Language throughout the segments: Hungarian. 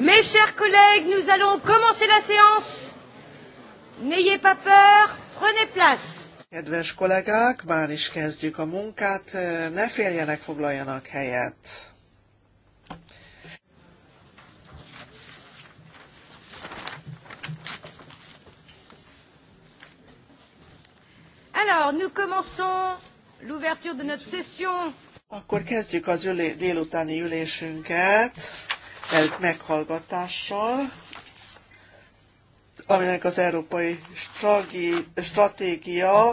Mes chers collègues, nous allons commencer la séance. N'ayez pas peur, prenez place. Kedves kollégák, már is kezdjük a munkát, ne féljenek, foglaljanak helyet. Alors, nous commençons l'ouverture de notre session. Akkor kezdjük az ülé, délutáni ülésünket meghallgatással, aminek az európai stratégia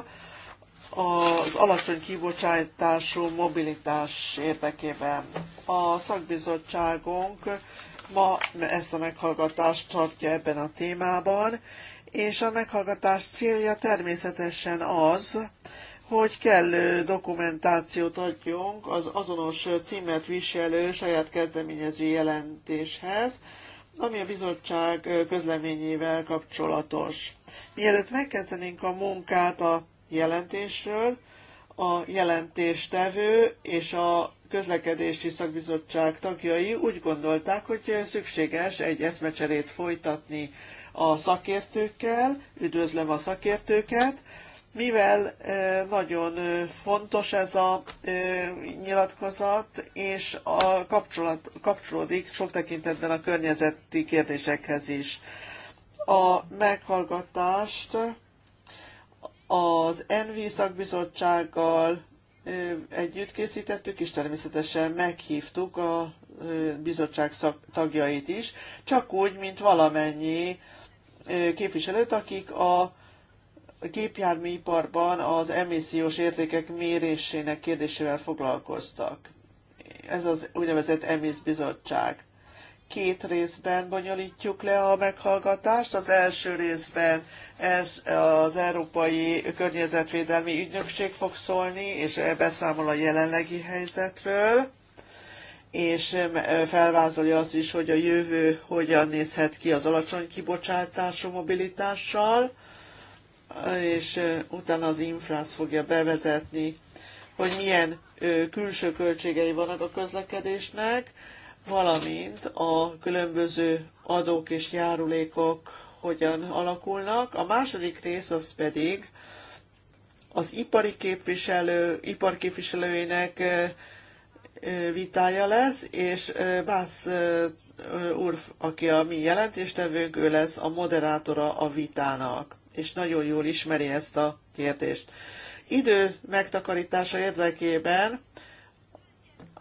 az alacsony kibocsátású mobilitás érdekében. A szakbizottságunk ma ezt a meghallgatást tartja ebben a témában, és a meghallgatás célja természetesen az, hogy kellő dokumentációt adjunk az azonos címet viselő saját kezdeményező jelentéshez, ami a bizottság közleményével kapcsolatos. Mielőtt megkezdenénk a munkát a jelentésről, a jelentéstevő és a közlekedési szakbizottság tagjai úgy gondolták, hogy szükséges egy eszmecserét folytatni a szakértőkkel, üdvözlöm a szakértőket, mivel nagyon fontos ez a nyilatkozat, és a kapcsolat, kapcsolódik sok tekintetben a környezeti kérdésekhez is. A meghallgatást az ENVI szakbizottsággal együtt készítettük, és természetesen meghívtuk a bizottság tagjait is, csak úgy, mint valamennyi képviselőt, akik a gépjárműiparban az emissziós értékek mérésének kérdésével foglalkoztak. Ez az úgynevezett EMISZ bizottság. Két részben bonyolítjuk le a meghallgatást. Az első részben az Európai Környezetvédelmi Ügynökség fog szólni, és beszámol a jelenlegi helyzetről, és felvázolja azt is, hogy a jövő hogyan nézhet ki az alacsony kibocsátású mobilitással és utána az infrász fogja bevezetni, hogy milyen külső költségei vannak a közlekedésnek, valamint a különböző adók és járulékok hogyan alakulnak. A második rész az pedig az ipari képviselő, iparképviselőjének vitája lesz, és Bász úr, aki a mi jelentéstevőnk, ő lesz a moderátora a vitának és nagyon jól ismeri ezt a kérdést. Idő megtakarítása érdekében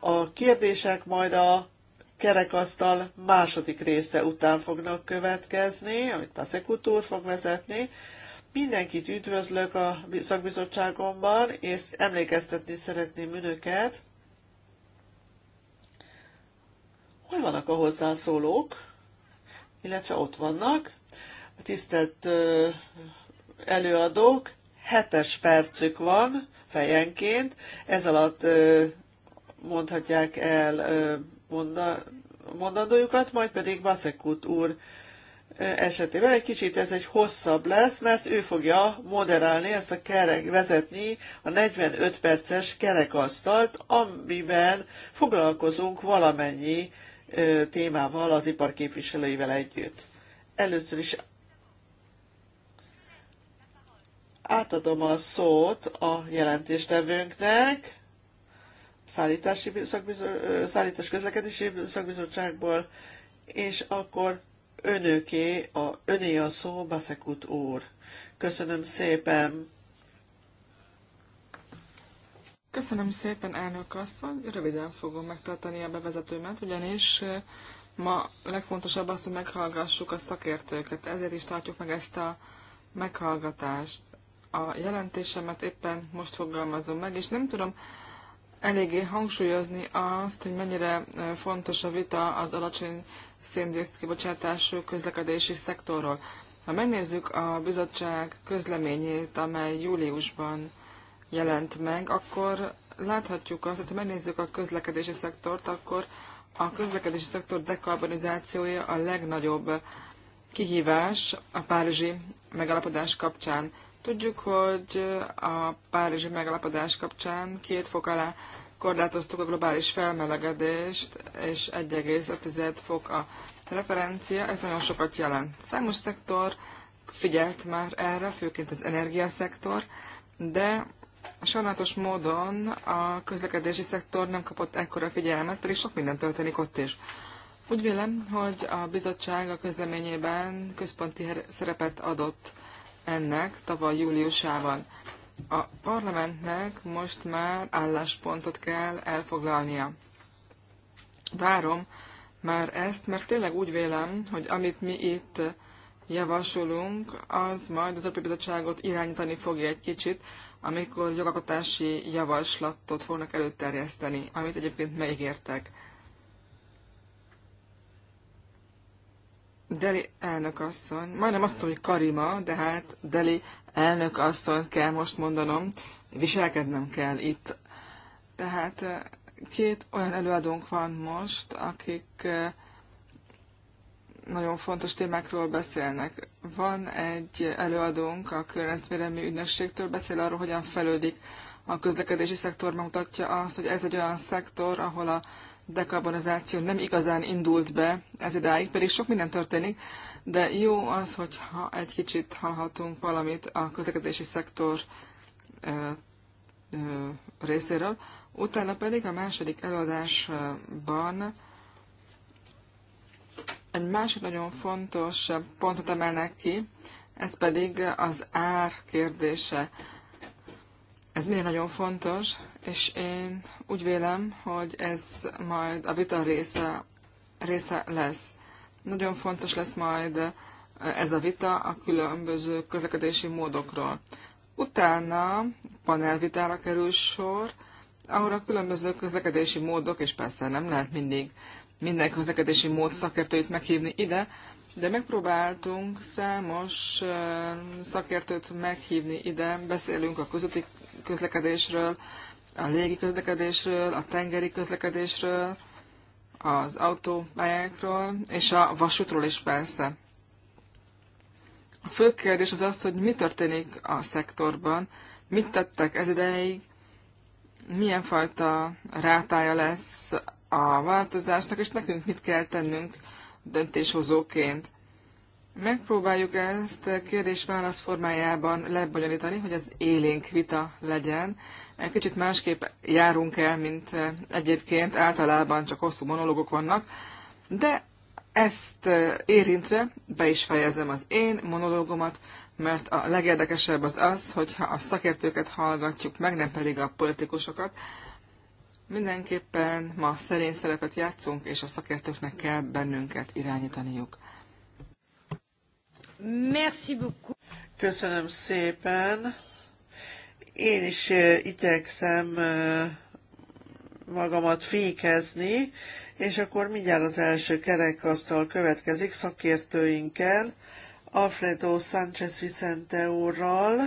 a kérdések majd a kerekasztal második része után fognak következni, amit Pasek úr fog vezetni. Mindenkit üdvözlök a szakbizottságomban, és emlékeztetni szeretném önöket. Hol vannak a hozzászólók? Illetve ott vannak tisztelt előadók, hetes percük van fejenként, ez alatt mondhatják el mondandójukat, majd pedig Baszekut úr esetében egy kicsit ez egy hosszabb lesz, mert ő fogja moderálni ezt a kerek, vezetni a 45 perces kerekasztalt, amiben foglalkozunk valamennyi témával az iparképviselőivel együtt. Először is Átadom a szót a jelentéstevőnknek, szállítási, szakbizo- szállítás közlekedési szakbizottságból, és akkor önöké, a, öné a szó, Baszekut úr. Köszönöm szépen! Köszönöm szépen, elnök asszony. Röviden fogom megtartani a bevezetőmet, ugyanis ma legfontosabb az, hogy meghallgassuk a szakértőket. Ezért is tartjuk meg ezt a meghallgatást a jelentésemet éppen most fogalmazom meg, és nem tudom eléggé hangsúlyozni azt, hogy mennyire fontos a vita az alacsony széndiokszid kibocsátású közlekedési szektorról. Ha megnézzük a bizottság közleményét, amely júliusban jelent meg, akkor láthatjuk azt, hogy ha megnézzük a közlekedési szektort, akkor a közlekedési szektor dekarbonizációja a legnagyobb kihívás a párizsi megalapodás kapcsán. Tudjuk, hogy a Párizsi megalapodás kapcsán két fok alá korlátoztuk a globális felmelegedést, és 1,5 fok a referencia, ez nagyon sokat jelent. Számos szektor figyelt már erre, főként az energiaszektor, de sajnálatos módon a közlekedési szektor nem kapott ekkora figyelmet, pedig sok minden történik ott is. Úgy vélem, hogy a bizottság a közleményében központi szerepet adott ennek tavaly júliusában. A parlamentnek most már álláspontot kell elfoglalnia. Várom már ezt, mert tényleg úgy vélem, hogy amit mi itt javasolunk, az majd az Bizottságot irányítani fogja egy kicsit, amikor jogalkotási javaslatot fognak előterjeszteni, amit egyébként megígértek. Deli elnök asszony, majdnem azt mondom, hogy Karima, de hát Deli elnök asszony kell most mondanom, viselkednem kell itt. Tehát eh, két olyan előadónk van most, akik eh, nagyon fontos témákról beszélnek. Van egy előadónk a környezetvédelmi ügynökségtől, beszél arról, hogyan felődik a közlekedési szektor, mutatja azt, hogy ez egy olyan szektor, ahol a dekarbonizáció nem igazán indult be ez idáig, pedig sok minden történik, de jó az, hogyha egy kicsit hallhatunk valamit a közlekedési szektor részéről. Utána pedig a második előadásban egy másik nagyon fontos pontot emelnek ki, ez pedig az ár kérdése. Ez miért nagyon fontos, és én úgy vélem, hogy ez majd a vita része, része lesz. Nagyon fontos lesz majd eh, ez a vita a különböző közlekedési módokról. Utána panelvitára kerül sor, ahol a különböző közlekedési módok, és persze nem lehet mindig minden közlekedési mód szakértőit meghívni ide, de megpróbáltunk számos szakértőt meghívni ide, beszélünk a közúti közlekedésről, a légi közlekedésről, a tengeri közlekedésről, az autópályákról, és a vasútról is persze. A fő kérdés az az, hogy mi történik a szektorban, mit tettek ez ideig, milyen fajta rátája lesz a változásnak, és nekünk mit kell tennünk döntéshozóként. Megpróbáljuk ezt kérdés-válasz formájában lebonyolítani, hogy az élénk vita legyen. Kicsit másképp járunk el, mint egyébként általában csak hosszú monológok vannak, de ezt érintve be is fejezem az én monológomat, mert a legérdekesebb az az, hogyha a szakértőket hallgatjuk meg, nem pedig a politikusokat, Mindenképpen ma szerény szerepet játszunk, és a szakértőknek kell bennünket irányítaniuk. Merci beaucoup. Köszönöm szépen. Én is igyekszem magamat fékezni, és akkor mindjárt az első kerekasztal következik szakértőinkkel, Alfredo Sánchez Vicente úrral,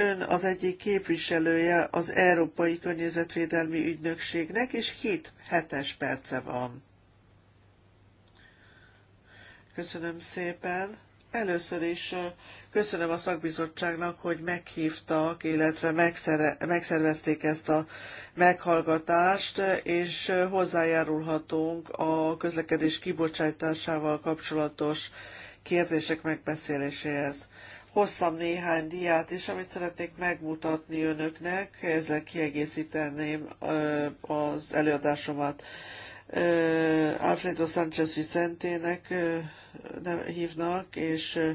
ön az egyik képviselője az Európai Környezetvédelmi Ügynökségnek, és 7 hetes perce van. Köszönöm szépen. Először is köszönöm a szakbizottságnak, hogy meghívtak, illetve megszervezték ezt a meghallgatást, és hozzájárulhatunk a közlekedés kibocsátásával kapcsolatos kérdések megbeszéléséhez hoztam néhány diát is, amit szeretnék megmutatni önöknek, ezzel kiegészíteném az előadásomat. Alfredo Sánchez Vicentének hívnak, és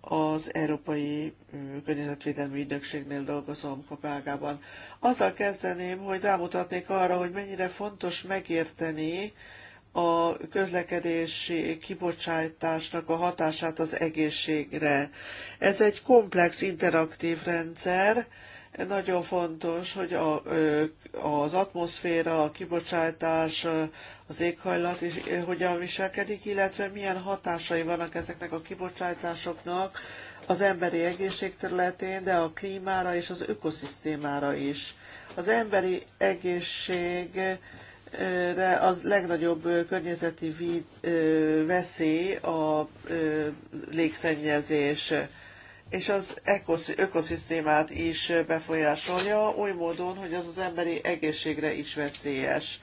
az Európai Környezetvédelmi Ügynökségnél dolgozom Kopágában. Azzal kezdeném, hogy rámutatnék arra, hogy mennyire fontos megérteni, a közlekedési kibocsátásnak a hatását az egészségre. Ez egy komplex, interaktív rendszer, nagyon fontos, hogy a, az atmoszféra, a kibocsátás, az éghajlat is hogyan viselkedik, illetve milyen hatásai vannak ezeknek a kibocsátásoknak az emberi egészség területén, de a klímára és az ökoszisztémára is. Az emberi egészség az legnagyobb környezeti víd, veszély a légszennyezés, és az ökoszisztémát is befolyásolja oly módon, hogy az az emberi egészségre is veszélyes.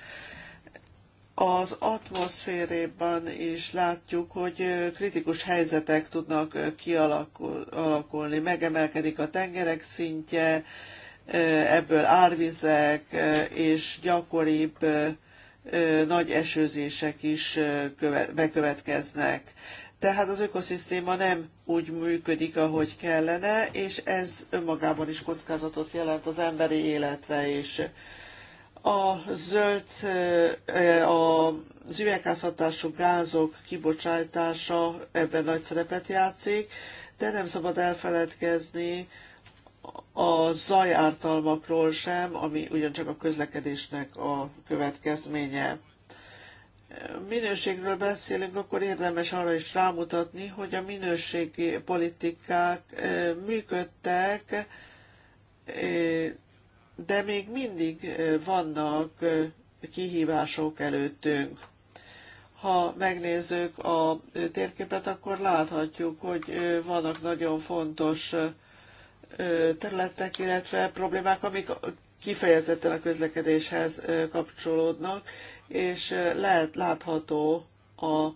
Az atmoszférében is látjuk, hogy kritikus helyzetek tudnak kialakulni, megemelkedik a tengerek szintje, ebből árvizek és gyakoribb nagy esőzések is bekövetkeznek. Tehát az ökoszisztéma nem úgy működik, ahogy kellene, és ez önmagában is kockázatot jelent az emberi életre is. A zöld, az üvegházhatású gázok kibocsátása ebben nagy szerepet játszik, de nem szabad elfeledkezni a zajártalmakról sem, ami ugyancsak a közlekedésnek a következménye. Minőségről beszélünk, akkor érdemes arra is rámutatni, hogy a minőségi politikák eh, működtek, eh, de még mindig eh, vannak kihívások előttünk. Ha megnézzük a térképet, akkor láthatjuk, hogy vannak nagyon fontos területek, illetve problémák, amik kifejezetten a közlekedéshez kapcsolódnak, és lehet látható a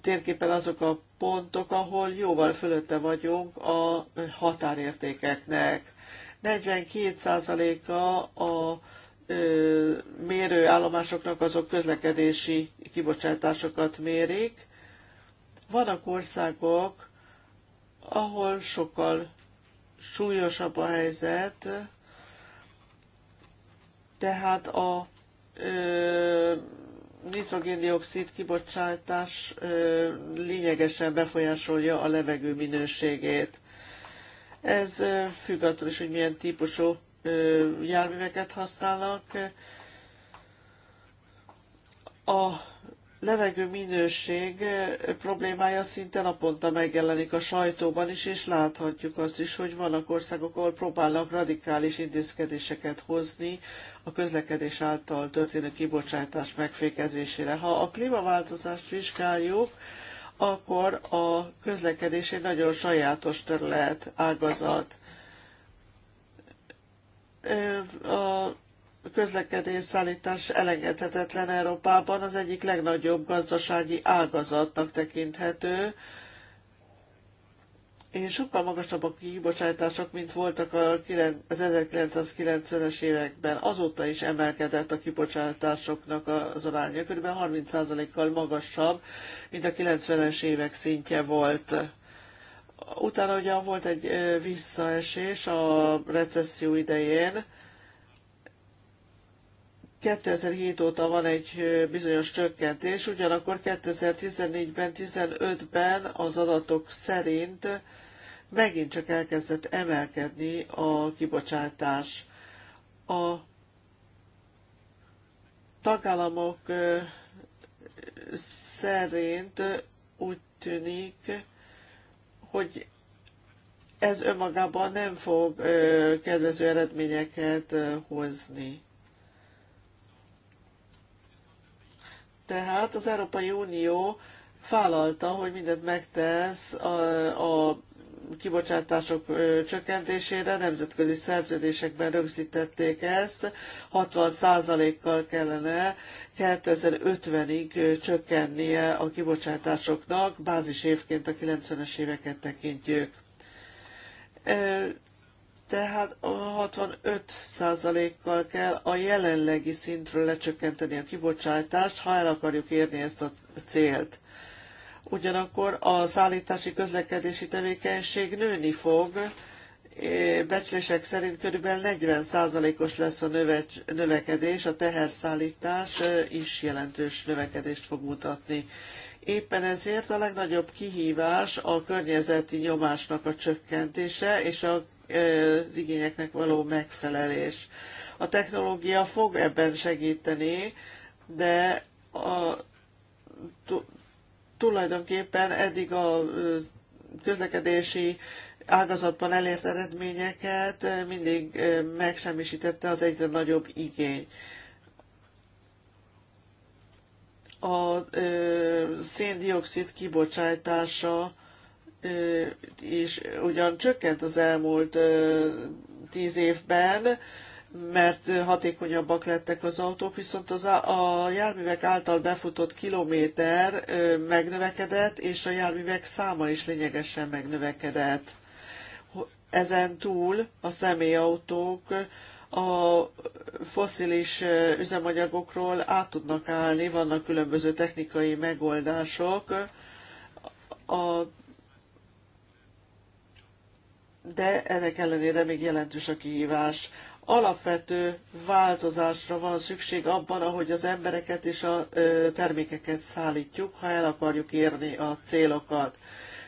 térképen azok a pontok, ahol jóval fölötte vagyunk a határértékeknek. 42%-a a mérőállomásoknak azok közlekedési kibocsátásokat mérik. Vannak országok, ahol sokkal súlyosabb a helyzet, tehát a ö, nitrogéndioxid kibocsátás ö, lényegesen befolyásolja a levegő minőségét. Ez függ attól is, hogy milyen típusú járműveket használnak. A levegő minőség problémája szinte naponta megjelenik a sajtóban is, és láthatjuk azt is, hogy vannak országok, ahol próbálnak radikális intézkedéseket hozni a közlekedés által történő kibocsátás megfékezésére. Ha a klímaváltozást vizsgáljuk, akkor a közlekedés egy nagyon sajátos terület, ágazat. A közlekedés szállítás elengedhetetlen Európában, az egyik legnagyobb gazdasági ágazatnak tekinthető, és sokkal magasabbak a kibocsátások, mint voltak az 1990-es években. Azóta is emelkedett a kibocsátásoknak az aránya, kb. 30%-kal magasabb, mint a 90-es évek szintje volt. Utána ugyan volt egy visszaesés a recesszió idején, 2007 óta van egy bizonyos csökkentés, ugyanakkor 2014-ben, 15-ben az adatok szerint megint csak elkezdett emelkedni a kibocsátás. A tagállamok szerint úgy tűnik, hogy ez önmagában nem fog kedvező eredményeket hozni. Tehát az Európai Unió vállalta, hogy mindent megtesz a, a kibocsátások csökkentésére nemzetközi szerződésekben rögzítették ezt, 60%-kal kellene 2050-ig csökkennie a kibocsátásoknak, bázis évként a 90-es éveket tekintjük tehát a 65%-kal kell a jelenlegi szintről lecsökkenteni a kibocsátást, ha el akarjuk érni ezt a célt. Ugyanakkor a szállítási közlekedési tevékenység nőni fog, becslések szerint kb. 40%-os lesz a növekedés, a teherszállítás is jelentős növekedést fog mutatni. Éppen ezért a legnagyobb kihívás a környezeti nyomásnak a csökkentése és a az igényeknek való megfelelés. A technológia fog ebben segíteni, de a, tulajdonképpen eddig a közlekedési ágazatban elért eredményeket mindig megsemmisítette az egyre nagyobb igény. A széndiokszid kibocsátása is ugyan csökkent az elmúlt tíz évben, mert hatékonyabbak lettek az autók, viszont az a járművek által befutott kilométer megnövekedett, és a járművek száma is lényegesen megnövekedett. Ezen túl a személyautók a foszilis üzemanyagokról át tudnak állni, vannak különböző technikai megoldások, a de ennek ellenére még jelentős a kihívás. Alapvető változásra van szükség abban, ahogy az embereket és a termékeket szállítjuk, ha el akarjuk érni a célokat.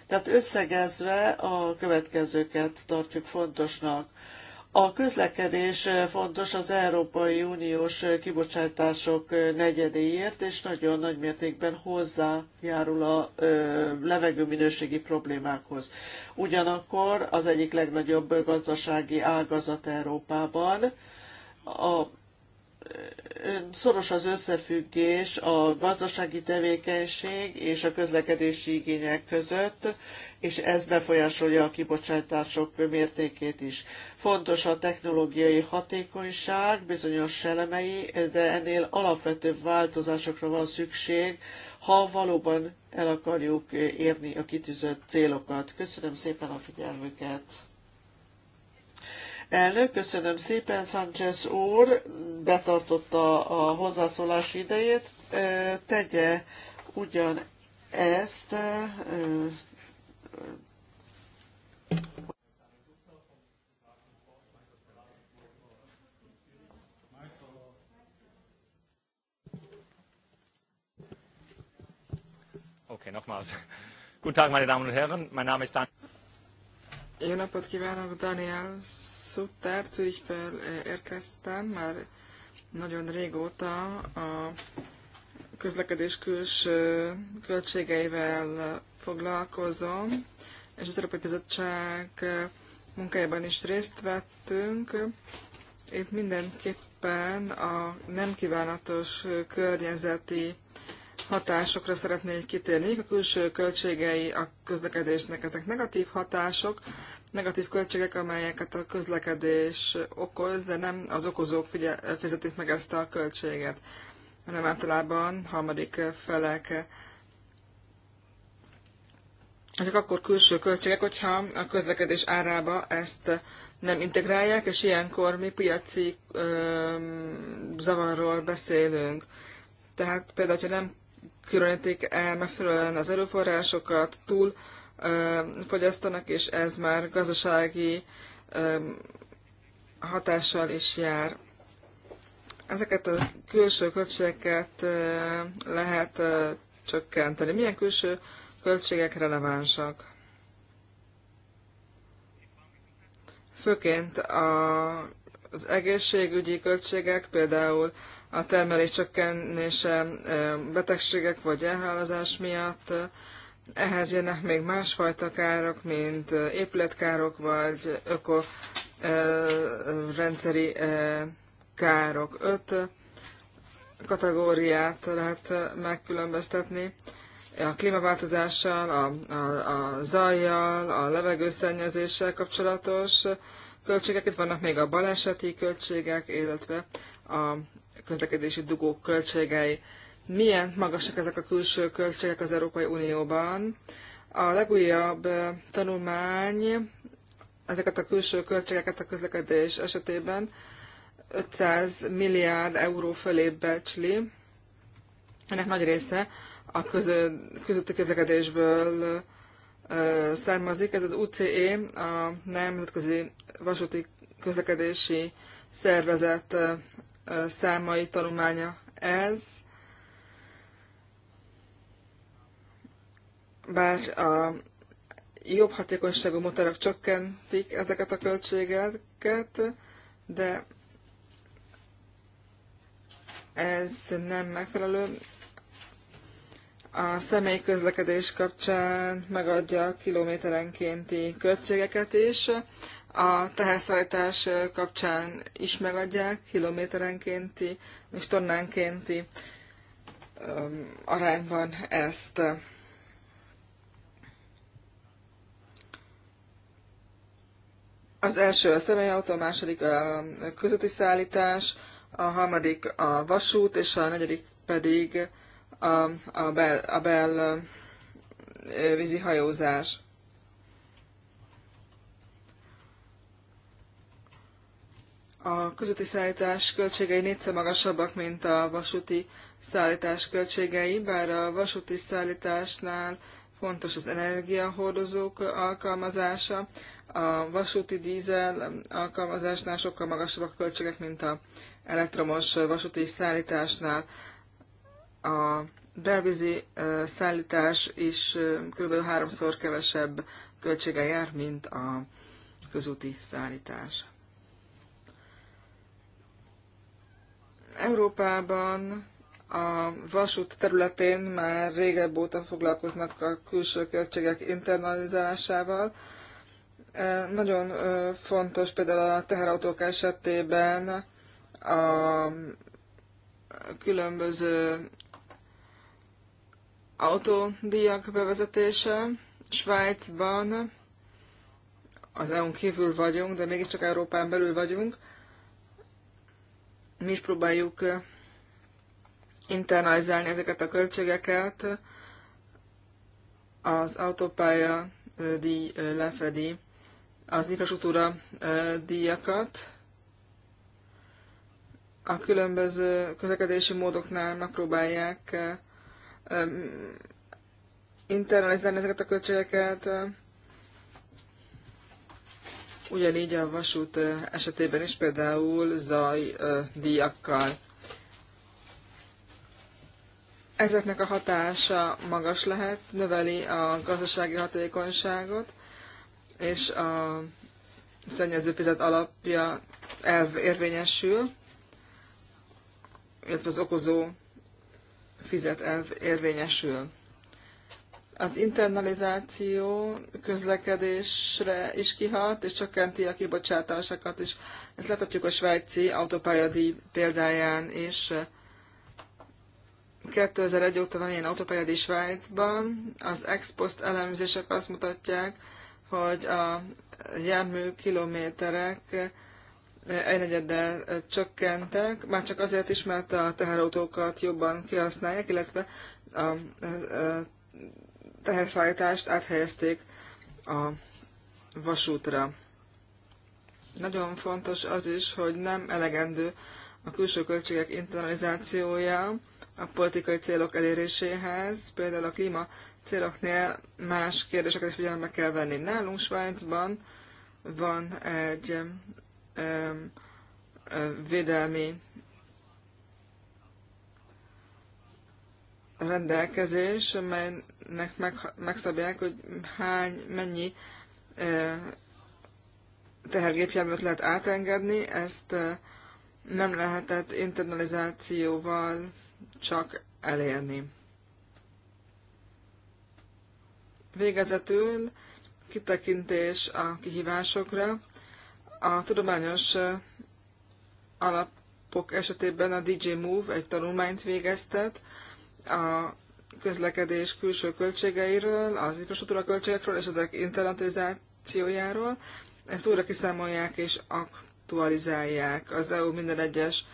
Tehát összegezve a következőket tartjuk fontosnak. A közlekedés eh, fontos az Európai Uniós eh, kibocsátások eh, negyedéért, és nagyon nagy mértékben hozzájárul a levegőminőségi problémákhoz. Ugyanakkor az egyik legnagyobb gazdasági ágazat Európában, a szoros az összefüggés a gazdasági tevékenység és a közlekedési igények között, és ez befolyásolja a kibocsátások mértékét is. Fontos a technológiai hatékonyság bizonyos elemei, de ennél alapvetőbb változásokra van szükség, ha valóban el akarjuk érni a kitűzött célokat. Köszönöm szépen a figyelmüket! Elnök, köszönöm szépen, Sánchez úr betartotta a hozzászólási idejét. Tegye ugyan ezt. Oké, nochmals. Guten Tag, meine Damen und Herren. Mein Name ist Dan. Jó napot kívánok, Daniels Sutter Zürichből eh, érkeztem, már nagyon régóta a közlekedés külső költségeivel foglalkozom, és az Európai Bizottság eh, munkájában is részt vettünk. Itt mindenképpen a nem kívánatos környezeti hatásokra szeretnék kitérni. A külső költségei a közlekedésnek ezek negatív hatások, negatív költségek, amelyeket a közlekedés okoz, de nem az okozók fizetik meg ezt a költséget, hanem általában harmadik felek. Ezek akkor külső költségek, hogyha a közlekedés árába ezt nem integrálják, és ilyenkor mi piaci ö, zavarról beszélünk. Tehát például, ha nem különítik el megfelelően az erőforrásokat, túl fogyasztanak, és ez már gazdasági hatással is jár. Ezeket a külső költségeket lehet csökkenteni. Milyen külső költségek relevánsak? Főként a, az egészségügyi költségek, például a termelés csökkenése betegségek vagy elhalazás miatt. Ehhez jönnek még másfajta károk, mint épületkárok vagy ökorendszeri károk. Öt kategóriát lehet megkülönböztetni. A klímaváltozással, a, a, a zajjal, a levegőszennyezéssel kapcsolatos költségek, itt vannak még a baleseti költségek, illetve a közlekedési dugók költségei. Milyen magasak ezek a külső költségek az Európai Unióban? A legújabb tanulmány ezeket a külső költségeket a közlekedés esetében 500 milliárd euró fölé becsli. Ennek nagy része a közötti közlekedésből származik. Ez az UCE, a Nemzetközi Vasúti Közlekedési Szervezet számai tanulmánya ez. Bár a jobb hatékonyságú motorok csökkentik ezeket a költségeket, de ez nem megfelelő. A személyi közlekedés kapcsán megadja kilométerenkénti költségeket is a teherszállítás kapcsán is megadják kilométerenkénti és tonnánkénti arányban ezt. Az első a személyautó, a második a közötti szállítás, a harmadik a vasút, és a negyedik pedig a, a, bel, a bel vízi hajózás. a közúti szállítás költségei négyszer magasabbak, mint a vasúti szállítás költségei, bár a vasúti szállításnál fontos az energiahordozók alkalmazása, a vasúti dízel alkalmazásnál sokkal magasabbak a költségek, mint a elektromos vasúti szállításnál. A belvízi szállítás is kb. háromszor kevesebb költsége jár, mint a közúti szállítás. Európában a vasút területén már régebb óta foglalkoznak a külső költségek internalizálásával. E, nagyon fontos például a teherautók esetében a különböző autódíjak bevezetése. Svájcban az EU-n kívül vagyunk, de mégiscsak Európán belül vagyunk mi is próbáljuk internalizálni ezeket a költségeket, az autópálya díj lefedi az infrastruktúra díjakat. A különböző közlekedési módoknál megpróbálják internalizálni ezeket a költségeket, ugyanígy a vasút esetében is például zaj díjakkal. Ezeknek a hatása magas lehet, növeli a gazdasági hatékonyságot, és a szennyező fizet alapja elv érvényesül, illetve az okozó fizet elv érvényesül. Az internalizáció közlekedésre is kihat, és csökkenti a kibocsátásokat is. Ezt láthatjuk a svájci autópályadi példáján, és 2001 óta van ilyen autópályadi Svájcban. Az ex-post elemzések azt mutatják, hogy a jármű kilométerek egynegyeddel csökkentek, már csak azért is, mert a teherautókat jobban kihasználják, illetve a teherszállítást áthelyezték a vasútra. Nagyon fontos az is, hogy nem elegendő a külső költségek internalizációja a politikai célok eléréséhez, például a klíma céloknél más kérdéseket is figyelembe kell venni. Nálunk Svájcban van egy ö, ö, védelmi rendelkezés, amely nek meg, megszabják, hogy hány, mennyi tehergépjárművet lehet átengedni, ezt nem lehetett internalizációval csak elérni. Végezetül kitekintés a kihívásokra. A tudományos alapok esetében a DJ Move egy tanulmányt végeztet a közlekedés külső költségeiről, az infrastruktúra költségekről és ezek internetizációjáról. Ezt újra kiszámolják és aktualizálják az EU minden egyes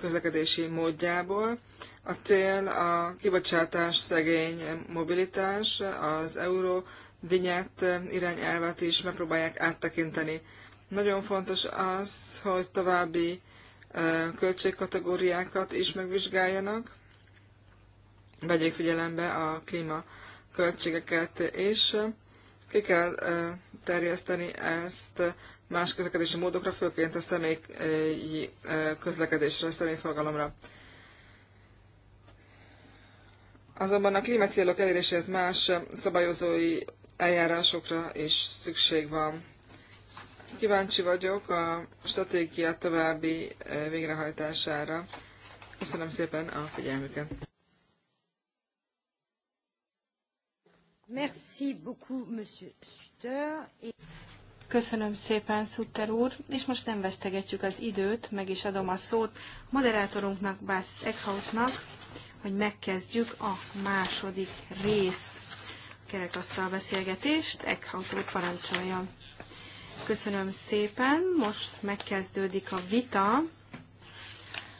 közlekedési módjából. A cél a kibocsátás szegény mobilitás, az euró vinyett irányelvet is megpróbálják áttekinteni. Nagyon fontos az, hogy további költségkategóriákat is megvizsgáljanak, vegyék figyelembe a klímaköltségeket, költségeket, és ki kell terjeszteni ezt más közlekedési módokra, főként a személyi közlekedésre, a személyforgalomra. Azonban a klímacélok eléréséhez más szabályozói eljárásokra is szükség van. Kíváncsi vagyok a stratégia további végrehajtására. Köszönöm szépen a figyelmüket! Merci beaucoup, monsieur Sutter. Köszönöm szépen, Sutter úr, és most nem vesztegetjük az időt, meg is adom a szót moderátorunknak, Bász Eckhausnak, hogy megkezdjük a második részt a kerekasztal beszélgetést. Eckhaus úr parancsolja. Köszönöm szépen, most megkezdődik a vita.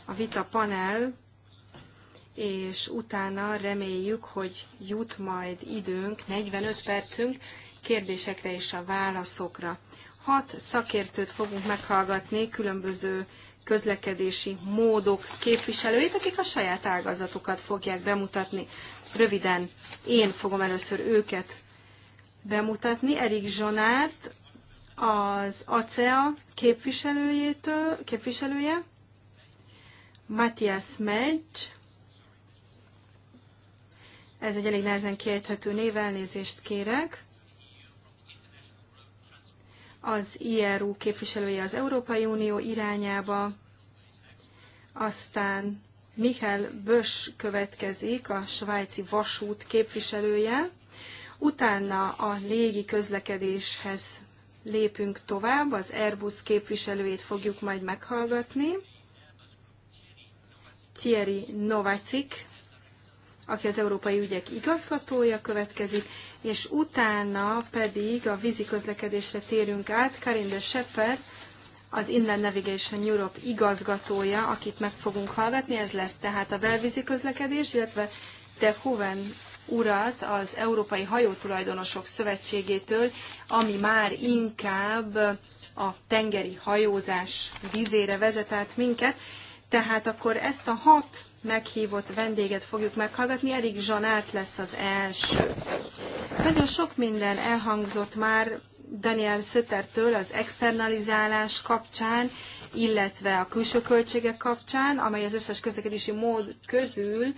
A vita panel és utána reméljük, hogy jut majd időnk, 45 percünk kérdésekre és a válaszokra. Hat szakértőt fogunk meghallgatni, különböző közlekedési módok képviselőit, akik a saját ágazatukat fogják bemutatni. Röviden én fogom először őket bemutatni. Erik Zsonárt, az ACEA e képviselőjétől, képviselője, Matthias Megy, ez egy elég nehezen kiejthető név, elnézést kérek. Az IRU képviselője az Európai Unió irányába, aztán Michael Bösch következik, a svájci vasút képviselője. Utána a légi közlekedéshez lépünk tovább, az Airbus képviselőjét fogjuk majd meghallgatni. Thierry Novacik aki az Európai Ügyek igazgatója következik, és utána pedig a közlekedésre térünk át. Karinde Sepper, az Inland Navigation Europe igazgatója, akit meg fogunk hallgatni, ez lesz tehát a belvízi közlekedés, illetve De Hoven urat az Európai Hajótulajdonosok Szövetségétől, ami már inkább a tengeri hajózás vizére vezet át minket, tehát akkor ezt a hat meghívott vendéget fogjuk meghallgatni. Erik Zsanát lesz az első. Nagyon sok minden elhangzott már Daniel Szötertől az externalizálás kapcsán, illetve a külső költségek kapcsán, amely az összes közlekedési mód közül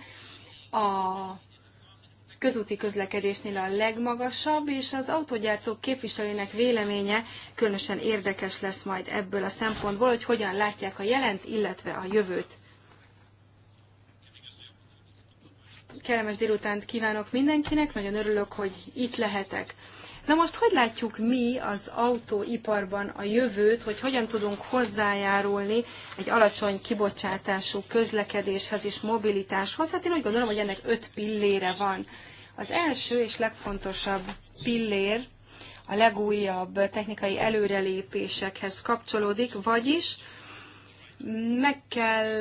a közúti közlekedésnél a legmagasabb, és az autógyártók képviselőinek véleménye különösen érdekes lesz majd ebből a szempontból, hogy hogyan látják a jelent, illetve a jövőt. Kellemes délutánt kívánok mindenkinek, nagyon örülök, hogy itt lehetek. Na most hogy látjuk mi az autóiparban a jövőt, hogy hogyan tudunk hozzájárulni egy alacsony kibocsátású közlekedéshez és mobilitáshoz? Hát én úgy gondolom, hogy ennek öt pillére van. Az első és legfontosabb pillér a legújabb technikai előrelépésekhez kapcsolódik, vagyis meg kell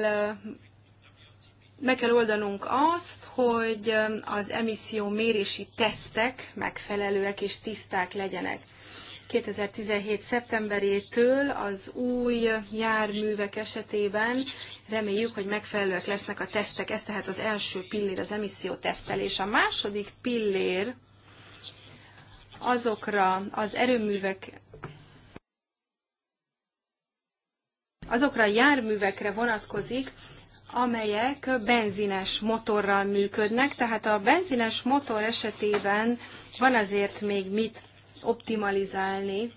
meg kell oldanunk azt, hogy az emisszió mérési tesztek megfelelőek és tiszták legyenek. 2017. szeptemberétől az új járművek esetében reméljük, hogy megfelelőek lesznek a tesztek. Ez tehát az első pillér, az emisszió tesztelés. A második pillér azokra az erőművek azokra a járművekre vonatkozik, amelyek benzines motorral működnek, tehát a benzines motor esetében van azért még mit optimalizálni,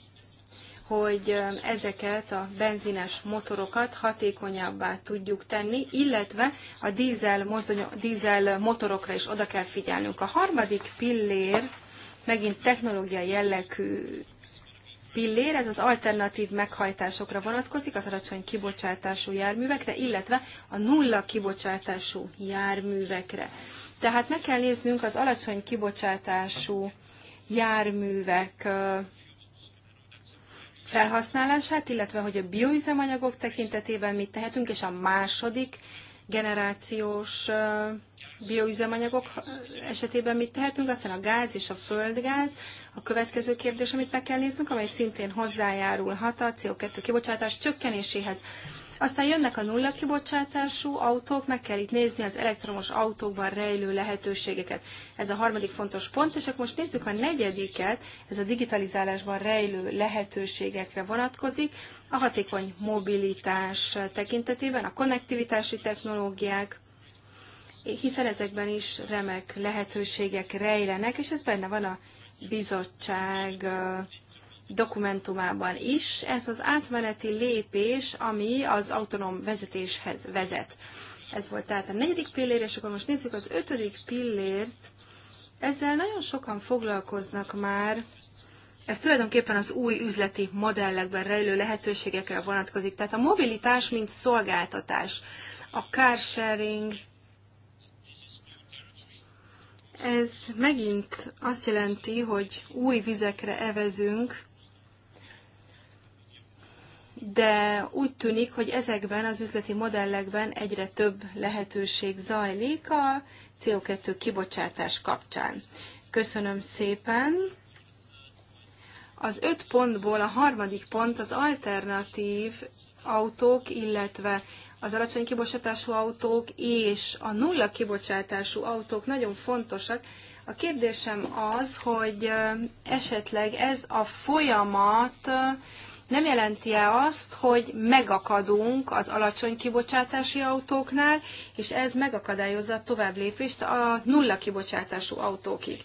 hogy ezeket a benzines motorokat hatékonyabbá tudjuk tenni, illetve a dízel, mozdony, dízel motorokra is oda kell figyelnünk. A harmadik pillér megint technológiai jellegű pillér, ez az alternatív meghajtásokra vonatkozik, az alacsony kibocsátású járművekre, illetve a nulla kibocsátású járművekre. Tehát meg kell néznünk az alacsony kibocsátású járművek felhasználását, illetve hogy a bioüzemanyagok tekintetében mit tehetünk, és a második generációs bioüzemanyagok esetében mit tehetünk, aztán a gáz és a földgáz. A következő kérdés, amit meg kell néznünk, amely szintén hozzájárulhat a CO2 kibocsátás csökkenéséhez. Aztán jönnek a nulla kibocsátású autók, meg kell itt nézni az elektromos autókban rejlő lehetőségeket. Ez a harmadik fontos pont, és akkor most nézzük a negyediket, ez a digitalizálásban rejlő lehetőségekre vonatkozik, a hatékony mobilitás tekintetében, a konnektivitási technológiák, hiszen ezekben is remek lehetőségek rejlenek, és ez benne van a bizottság dokumentumában is. Ez az átmeneti lépés, ami az autonóm vezetéshez vezet. Ez volt tehát a negyedik pillér, és akkor most nézzük az ötödik pillért. Ezzel nagyon sokan foglalkoznak már. Ez tulajdonképpen az új üzleti modellekben rejlő lehetőségekre vonatkozik. Tehát a mobilitás, mint szolgáltatás, a car sharing, ez megint azt jelenti, hogy új vizekre evezünk, de úgy tűnik, hogy ezekben az üzleti modellekben egyre több lehetőség zajlik a CO2 kibocsátás kapcsán. Köszönöm szépen! Az öt pontból a harmadik pont az alternatív autók, illetve az alacsony kibocsátású autók és a nulla kibocsátású autók nagyon fontosak. A kérdésem az, hogy esetleg ez a folyamat nem jelenti-e azt, hogy megakadunk az alacsony kibocsátási autóknál, és ez megakadályozza a tovább lépést a nulla kibocsátású autókig?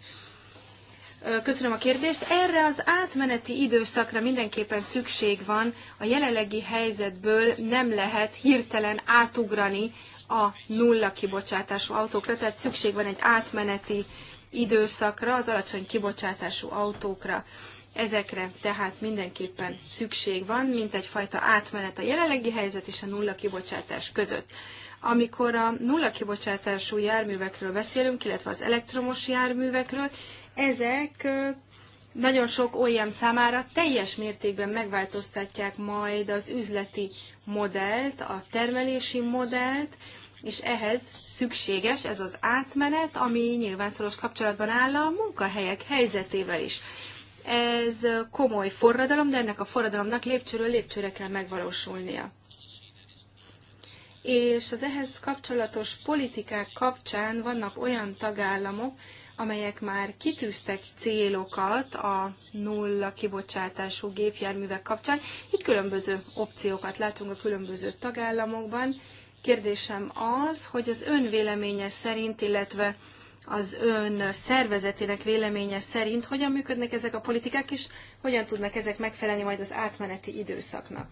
Köszönöm a kérdést. Erre az átmeneti időszakra mindenképpen szükség van. A jelenlegi helyzetből nem lehet hirtelen átugrani a nulla kibocsátású autókra, tehát szükség van egy átmeneti időszakra, az alacsony kibocsátású autókra. Ezekre tehát mindenképpen szükség van, mint egyfajta átmenet a jelenlegi helyzet és a nulla kibocsátás között. Amikor a nulla kibocsátású járművekről beszélünk, illetve az elektromos járművekről, ezek nagyon sok OEM számára teljes mértékben megváltoztatják majd az üzleti modellt, a termelési modellt, és ehhez szükséges ez az átmenet, ami nyilván szoros kapcsolatban áll a munkahelyek helyzetével is. Ez komoly forradalom, de ennek a forradalomnak lépcsőről lépcsőre kell megvalósulnia. És az ehhez kapcsolatos politikák kapcsán vannak olyan tagállamok, amelyek már kitűztek célokat a nulla kibocsátású gépjárművek kapcsán. Itt különböző opciókat látunk a különböző tagállamokban. Kérdésem az, hogy az ön véleménye szerint, illetve az ön szervezetének véleménye szerint hogyan működnek ezek a politikák, és hogyan tudnak ezek megfelelni majd az átmeneti időszaknak.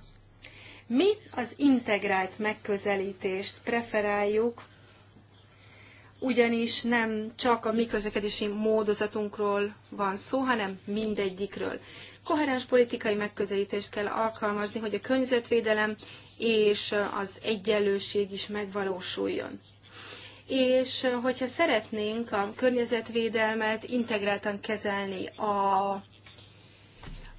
Mi az integrált megközelítést preferáljuk, ugyanis nem csak a mi közlekedési módozatunkról van szó, hanem mindegyikről. Koherens politikai megközelítést kell alkalmazni, hogy a környezetvédelem és az egyenlőség is megvalósuljon és hogyha szeretnénk a környezetvédelmet integráltan kezelni a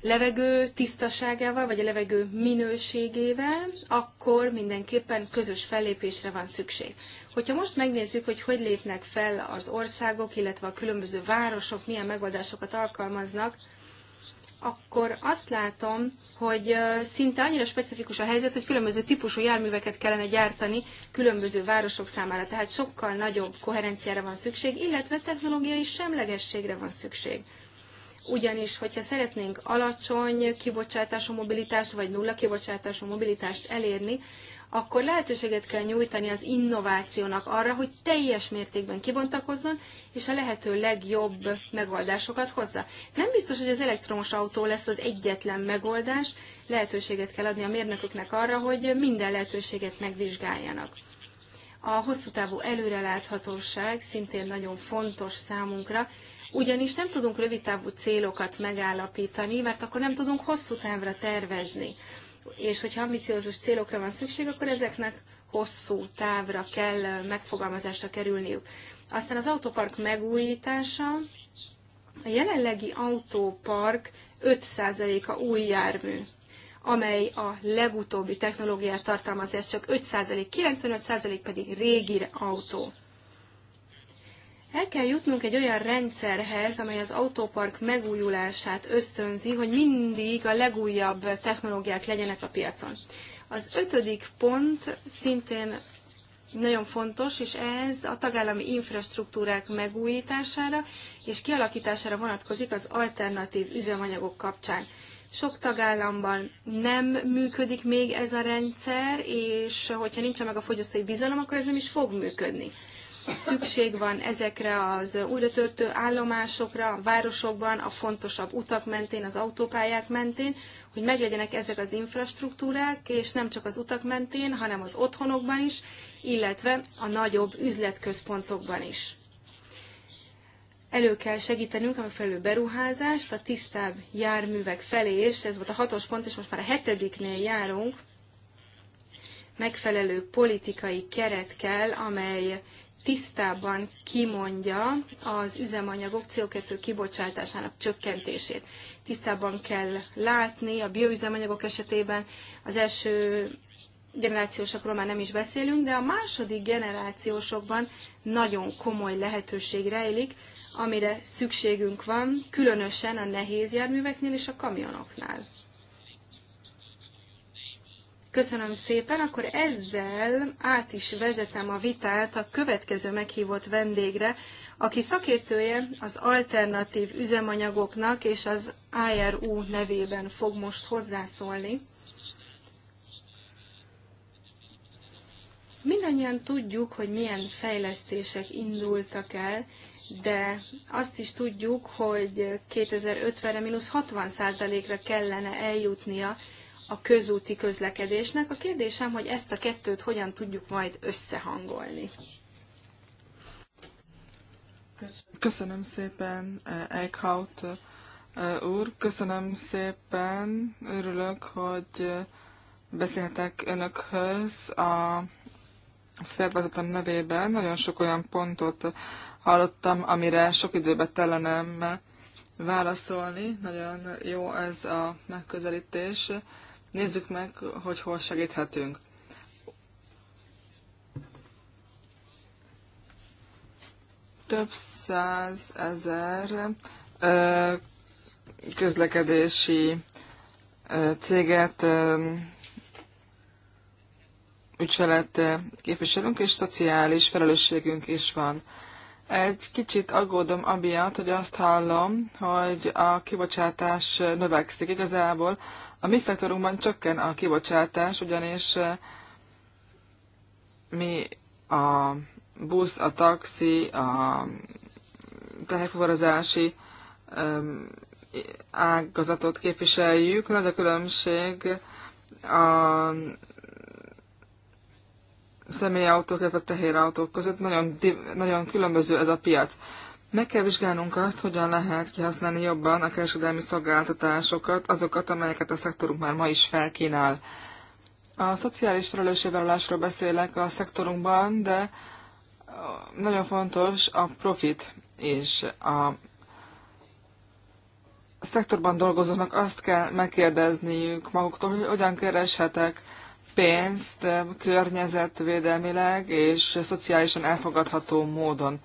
levegő tisztaságával, vagy a levegő minőségével, akkor mindenképpen közös fellépésre van szükség. Hogyha most megnézzük, hogy hogy lépnek fel az országok, illetve a különböző városok, milyen megoldásokat alkalmaznak, akkor azt látom, hogy szinte annyira specifikus a helyzet, hogy különböző típusú járműveket kellene gyártani különböző városok számára. Tehát sokkal nagyobb koherenciára van szükség, illetve technológiai semlegességre van szükség. Ugyanis, hogyha szeretnénk alacsony kibocsátású mobilitást vagy nulla kibocsátású mobilitást elérni, akkor lehetőséget kell nyújtani az innovációnak arra, hogy teljes mértékben kibontakozzon, és a lehető legjobb megoldásokat hozza. Nem biztos, hogy az elektromos autó lesz az egyetlen megoldás, lehetőséget kell adni a mérnököknek arra, hogy minden lehetőséget megvizsgáljanak. A hosszú távú előreláthatóság szintén nagyon fontos számunkra, ugyanis nem tudunk távú célokat megállapítani, mert akkor nem tudunk hosszú távra tervezni és hogyha ambiciózus célokra van szükség, akkor ezeknek hosszú távra kell megfogalmazásra kerülniük. Aztán az autópark megújítása, a jelenlegi autópark 5%-a új jármű amely a legutóbbi technológiát tartalmaz, ez csak 5%, 95% pedig régi autó. El kell jutnunk egy olyan rendszerhez, amely az autópark megújulását ösztönzi, hogy mindig a legújabb technológiák legyenek a piacon. Az ötödik pont szintén nagyon fontos, és ez a tagállami infrastruktúrák megújítására és kialakítására vonatkozik az alternatív üzemanyagok kapcsán. Sok tagállamban nem működik még ez a rendszer, és hogyha nincs meg a fogyasztói bizalom, akkor ez nem is fog működni. Szükség van ezekre az újratörtő állomásokra, a városokban, a fontosabb utak mentén, az autópályák mentén, hogy meglegyenek ezek az infrastruktúrák, és nem csak az utak mentén, hanem az otthonokban is, illetve a nagyobb üzletközpontokban is elő kell segítenünk a megfelelő beruházást a tisztább járművek felé, és ez volt a hatos pont, és most már a hetediknél járunk, megfelelő politikai keret kell, amely tisztában kimondja az üzemanyagok CO2 kibocsátásának csökkentését. Tisztában kell látni a bioüzemanyagok esetében az első generációsokról már nem is beszélünk, de a második generációsokban nagyon komoly lehetőség rejlik, amire szükségünk van, különösen a nehéz járműveknél és a kamionoknál. Köszönöm szépen, akkor ezzel át is vezetem a vitát a következő meghívott vendégre, aki szakértője az alternatív üzemanyagoknak és az IRU nevében fog most hozzászólni. Mindannyian tudjuk, hogy milyen fejlesztések indultak el, de azt is tudjuk, hogy 2050-re mínusz 60 ra kellene eljutnia a közúti közlekedésnek. A kérdésem, hogy ezt a kettőt hogyan tudjuk majd összehangolni. Köszönöm szépen, Eichhaut eh, úr. Köszönöm szépen. Örülök, hogy beszélhetek önökhöz a szervezetem nevében. Nagyon sok olyan pontot hallottam, amire sok időbe tellenem válaszolni. Nagyon jó ez a megközelítés. Nézzük meg, hogy hol segíthetünk. Több száz ezer közlekedési céget ügyfelet képviselünk, és szociális felelősségünk is van. Egy kicsit aggódom amiatt, hogy azt hallom, hogy a kibocsátás növekszik. Igazából a mi szektorunkban csökken a kibocsátás, ugyanis eh, mi a busz, a taxi, a teherfuvarozási ágazatot képviseljük. Nagy a különbség a személyautók, illetve a tehérautók között. Nagyon, nagyon különböző ez a piac. Meg kell vizsgálnunk azt, hogyan lehet kihasználni jobban a kereskedelmi szolgáltatásokat, azokat, amelyeket a szektorunk már ma is felkínál. A szociális felelősségvállalásról beszélek a szektorunkban, de nagyon fontos a profit és a szektorban dolgozóknak azt kell megkérdezniük maguktól, hogy hogyan kereshetek pénzt környezetvédelmileg és szociálisan elfogadható módon.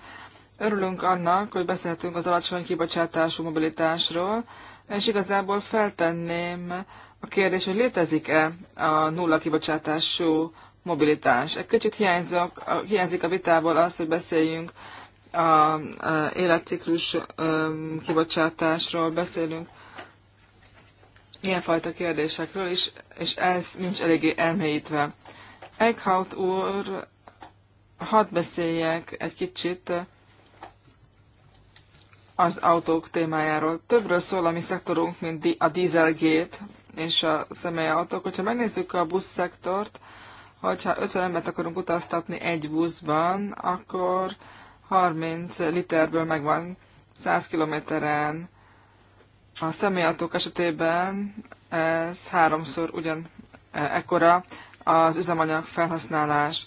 Örülünk annak, hogy beszélhetünk az alacsony kibocsátású mobilitásról, és igazából feltenném a kérdést, hogy létezik-e a nulla kibocsátású mobilitás. Egy kicsit hiányzok, hiányzik a vitából az, hogy beszéljünk a, életciklus kibocsátásról, beszélünk ilyenfajta kérdésekről is, és ez nincs eléggé elmélyítve. Eichhout úr, hadd beszéljek egy kicsit az autók témájáról. Többről szól a mi szektorunk, mint a dieselgét és a személyautók. Hogyha megnézzük a szektort, hogyha 50 embert akarunk utaztatni egy buszban, akkor 30 literből megvan 100 kilométeren. A személyautók esetében ez háromszor ugyan e, ekkora az üzemanyag felhasználás.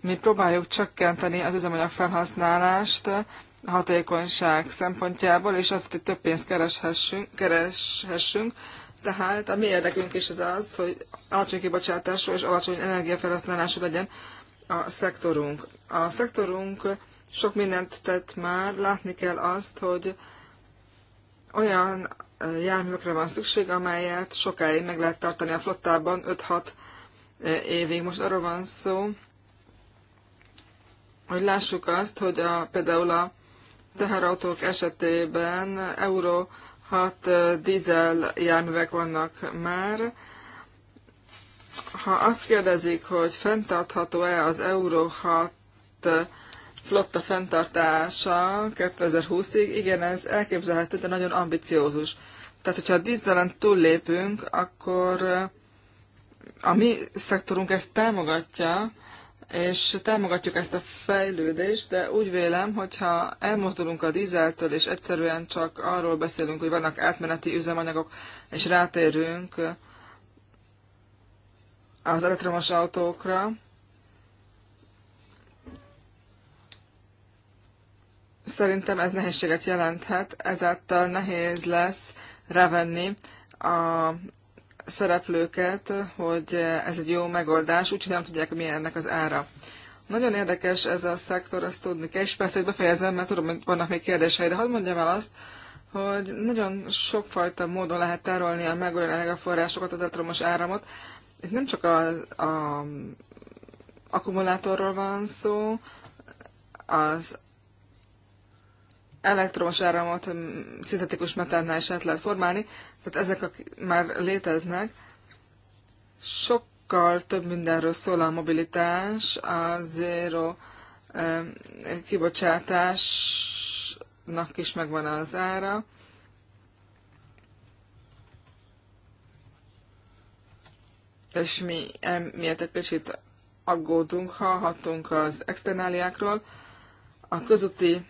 Mi próbáljuk csökkenteni az üzemanyag felhasználást, hatékonyság szempontjából, és azt, hogy több pénzt kereshessünk, kereshessünk. Tehát a mi érdekünk is az az, hogy alacsony kibocsátású és alacsony energiafelhasználású legyen a szektorunk. A szektorunk sok mindent tett már, látni kell azt, hogy olyan járművekre van szükség, amelyet sokáig meg lehet tartani a flottában, 5-6 évig. Most arról van szó, hogy lássuk azt, hogy a, például a teherautók esetében Euro 6 dízel járművek vannak már. Ha azt kérdezik, hogy fenntartható-e az Euro 6 flotta fenntartása 2020-ig, igen, ez elképzelhető, de nagyon ambiciózus. Tehát, hogyha a dízelen túllépünk, akkor a mi szektorunk ezt támogatja, és támogatjuk ezt a fejlődést, de úgy vélem, hogyha elmozdulunk a dízeltől, és egyszerűen csak arról beszélünk, hogy vannak átmeneti üzemanyagok, és rátérünk az elektromos autókra, szerintem ez nehézséget jelenthet, ezáltal nehéz lesz rávenni a szereplőket, hogy ez egy jó megoldás, úgyhogy nem tudják, mi ennek az ára. Nagyon érdekes ez a szektor, azt tudni kell, és persze, hogy befejezem, mert tudom, hogy vannak még kérdései, de hadd mondjam el azt, hogy nagyon sokfajta módon lehet tárolni a megújuló energiaforrásokat, az elektromos áramot. Itt nem csak az akkumulátorról van szó, az elektromos áramot szintetikus metánnál is át lehet formálni, tehát ezek a, már léteznek. Sokkal több mindenről szól a mobilitás, a zéro kibocsátásnak is megvan az ára. És mi emiatt egy kicsit aggódunk, hatunk az externáliákról. A közúti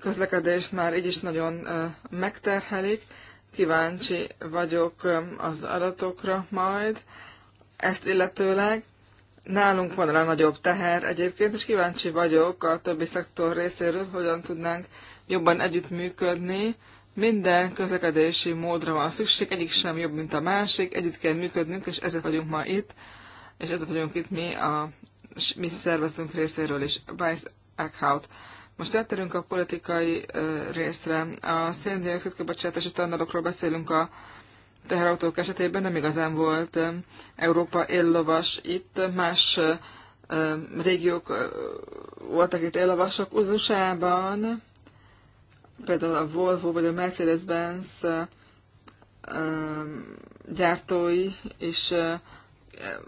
közlekedést már így is nagyon megterhelik. Kíváncsi vagyok az adatokra majd ezt illetőleg. Nálunk van a nagyobb teher egyébként, és kíváncsi vagyok a többi szektor részéről, hogyan tudnánk jobban együttműködni. Minden közlekedési módra van szükség, egyik sem jobb, mint a másik, együtt kell működnünk, és ezért vagyunk ma itt, és ezért vagyunk itt mi a mi szervezetünk részéről is. Vice Eckhout most átterünk a politikai részre. A széndiokszid kibocsátási tanulokról beszélünk a teherautók esetében, nem igazán volt Európa éllovas itt, más régiók voltak itt éllovasok. uzusában. például a Volvo vagy a Mercedes-Benz gyártói is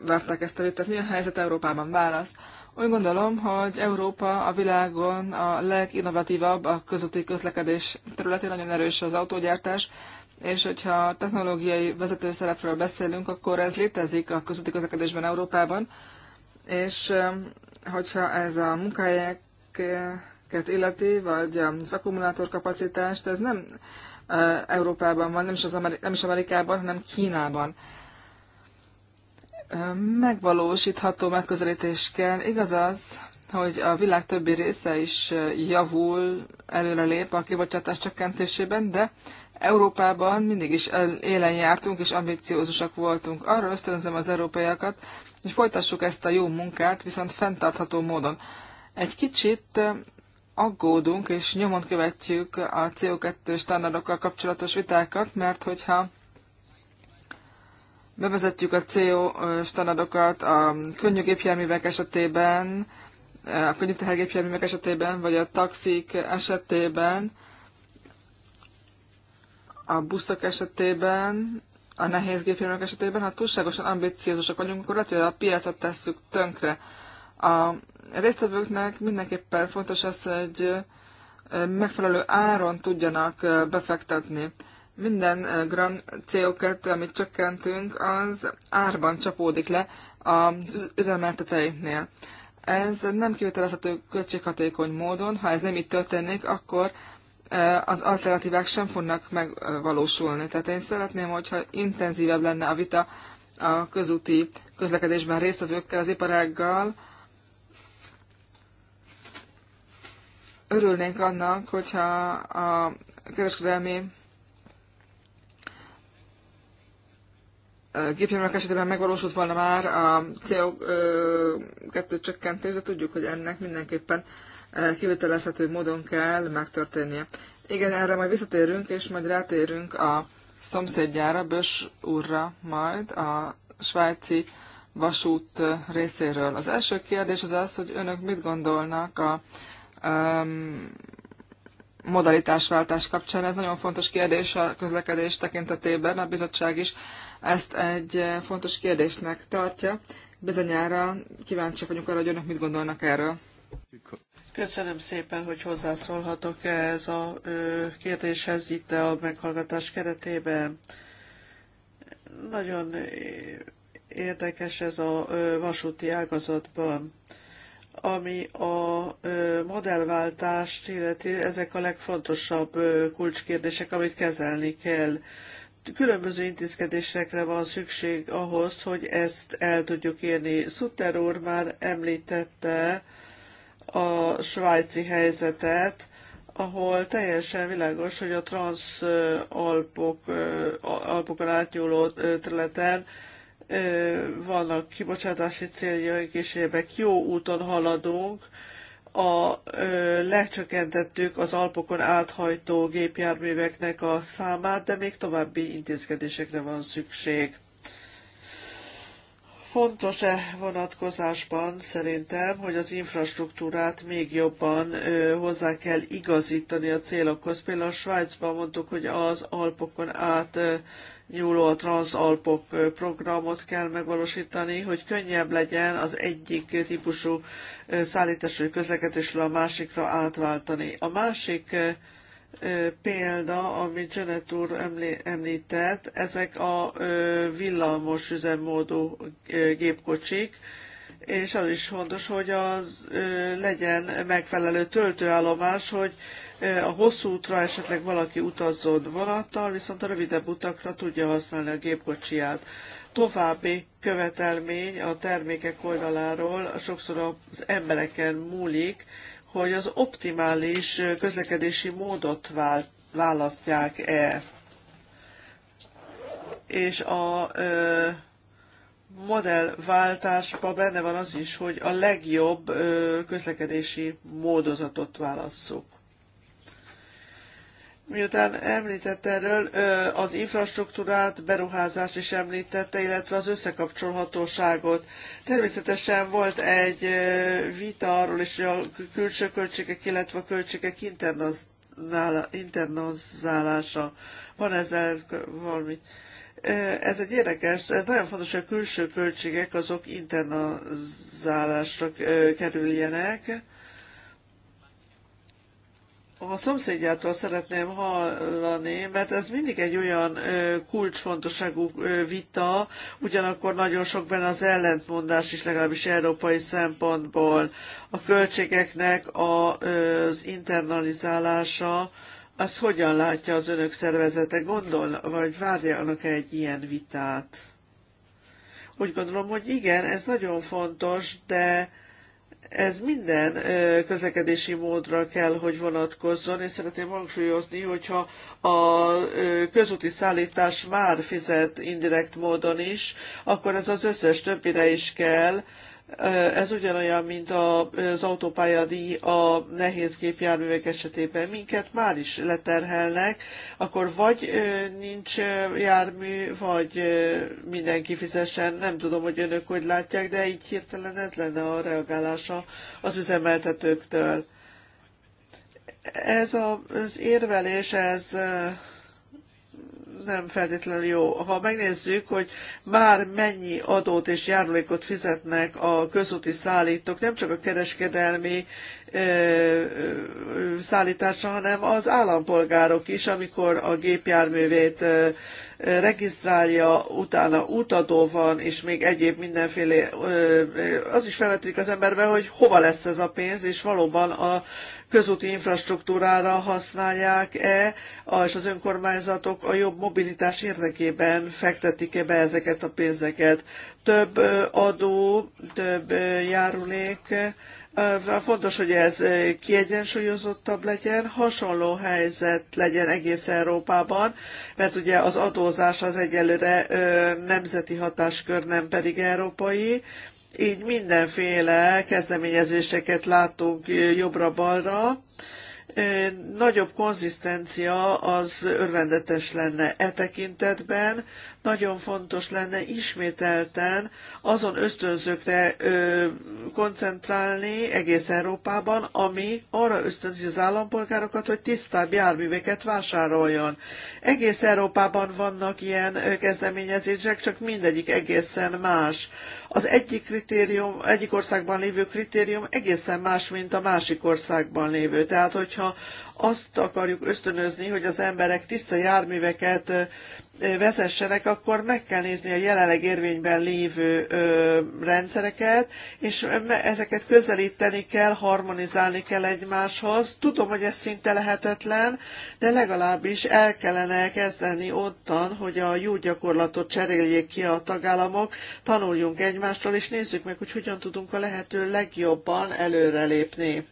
várták ezt a vitát. Mi a helyzet Európában? Válasz. Úgy gondolom, hogy Európa a világon a leginnovatívabb a közúti közlekedés területén, nagyon erős az autógyártás, és hogyha technológiai vezető szerepről beszélünk, akkor ez létezik a közúti közlekedésben Európában, és hogyha ez a munkahelyeket illeti, vagy az akkumulátorkapacitást, ez nem e, Európában van, nem is, az Ameri- nem is Amerikában, hanem Kínában megvalósítható megközelítés kell. Igaz az, hogy a világ többi része is eh, javul, előrelép a kibocsátás csökkentésében, de Európában mindig is élen jártunk és ambiciózusak voltunk. Arra ösztönzöm az európaiakat, hogy folytassuk ezt a jó munkát, viszont fenntartható módon. Egy kicsit eh, aggódunk és nyomon követjük a CO2 standardokkal kapcsolatos vitákat, mert hogyha Bevezetjük a CO standardokat a könnyű gépjárművek esetében, a könnyű tehergépjárművek esetében, vagy a taxik esetében, a buszok esetében, a nehéz gépjárművek esetében, ha túlságosan ambiciózusak vagyunk, akkor lehet, hogy a piacot tesszük tönkre. A résztvevőknek mindenképpen fontos az, hogy megfelelő áron tudjanak befektetni minden gram CO2, amit csökkentünk, az árban csapódik le az üzemelteteiknél. Ez nem kivitelezhető költséghatékony módon, ha ez nem így történik, akkor az alternatívák sem fognak megvalósulni. Tehát én szeretném, hogyha intenzívebb lenne a vita a közúti közlekedésben résztvevőkkel, az iparággal. Örülnénk annak, hogyha a kereskedelmi gépjárművek esetében megvalósult volna már a CO2 csökkentés, de tudjuk, hogy ennek mindenképpen e, kivitelezhető módon kell megtörténnie. Igen, erre majd visszatérünk, és majd rátérünk a szomszédjára, Bös úrra majd a svájci vasút részéről. Az első kérdés az az, hogy önök mit gondolnak a um, modalitásváltás kapcsán. Ez nagyon fontos kérdés a közlekedés tekintetében. A bizottság is ezt egy eh, fontos kérdésnek tartja. Bizonyára kíváncsiak vagyunk arra, hogy önök mit gondolnak erről. Köszönöm szépen, hogy hozzászólhatok ez a kérdéshez itt a meghallgatás keretében. Nagyon érdekes ez a vasúti ágazatban ami a modellváltást illeti, ezek a legfontosabb kulcskérdések, amit kezelni kell különböző intézkedésekre van szükség ahhoz, hogy ezt el tudjuk érni. Sutter úr már említette a svájci helyzetet, ahol teljesen világos, hogy a alpok alpokon átnyúló területen vannak kibocsátási céljaink, és ebben jó úton haladunk, a, ö, lecsökkentettük az Alpokon áthajtó gépjárműveknek a számát, de még további intézkedésekre van szükség. Fontos-e vonatkozásban szerintem, hogy az infrastruktúrát még jobban ö, hozzá kell igazítani a célokhoz. Például a Svájcban mondtuk, hogy az Alpokon át ö, nyúló a transalpok programot kell megvalósítani, hogy könnyebb legyen az egyik típusú szállítású közlekedésről a másikra átváltani. A másik példa, amit Janet úr említett, ezek a villamos üzemmódú gépkocsik, és az is fontos, hogy az legyen megfelelő töltőállomás, hogy a hosszú útra esetleg valaki utazzon vonattal, viszont a rövidebb utakra tudja használni a gépkocsiját. További követelmény a termékek oldaláról sokszor az embereken múlik, hogy az optimális közlekedési módot választják-e. És a ö, modellváltásban benne van az is, hogy a legjobb ö, közlekedési módozatot válasszuk. Miután említette erről az infrastruktúrát, beruházást is említette, illetve az összekapcsolhatóságot. Természetesen volt egy vita arról is, hogy a külső költségek, illetve a költségek internalizálása. Van ezzel valami? Ez egy érdekes, ez nagyon fontos, hogy a külső költségek azok internalizálásra kerüljenek a szomszédjától szeretném hallani, mert ez mindig egy olyan kulcsfontosságú vita, ugyanakkor nagyon sok benne az ellentmondás is, legalábbis európai szempontból. A költségeknek az internalizálása, az hogyan látja az önök szervezete? Gondol, vagy várjanak -e egy ilyen vitát? Úgy gondolom, hogy igen, ez nagyon fontos, de ez minden közlekedési módra kell, hogy vonatkozzon, és szeretném hangsúlyozni, hogyha a közúti szállítás már fizet indirekt módon is, akkor ez az összes többire is kell, ez ugyanolyan, mint az autópályadíj a nehéz gépjárművek esetében. Minket már is leterhelnek, akkor vagy nincs jármű, vagy mindenki fizessen. Nem tudom, hogy önök hogy látják, de így hirtelen ez lenne a reagálása az üzemeltetőktől. Ez az érvelés, ez nem feltétlenül jó. Ha megnézzük, hogy már mennyi adót és járulékot fizetnek a közúti szállítók, nem csak a kereskedelmi szállításra, hanem az állampolgárok is, amikor a gépjárművét regisztrálja, utána utadó van, és még egyéb mindenféle, az is felvetődik az emberbe, hogy hova lesz ez a pénz, és valóban a közúti infrastruktúrára használják-e, és az önkormányzatok a jobb mobilitás érdekében fektetik-e be ezeket a pénzeket. Több adó, több járulék, Fontos, hogy ez kiegyensúlyozottabb legyen, hasonló helyzet legyen egész Európában, mert ugye az adózás az egyelőre nemzeti hatáskör, nem pedig európai, így mindenféle kezdeményezéseket látunk jobbra-balra, nagyobb konzisztencia az örvendetes lenne e tekintetben, nagyon fontos lenne ismételten azon ösztönzőkre ö, koncentrálni egész Európában, ami arra ösztönzi az állampolgárokat, hogy tisztább járműveket vásároljon. Egész Európában vannak ilyen kezdeményezések, csak mindegyik egészen más. Az egyik kritérium, egyik országban lévő kritérium egészen más, mint a másik országban lévő. Tehát, hogyha azt akarjuk ösztönözni, hogy az emberek tiszta járműveket vezessenek, akkor meg kell nézni a jelenleg érvényben lévő ö, rendszereket, és ezeket közelíteni kell, harmonizálni kell egymáshoz. Tudom, hogy ez szinte lehetetlen, de legalábbis el kellene kezdeni ottan, hogy a jó gyakorlatot cseréljék ki a tagállamok, tanuljunk egymástól, és nézzük meg, hogy hogyan tudunk a lehető legjobban előrelépni.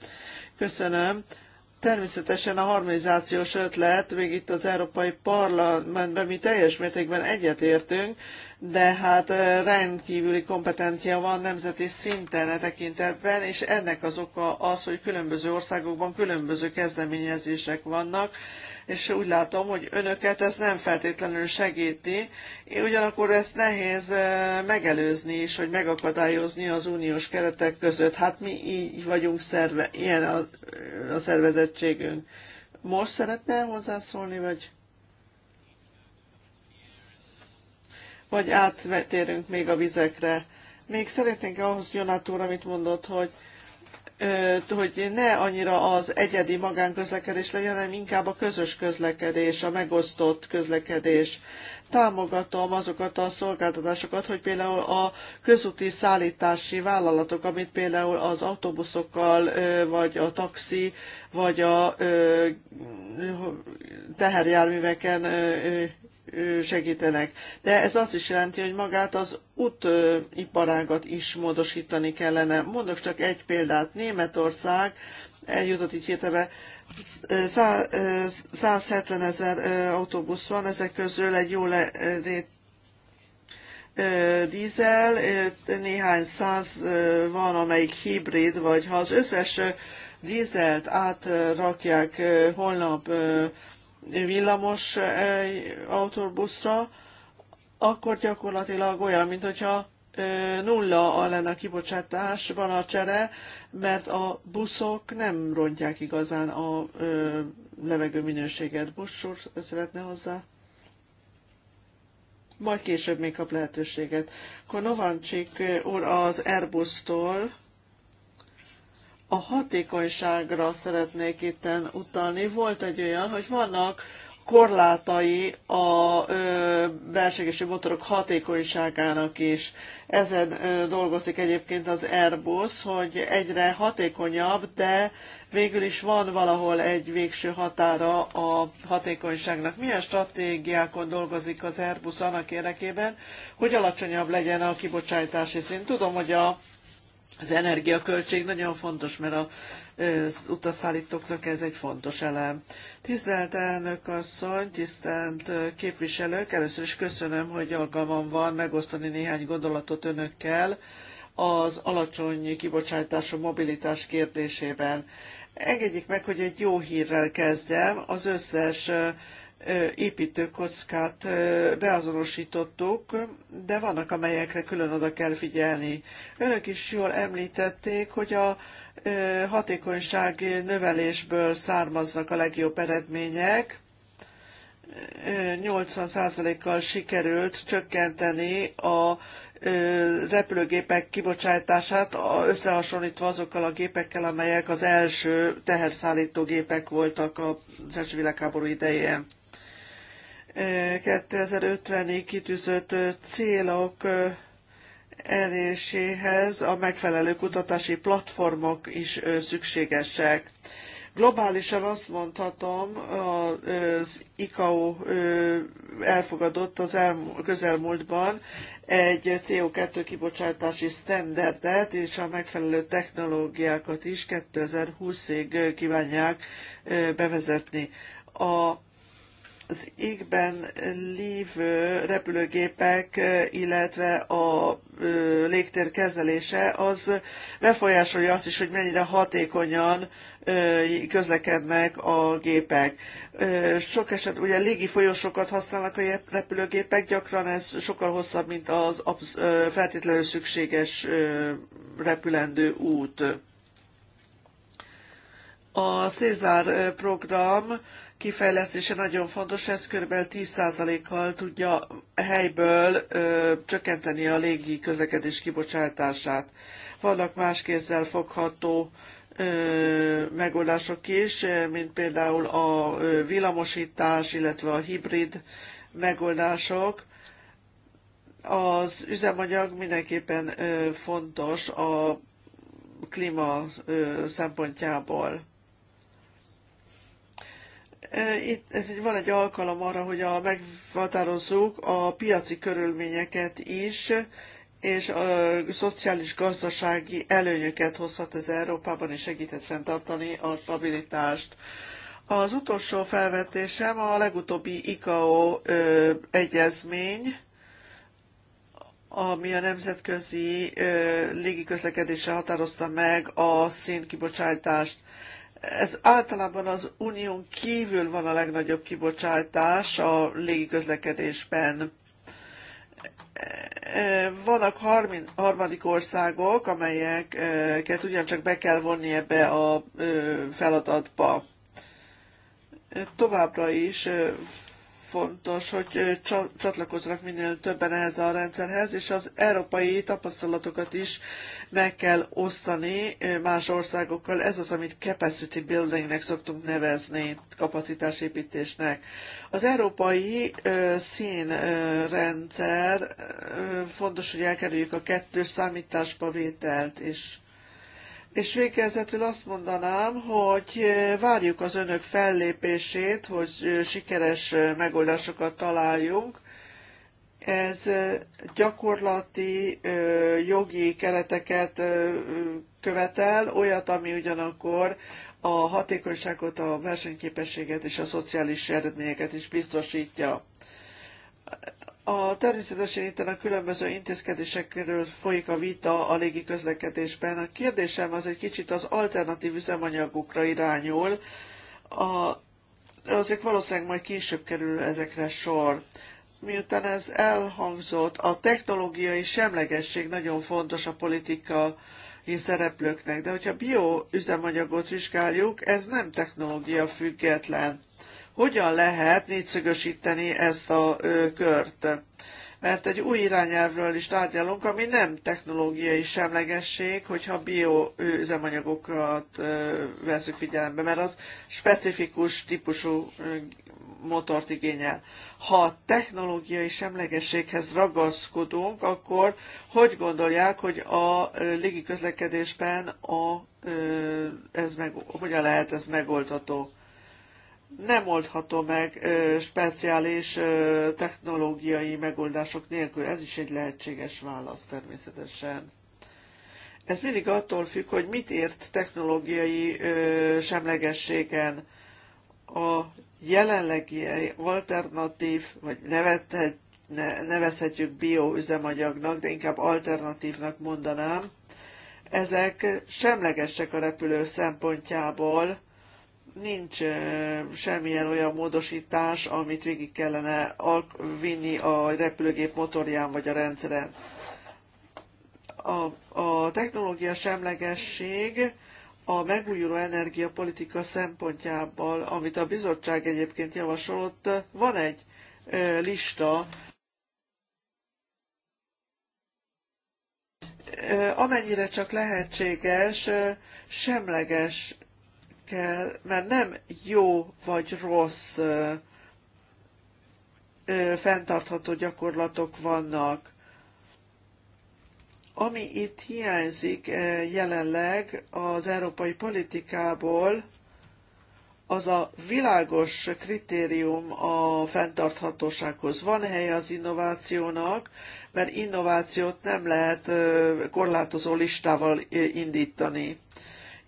Köszönöm. Természetesen a harmonizációs ötlet, még itt az Európai Parlamentben mi teljes mértékben egyetértünk, de hát rendkívüli kompetencia van nemzeti szinten e tekintetben, és ennek az oka az, hogy különböző országokban különböző kezdeményezések vannak, és úgy látom, hogy önöket ez nem feltétlenül segíti, ugyanakkor ezt nehéz eh, megelőzni is, hogy megakadályozni az uniós keretek között. Hát mi így vagyunk szerve, ilyen a, a szervezettségünk. Most szeretne hozzászólni, vagy? Vagy átvetérünk még a vizekre. Még szeretnénk ahhoz, Jonát úr, amit mondott, hogy hogy ne annyira az egyedi magánközlekedés legyen, hanem inkább a közös közlekedés, a megosztott közlekedés. Támogatom azokat a szolgáltatásokat, hogy például a közúti szállítási vállalatok, amit például az autóbuszokkal, vagy a taxi, vagy a teherjárműveken segítenek. De ez azt is jelenti, hogy magát az útiparágat is módosítani kellene. Mondok csak egy példát. Németország eljutott így hétebe 170 ezer autóbusz van, ezek közül egy jó lét dízel, néhány száz van, amelyik hibrid, vagy ha az összes dízelt átrakják holnap villamos eh, autóbuszra, akkor gyakorlatilag olyan, mint hogyha nulla a lenne a kibocsátásban a csere, mert a buszok nem rontják igazán a levegő minőséget. Buszsúr szeretne hozzá? Majd később még kap lehetőséget. Akkor Novancsik úr az Airbus-tól a hatékonyságra szeretnék itten utalni. Volt egy olyan, hogy vannak korlátai a belsegési motorok hatékonyságának is. Ezen ö, dolgozik egyébként az Airbus, hogy egyre hatékonyabb, de végül is van valahol egy végső határa a hatékonyságnak. Milyen stratégiákon dolgozik az Airbus annak érdekében, hogy alacsonyabb legyen a kibocsátási szint? Tudom, hogy a az energiaköltség nagyon fontos, mert a az utasszállítóknak ez egy fontos elem. Tisztelt elnök asszony, tisztelt képviselők, először is köszönöm, hogy alkalmam van megosztani néhány gondolatot önökkel az alacsony kibocsátású mobilitás kérdésében. Engedjék meg, hogy egy jó hírrel kezdjem. Az összes építőkockát beazonosítottuk, de vannak, amelyekre külön oda kell figyelni. Önök is jól említették, hogy a hatékonyság növelésből származnak a legjobb eredmények. 80%-kal sikerült csökkenteni a repülőgépek kibocsátását összehasonlítva azokkal a gépekkel, amelyek az első teherszállító gépek voltak az első világháború idején. 2050-ig kitűzött célok eléréséhez a megfelelő kutatási platformok is szükségesek. Globálisan azt mondhatom, az ICAO elfogadott az elmú, közelmúltban egy CO2 kibocsátási standardet és a megfelelő technológiákat is 2020-ig kívánják bevezetni. A az égben lévő repülőgépek, illetve a légtér kezelése, az befolyásolja azt is, hogy mennyire hatékonyan közlekednek a gépek. Sok esetben ugye légi folyosókat használnak a repülőgépek, gyakran ez sokkal hosszabb, mint az feltétlenül szükséges repülendő út. A Cézár program kifejlesztése nagyon fontos, ez kb. 10%-kal tudja helyből ö, csökkenteni a légi közlekedés kibocsátását. Vannak más kézzel fogható ö, megoldások is, mint például a villamosítás, illetve a hibrid megoldások. Az üzemanyag mindenképpen ö, fontos a klíma ö, szempontjából itt van egy alkalom arra, hogy a, meghatározzuk a piaci körülményeket is, és a szociális-gazdasági előnyöket hozhat az Európában, és segíthet fenntartani a stabilitást. Az utolsó felvetésem a legutóbbi ICAO ö, egyezmény, ami a nemzetközi ö, légiközlekedésre határozta meg a szénkibocsátást ez általában az unión kívül van a legnagyobb kibocsátás a légiközlekedésben. E, vannak harmadik országok, amelyeket ugyancsak be kell vonni ebbe a feladatba. Továbbra is fontos, hogy csatlakozzanak minél többen ehhez a rendszerhez, és az európai tapasztalatokat is meg kell osztani más országokkal. Ez az, amit capacity buildingnek szoktunk nevezni, kapacitásépítésnek. Az európai színrendszer fontos, hogy elkerüljük a kettős számításba vételt, és és végezetül azt mondanám, hogy eh, várjuk az önök fellépését, hogy eh, sikeres eh, megoldásokat találjunk. Ez gyakorlati jogi kereteket követel, olyat, ami ugyanakkor a hatékonyságot, a versenyképességet és a szociális eredményeket is biztosítja a természetesen itt a különböző intézkedésekről folyik a vita a légi közlekedésben. A kérdésem az egy kicsit az alternatív üzemanyagokra irányul. A, azért valószínűleg majd később kerül ezekre sor. Miután ez elhangzott, a technológiai semlegesség nagyon fontos a politika szereplőknek, de hogyha bioüzemanyagot vizsgáljuk, ez nem technológia független hogyan lehet négyszögösíteni ezt a kört? mert egy új irányelvről is tárgyalunk, ami nem technológiai semlegesség, hogyha bioüzemanyagokat veszük figyelembe, mert az specifikus típusú motort igényel. Ha a technológiai semlegességhez ragaszkodunk, akkor hogy gondolják, hogy a légiközlekedésben a, ez meg, hogyan lehet ez megoldható? nem oldható meg ö, speciális ö, technológiai megoldások nélkül. Ez is egy lehetséges válasz természetesen. Ez mindig attól függ, hogy mit ért technológiai ö, semlegességen. A jelenlegi alternatív, vagy nevethet, ne, nevezhetjük bioüzemanyagnak, de inkább alternatívnak mondanám, ezek semlegesek a repülő szempontjából, nincs semmilyen olyan módosítás, amit végig kellene vinni a repülőgép motorján vagy a rendszeren. A, a technológia semlegesség a megújuló energiapolitika szempontjából, amit a bizottság egyébként javasolott, van egy lista, amennyire csak lehetséges, semleges kell, mert nem jó vagy rossz ö, ö, fenntartható gyakorlatok vannak. Ami itt hiányzik jelenleg az európai politikából, az a világos kritérium a fenntarthatósághoz. Van helye az innovációnak, mert innovációt nem lehet korlátozó listával indítani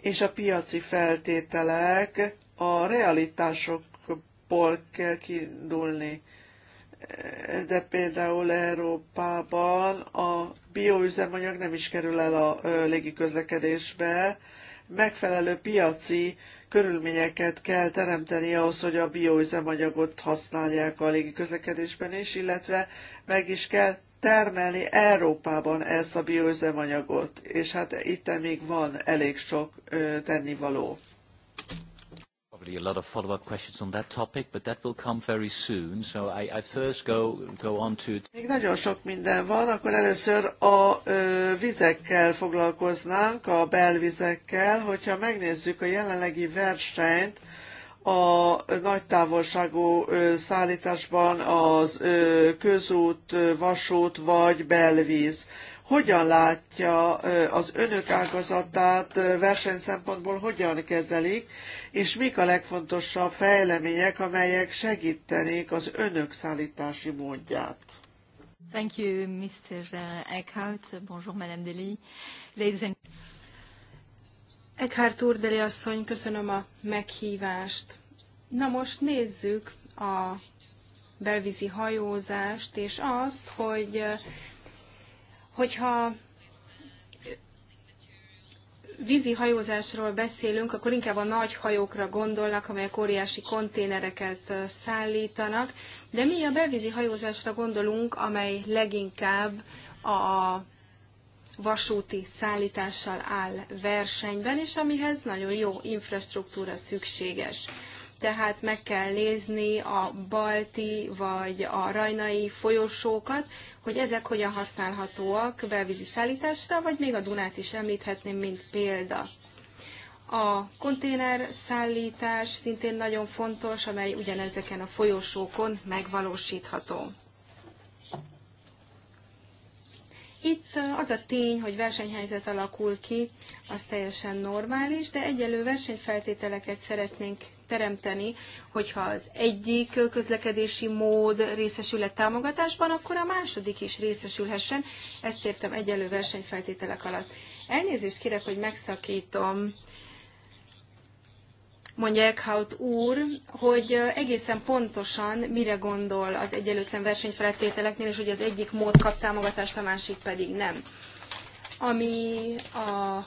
és a piaci feltételek a realitásokból kell kiindulni. De például Európában a bioüzemanyag nem is kerül el a légiközlekedésbe, megfelelő piaci körülményeket kell teremteni ahhoz, hogy a bioüzemanyagot használják a légiközlekedésben is, illetve meg is kell termelni Európában ezt a bioüzemanyagot, és hát itt még van elég sok tennivaló. Probably a lot of follow-up questions on that topic, but that will come very soon. So I, I first go, go on to... Még nagyon sok minden van, akkor először a ö, vizekkel foglalkoznánk, a belvizekkel. Hogyha megnézzük a jelenlegi versenyt, a nagy távolságú szállításban az közút, vasút vagy belvíz. Hogyan látja az önök ágazatát versenyszempontból, hogyan kezelik, és mik a legfontosabb fejlemények, amelyek segítenék az önök szállítási módját? Thank you, Mr. Eckhout. Bonjour, Madame Deli. Ladies and Eckhart Urdeli asszony, köszönöm a meghívást. Na most nézzük a belvízi hajózást, és azt, hogy hogyha vízi hajózásról beszélünk, akkor inkább a nagy hajókra gondolnak, amelyek óriási konténereket szállítanak, de mi a belvízi hajózásra gondolunk, amely leginkább a vasúti szállítással áll versenyben, és amihez nagyon jó infrastruktúra szükséges. Tehát meg kell nézni a balti vagy a rajnai folyosókat, hogy ezek hogyan használhatóak belvízi szállításra, vagy még a Dunát is említhetném, mint példa. A konténer szállítás szintén nagyon fontos, amely ugyanezeken a folyosókon megvalósítható. Itt az a tény, hogy versenyhelyzet alakul ki, az teljesen normális, de egyelő versenyfeltételeket szeretnénk teremteni, hogyha az egyik közlekedési mód részesülhet támogatásban, akkor a második is részesülhessen. Ezt értem egyelő versenyfeltételek alatt. Elnézést kérek, hogy megszakítom mondja Eckhout úr, hogy egészen pontosan mire gondol az egyenlőtlen versenyfeltételeknél, és hogy az egyik mód kap támogatást, a másik pedig nem. Ami a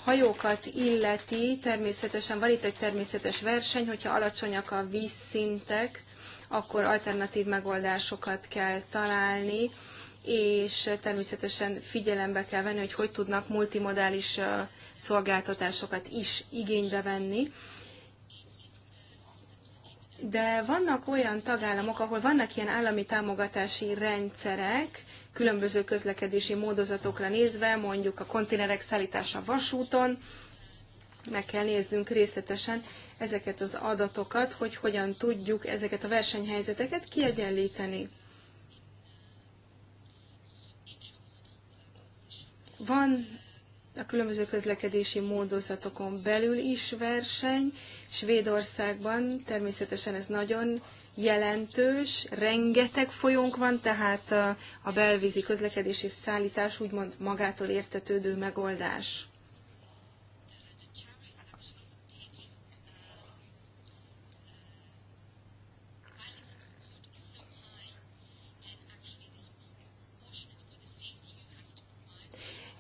hajókat illeti, természetesen van itt egy természetes verseny, hogyha alacsonyak a vízszintek, akkor alternatív megoldásokat kell találni, és természetesen figyelembe kell venni, hogy hogy tudnak multimodális szolgáltatásokat is igénybe venni de vannak olyan tagállamok, ahol vannak ilyen állami támogatási rendszerek, különböző közlekedési módozatokra nézve, mondjuk a konténerek szállítása vasúton, meg kell néznünk részletesen ezeket az adatokat, hogy hogyan tudjuk ezeket a versenyhelyzeteket kiegyenlíteni. Van a különböző közlekedési módozatokon belül is verseny, Svédországban természetesen ez nagyon jelentős, rengeteg folyónk van, tehát a belvízi közlekedés és szállítás úgymond magától értetődő megoldás.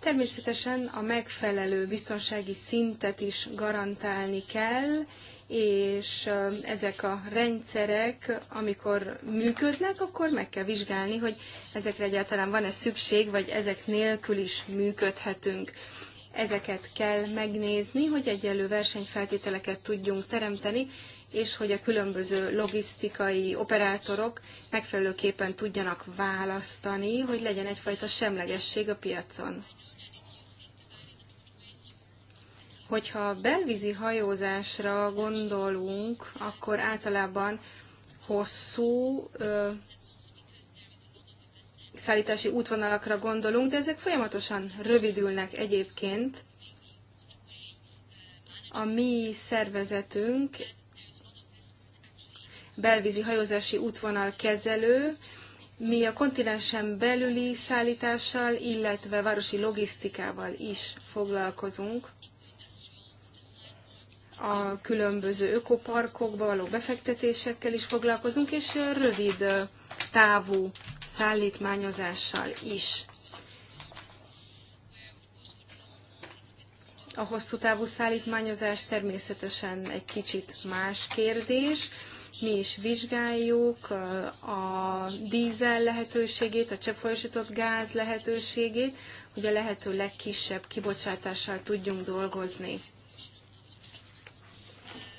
Természetesen a megfelelő biztonsági szintet is garantálni kell, és ezek a rendszerek, amikor működnek, akkor meg kell vizsgálni, hogy ezekre egyáltalán van-e szükség, vagy ezek nélkül is működhetünk. Ezeket kell megnézni, hogy egyenlő versenyfeltételeket tudjunk teremteni, és hogy a különböző logisztikai operátorok megfelelőképpen tudjanak választani, hogy legyen egyfajta semlegesség a piacon. Hogyha belvízi hajózásra gondolunk, akkor általában hosszú ö, szállítási útvonalakra gondolunk, de ezek folyamatosan rövidülnek egyébként. A mi szervezetünk belvízi hajózási útvonal kezelő, mi a kontinensen belüli szállítással, illetve városi logisztikával is foglalkozunk a különböző ökoparkokba való befektetésekkel is foglalkozunk, és rövid távú szállítmányozással is. A hosszú távú szállítmányozás természetesen egy kicsit más kérdés. Mi is vizsgáljuk a dízel lehetőségét, a cseppfolyósított gáz lehetőségét, hogy a lehető legkisebb kibocsátással tudjunk dolgozni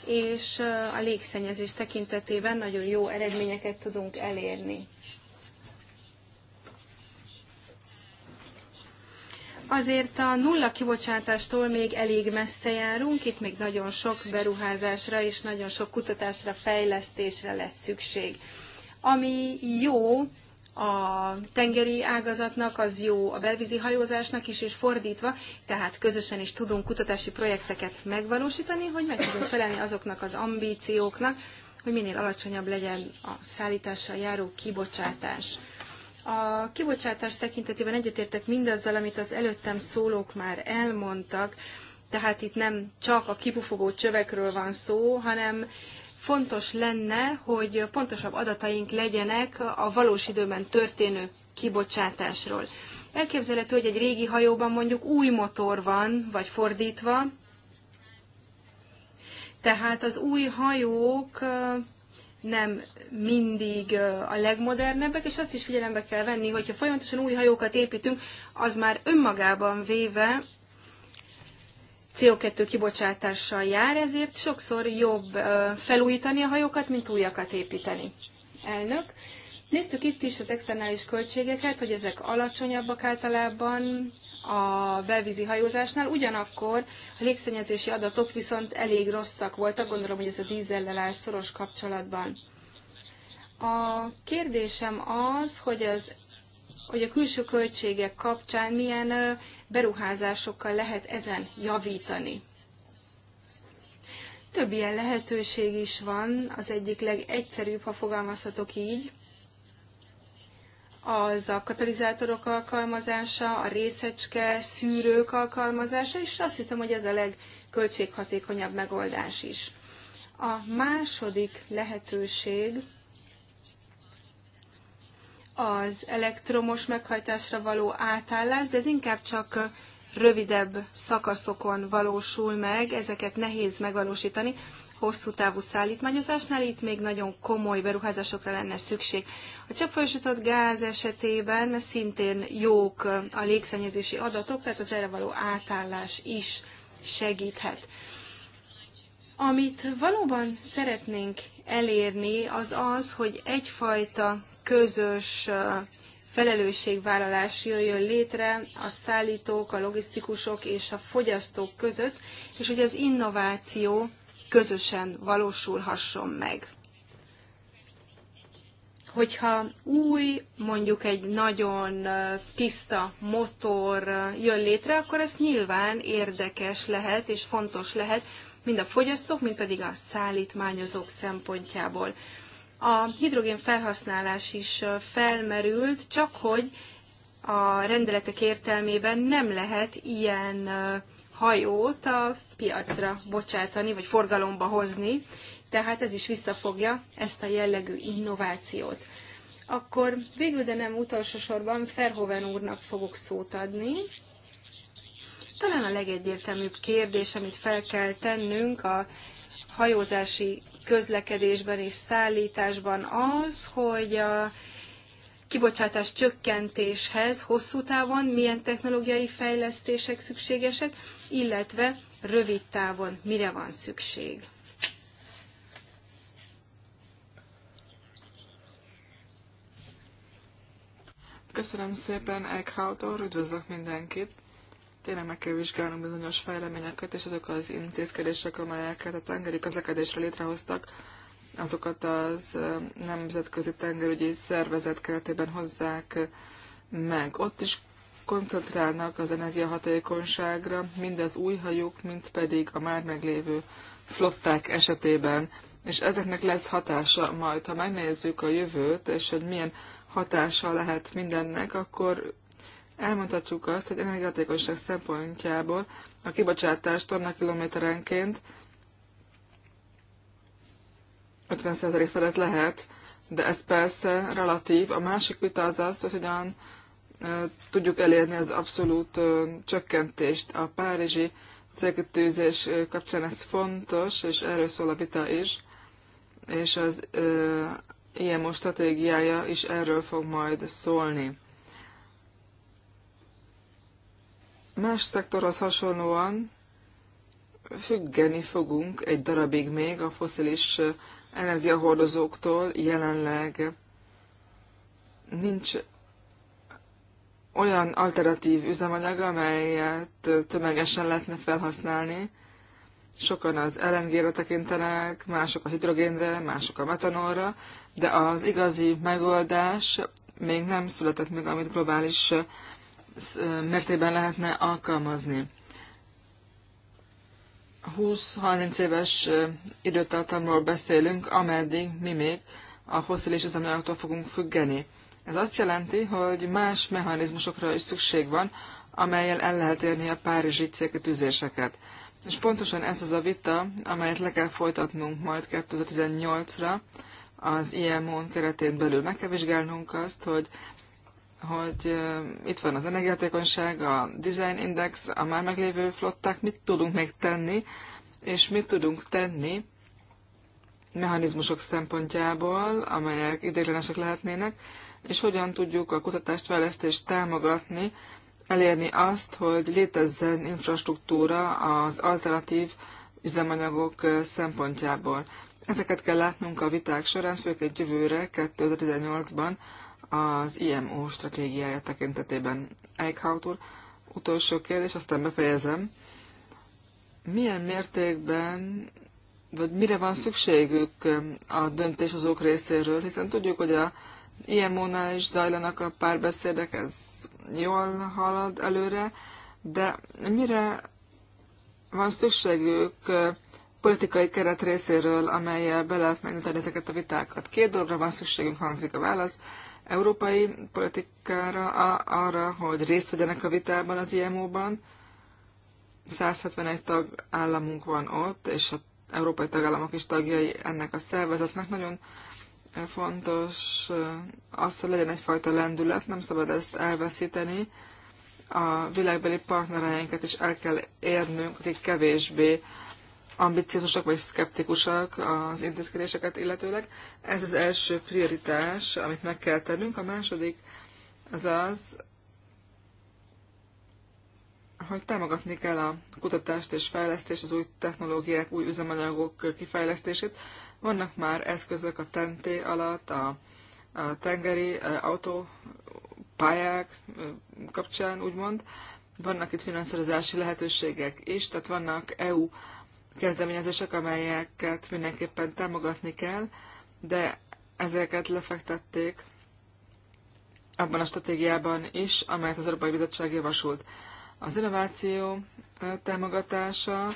és a légszennyezés tekintetében nagyon jó eredményeket tudunk elérni. Azért a nulla kibocsátástól még elég messze járunk, itt még nagyon sok beruházásra és nagyon sok kutatásra, fejlesztésre lesz szükség. Ami jó, a tengeri ágazatnak, az jó a belvízi hajózásnak is, és fordítva, tehát közösen is tudunk kutatási projekteket megvalósítani, hogy meg tudunk felelni azoknak az ambícióknak, hogy minél alacsonyabb legyen a szállítással járó kibocsátás. A kibocsátás tekintetében egyetértek mindazzal, amit az előttem szólók már elmondtak, tehát itt nem csak a kipufogó csövekről van szó, hanem fontos lenne, hogy pontosabb adataink legyenek a valós időben történő kibocsátásról. Elképzelhető, hogy egy régi hajóban mondjuk új motor van, vagy fordítva, tehát az új hajók nem mindig a legmodernebbek, és azt is figyelembe kell venni, hogyha folyamatosan új hajókat építünk, az már önmagában véve CO2 kibocsátással jár, ezért sokszor jobb felújítani a hajókat, mint újakat építeni. Elnök, néztük itt is az externális költségeket, hogy ezek alacsonyabbak általában a belvízi hajózásnál, ugyanakkor a légszennyezési adatok viszont elég rosszak voltak, gondolom, hogy ez a dízellel áll szoros kapcsolatban. A kérdésem az, hogy az hogy a külső költségek kapcsán milyen beruházásokkal lehet ezen javítani. Több ilyen lehetőség is van, az egyik legegyszerűbb, ha fogalmazhatok így, az a katalizátorok alkalmazása, a részecske, szűrők alkalmazása, és azt hiszem, hogy ez a legköltséghatékonyabb megoldás is. A második lehetőség az elektromos meghajtásra való átállás, de ez inkább csak rövidebb szakaszokon valósul meg, ezeket nehéz megvalósítani. Hosszú távú szállítmányozásnál itt még nagyon komoly beruházásokra lenne szükség. A cseppfolyósított gáz esetében szintén jók a légszennyezési adatok, tehát az erre való átállás is segíthet. Amit valóban szeretnénk elérni, az az, hogy egyfajta közös felelősségvállalás jöjjön létre a szállítók, a logisztikusok és a fogyasztók között, és hogy az innováció közösen valósulhasson meg. Hogyha új, mondjuk egy nagyon tiszta motor jön létre, akkor ez nyilván érdekes lehet és fontos lehet, mind a fogyasztók, mind pedig a szállítmányozók szempontjából. A hidrogén felhasználás is felmerült, csak hogy a rendeletek értelmében nem lehet ilyen hajót a piacra bocsátani, vagy forgalomba hozni, tehát ez is visszafogja ezt a jellegű innovációt. Akkor végül, de nem utolsó sorban Ferhoven úrnak fogok szót adni. Talán a legegyértelműbb kérdés, amit fel kell tennünk a hajózási közlekedésben és szállításban az, hogy a kibocsátás csökkentéshez hosszú távon milyen technológiai fejlesztések szükségesek, illetve rövid távon mire van szükség. Köszönöm szépen, Eckhout úr, üdvözlök mindenkit! tényleg meg kell vizsgálnunk bizonyos fejleményeket, és azok az intézkedések, amelyeket a tengeri közlekedésre létrehoztak, azokat az nemzetközi tengerügyi szervezet keretében hozzák meg. Ott is koncentrálnak az energiahatékonyságra, mind az új hajók, mind pedig a már meglévő flották esetében, és ezeknek lesz hatása majd. Ha megnézzük a jövőt, és hogy milyen hatása lehet mindennek, akkor elmondhatjuk azt, hogy energiatékonyság szempontjából a kibocsátás tonna kilométerenként 50% felett lehet, de ez persze relatív. A másik vita az az, hogy hogyan tudjuk elérni az abszolút csökkentést. A párizsi célkötőzés kapcsán ez fontos, és erről szól a vita is, és az IMO stratégiája is erről fog majd szólni. Más szektorhoz hasonlóan függeni fogunk egy darabig még a foszilis energiahordozóktól. Jelenleg nincs olyan alternatív üzemanyag, amelyet tömegesen lehetne felhasználni. Sokan az LNG-re tekintenek, mások a hidrogénre, mások a metanolra, de az igazi megoldás még nem született meg, amit globális mértékben lehetne alkalmazni. 20-30 éves időtartamról beszélünk, ameddig mi még a foszilis üzemanyagoktól fogunk függeni. Ez azt jelenti, hogy más mechanizmusokra is szükség van, amelyel el lehet érni a párizsi célkitűzéseket. És pontosan ez az a vita, amelyet le kell folytatnunk majd 2018-ra az IMO-n keretén belül. Meg kell vizsgálnunk azt, hogy hogy itt van az energiahatékonyság, a design index, a már meglévő flották, mit tudunk még tenni, és mit tudunk tenni mechanizmusok szempontjából, amelyek ideiglenesek lehetnének, és hogyan tudjuk a kutatást, fejlesztést támogatni, elérni azt, hogy létezzen infrastruktúra az alternatív üzemanyagok szempontjából. Ezeket kell látnunk a viták során, főként jövőre, 2018-ban, az IMO stratégiája tekintetében. Eichhaut úr, utolsó kérdés, aztán befejezem. Milyen mértékben, vagy mire van szükségük um, a döntéshozók részéről, hiszen tudjuk, hogy az IMO-nál is zajlanak a párbeszédek, ez jól halad előre, de mire van szükségük uh, politikai keret részéről, amelyel be lehetne nyitani ezeket a vitákat. Két dologra van szükségünk, hangzik a válasz európai politikára, arra, hogy részt vegyenek a vitában az IMO-ban. 171 tagállamunk van ott, és az európai tagállamok is tagjai ennek a szervezetnek. Nagyon fontos eh, az, hogy legyen egyfajta lendület, nem szabad ezt elveszíteni. A világbeli partnereinket is el kell érnünk, akik kevésbé ambiciózusak vagy szkeptikusak az intézkedéseket illetőleg. Ez az első prioritás, amit meg kell tennünk. A második az az, hogy támogatni kell a kutatást és fejlesztést, az új technológiák, új üzemanyagok kifejlesztését. Vannak már eszközök a tenté alatt, a, a tengeri e, autópályák e, kapcsán, úgymond. Vannak itt finanszírozási lehetőségek is, tehát vannak EU kezdeményezések, amelyeket mindenképpen támogatni kell, de ezeket lefektették abban a stratégiában is, amelyet az Európai Bizottság javasolt. Az innováció támogatása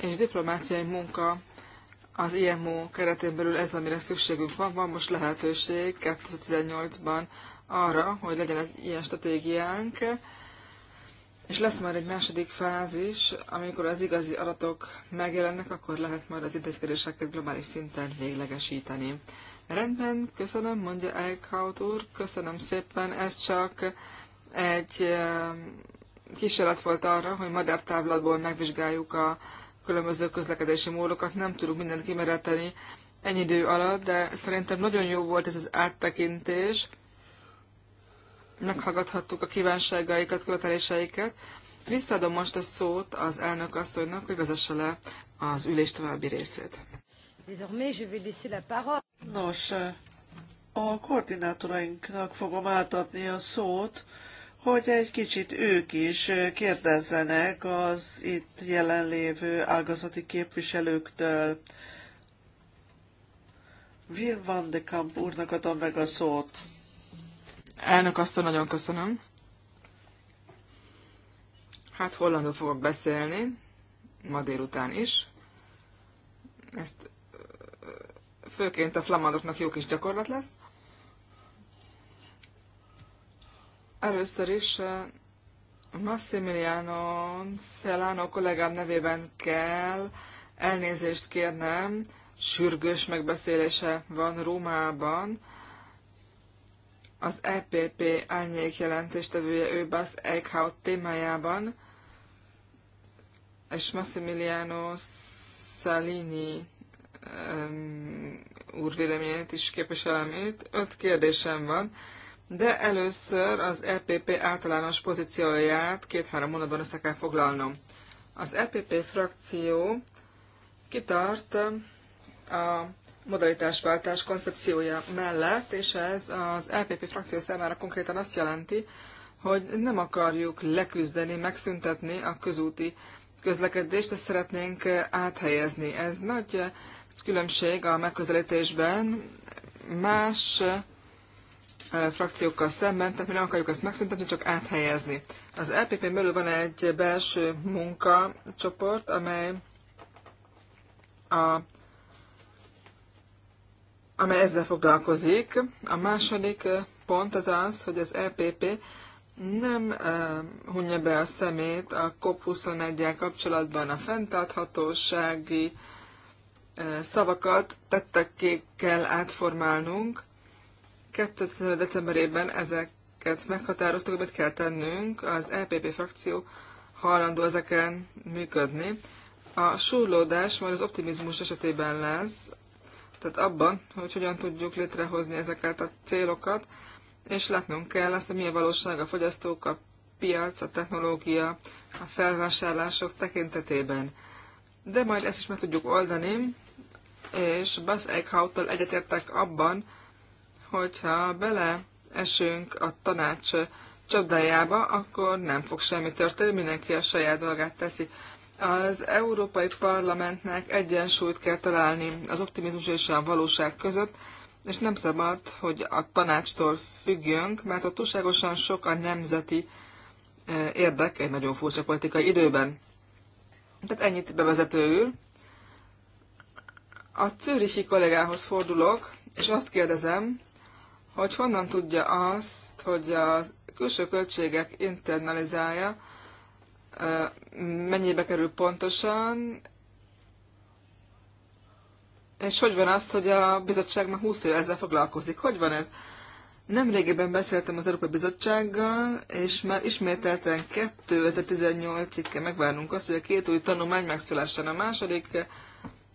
és diplomáciai munka az IMO keretén belül ez, amire szükségünk van. Van most lehetőség 2018-ban arra, hogy legyen egy ilyen stratégiánk, és lesz már egy második fázis, amikor az igazi adatok megjelennek, akkor lehet majd az intézkedéseket globális szinten véglegesíteni. Rendben, köszönöm, mondja Eichhaut úr, köszönöm szépen, ez csak egy um, kísérlet volt arra, hogy madártávlatból megvizsgáljuk a különböző közlekedési módokat, nem tudunk mindent kimereteni ennyi idő alatt, de szerintem nagyon jó volt ez az áttekintés, meghallgathattuk a kívánságaikat, követeléseiket. Visszaadom most a szót az elnök asszonynak, hogy vezesse le az ülés további részét. Nos, a koordinátorainknak fogom átadni a szót, hogy egy kicsit ők is kérdezzenek az itt jelenlévő ágazati képviselőktől. Will van de Kamp úrnak adom meg a szót. Elnök asszony, nagyon köszönöm. Hát hollandul fogok beszélni, ma délután is. Ezt főként a flamandoknak jó kis gyakorlat lesz. Először is Massimiliano Celano kollégám nevében kell elnézést kérnem, sürgős megbeszélése van Rómában, az EPP árnyék jelentéstevője, ő Bas Eichhout témájában, és Massimiliano Salini um, úr véleményét is képviselem itt. Öt kérdésem van, de először az EPP általános pozícióját két-három mondatban össze kell foglalnom. Az EPP frakció kitart a modalitásváltás koncepciója mellett, és ez az LPP e frakció számára konkrétan azt jelenti, hogy nem akarjuk leküzdeni, megszüntetni a közúti közlekedést, ezt szeretnénk áthelyezni. Ez nagy különbség a megközelítésben más eh, frakciókkal szemben, tehát mi nem akarjuk ezt megszüntetni, csak áthelyezni. Az LPP e belül van egy belső munkacsoport, amely a amely ezzel foglalkozik. A második pont az az, hogy az EPP nem uh, hunja be a szemét a COP21-el kapcsolatban a fenntarthatósági uh, szavakat tettekké kell átformálnunk. 2. decemberében ezeket meghatároztuk, amit kell tennünk. Az EPP frakció hajlandó ezeken működni. A súrlódás majd az optimizmus esetében lesz, tehát abban, hogy hogyan tudjuk létrehozni ezeket a célokat, és látnunk kell azt, hogy milyen valóság a fogyasztók, a piac, a technológia, a felvásárlások tekintetében. De majd ezt is meg tudjuk oldani, és Buzz Eichhauttal egyetértek abban, hogyha beleesünk a tanács csapdájába, akkor nem fog semmi történni, mindenki a saját dolgát teszi. Az Európai Parlamentnek egyensúlyt kell találni az optimizmus és a valóság között, és nem szabad, hogy a tanácstól függjünk, mert ott túlságosan sok a nemzeti érdek egy nagyon furcsa politikai időben. Tehát ennyit bevezetőül. A czűrisi kollégához fordulok, és azt kérdezem, hogy honnan tudja azt, hogy a külső költségek internalizálja, mennyibe kerül pontosan, és hogy van az, hogy a bizottság már 20 éve ezzel foglalkozik? Hogy van ez? Nemrégiben beszéltem az Európai Bizottsággal, és már ismételten 2018-ig megvárnunk azt, hogy a két új tanulmány megszülessen. A második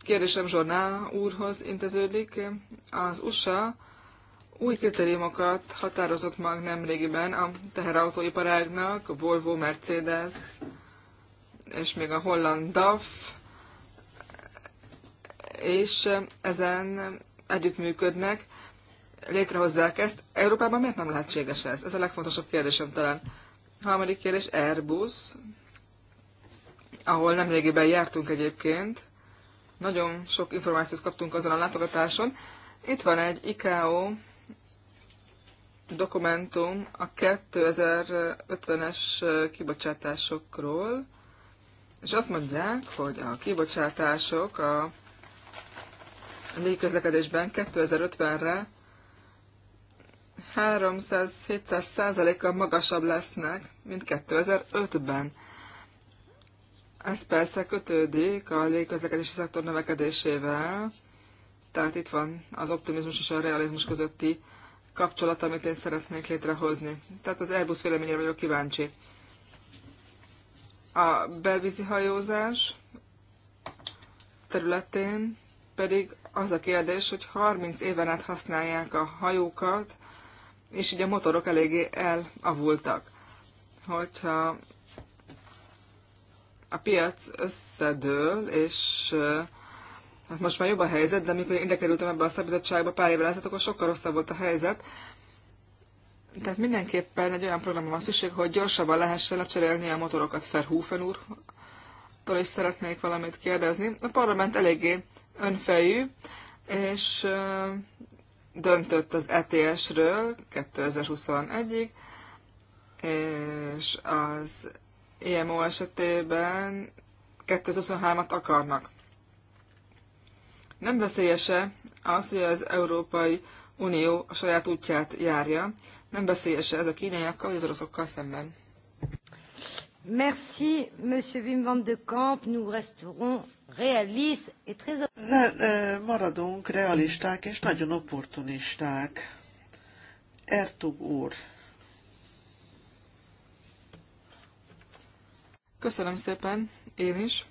kérdésem Zsorná úrhoz inteződik. Az USA új kritériumokat határozott meg nemrégiben a teherautóiparágnak, a Volvo, Mercedes és még a holland DAF, és ezen együttműködnek, létrehozzák ezt. Európában miért nem lehetséges ez? Ez a legfontosabb kérdésem talán. Harmadik kérdés, Airbus, ahol nemrégiben jártunk egyébként. Nagyon sok információt kaptunk azon a látogatáson. Itt van egy ICAO dokumentum a 2050-es kibocsátásokról, és azt mondják, hogy a kibocsátások a légközlekedésben 2050-re 300-700 százalékkal magasabb lesznek, mint 2005-ben. Ez persze kötődik a légközlekedési szektor növekedésével, tehát itt van az optimizmus és a realizmus közötti kapcsolat, amit én szeretnék létrehozni. Tehát az Airbus véleményére vagyok kíváncsi. A belvízi hajózás területén pedig az a kérdés, hogy 30 éven át használják a hajókat, és így a motorok eléggé elavultak. Hogyha a piac összedől, és Hát most már jobb a helyzet, de amikor én ide kerültem ebbe a szabizottságba pár évvel ezelőtt, akkor sokkal rosszabb volt a helyzet. Tehát mindenképpen egy olyan programra van szükség, hogy gyorsabban lehessen lecserélni a motorokat. Ferhúfen úrtól is szeretnék valamit kérdezni. A parlament eléggé önfejű, és döntött az ETS-ről 2021-ig, és az IMO e esetében 2023-at akarnak. Nem veszélyese az, hogy az Európai Unió a saját útját járja? Nem veszélyese ez a kínaiakkal vagy az oroszokkal szemben? Merci, Monsieur Wim van de Kamp. Nous resterons réalistes et très... Re, maradunk realisták és nagyon opportunisták. Ertug úr. Köszönöm szépen, én is,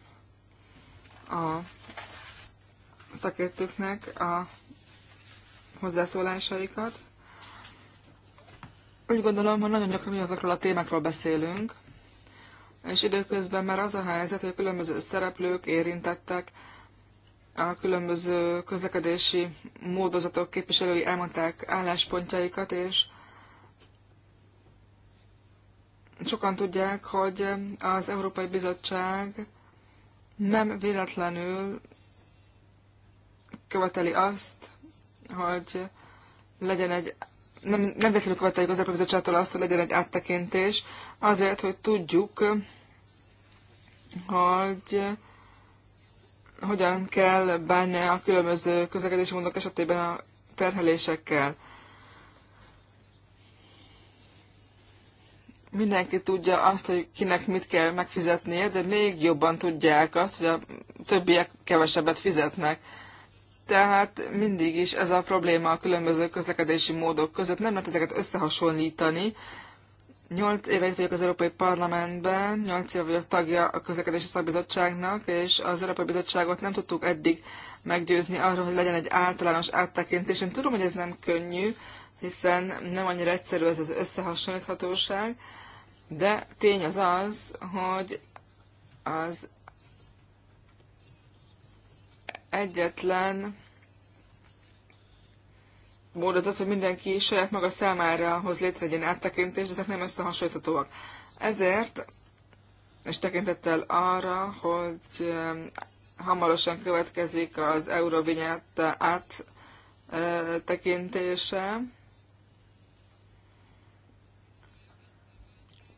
a szakértőknek a hozzászólásaikat. Úgy gondolom, hogy nagyon gyakran azokról a témákról beszélünk, és időközben már az a helyzet, hogy a különböző szereplők érintettek, a különböző közlekedési módozatok képviselői elmondták álláspontjaikat, és sokan tudják, hogy az Európai Bizottság nem véletlenül követeli azt, hogy legyen egy nem, nem véletlenül követeljük az Európai Bizottságtól azt, hogy legyen egy áttekintés, azért, hogy tudjuk, hogy hogyan kell bánni a különböző közlekedési módok esetében a terhelésekkel. Mindenki tudja azt, hogy kinek mit kell megfizetnie, de még jobban tudják azt, hogy a többiek kevesebbet fizetnek. Tehát mindig is ez a probléma a különböző közlekedési módok között. Nem lehet ezeket összehasonlítani. Nyolc éve itt vagyok az Európai Parlamentben, nyolc éve vagyok tagja a közlekedési szakbizottságnak, és az Európai Bizottságot nem tudtuk eddig meggyőzni arról, hogy legyen egy általános áttekintés. Én tudom, hogy ez nem könnyű, hiszen nem annyira egyszerű ez az összehasonlíthatóság, de tény az az, hogy az egyetlen mód az az, hogy mindenki saját maga számára hoz létre egy ilyen áttekintést, ezek nem összehasonlíthatóak. Ezért, és tekintettel arra, hogy hamarosan következik az Eurovinyát áttekintése, e,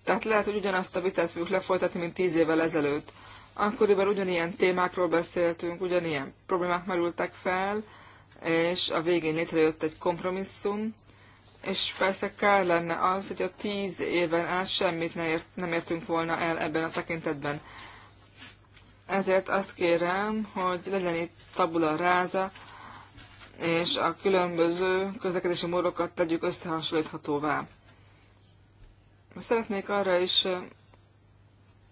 tehát lehet, hogy ugyanazt a vitát fogjuk lefolytatni, mint tíz évvel ezelőtt. Akkoriban ugyanilyen témákról beszéltünk, ugyanilyen problémák merültek fel, és a végén létrejött egy kompromisszum, és persze kár lenne az, hogy a tíz éven át semmit ne ért, nem értünk volna el ebben a tekintetben. Ezért azt kérem, hogy legyen itt tabula ráza, és a különböző közlekedési módokat tegyük összehasonlíthatóvá. Szeretnék arra is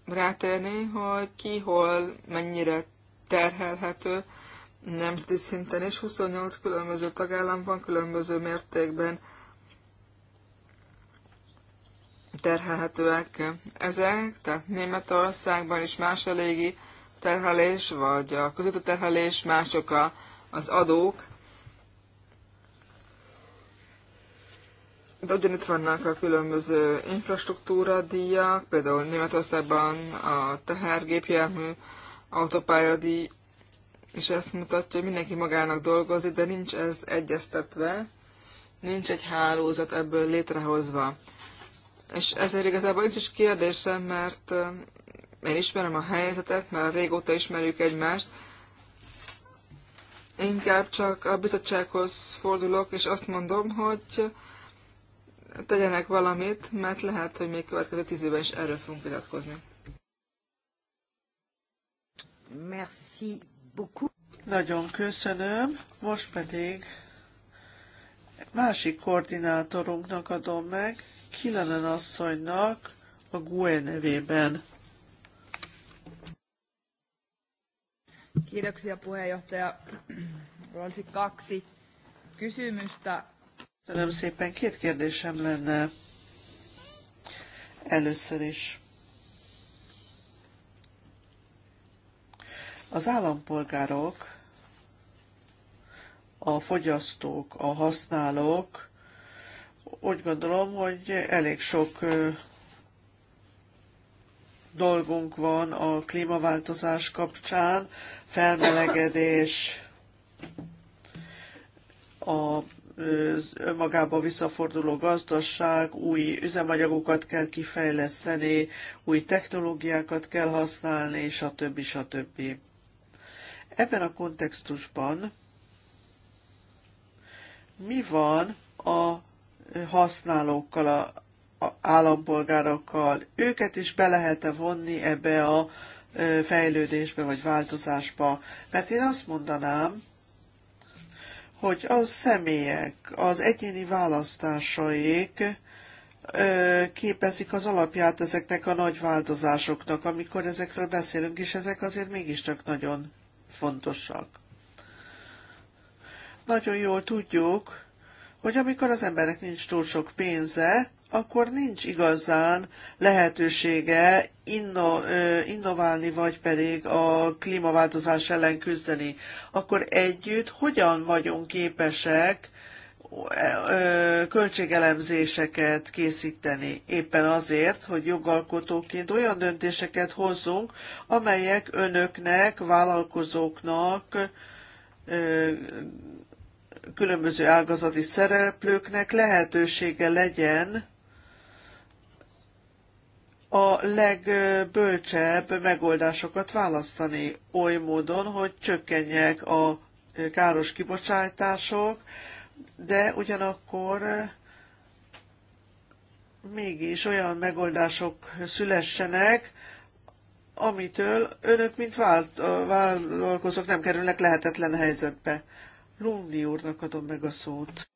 rátérni, hogy ki hol mennyire terhelhető nemzeti szinten, és 28 különböző tagállam van, különböző mértékben terhelhetőek ezek, tehát Németországban is más a légi terhelés, vagy a közötti terhelés, mások a, az adók, De ugyanitt vannak a különböző infrastruktúra díjak, például Németországban a tehergépjármű autópálya díj, és ezt mutatja, hogy mindenki magának dolgozik, de nincs ez egyeztetve, nincs egy hálózat ebből létrehozva. És ezért igazából nincs is kérdésem, mert eh, én ismerem a helyzetet, mert régóta ismerjük egymást, inkább csak a bizottsághoz fordulok, és azt mondom, hogy tegyenek valamit, mert lehet, hogy még következő tíz évben is erről fogunk vitatkozni. Merci beaucoup. Nagyon köszönöm. Most pedig másik koordinátorunknak adom meg, Kilenen asszonynak a GUE nevében. Kiitoksia puheenjohtaja. Olisi kaksi kysymystä Köszönöm szépen. Két kérdésem lenne először is. Az állampolgárok, a fogyasztók, a használók úgy gondolom, hogy elég sok dolgunk van a klímaváltozás kapcsán, felmelegedés, a önmagába visszaforduló gazdaság, új üzemanyagokat kell kifejleszteni, új technológiákat kell használni, stb. stb. Ebben a kontextusban mi van a használókkal, a, a állampolgárokkal? Őket is be lehet-e vonni ebbe a fejlődésbe vagy változásba? Mert én azt mondanám, hogy a személyek, az egyéni választásaik képezik az alapját ezeknek a nagy változásoknak, amikor ezekről beszélünk, és ezek azért mégiscsak nagyon fontosak. Nagyon jól tudjuk, hogy amikor az embernek nincs túl sok pénze, akkor nincs igazán lehetősége inno, innoválni, vagy pedig a klímaváltozás ellen küzdeni. Akkor együtt hogyan vagyunk képesek költségelemzéseket készíteni, éppen azért, hogy jogalkotóként olyan döntéseket hozzunk, amelyek önöknek, vállalkozóknak, különböző ágazati szereplőknek lehetősége legyen a legbölcsebb megoldásokat választani, oly módon, hogy csökkenjek a káros kibocsátások, de ugyanakkor mégis olyan megoldások szülessenek, amitől önök, mint vállalkozók nem kerülnek lehetetlen helyzetbe. Lumni úrnak adom meg a szót.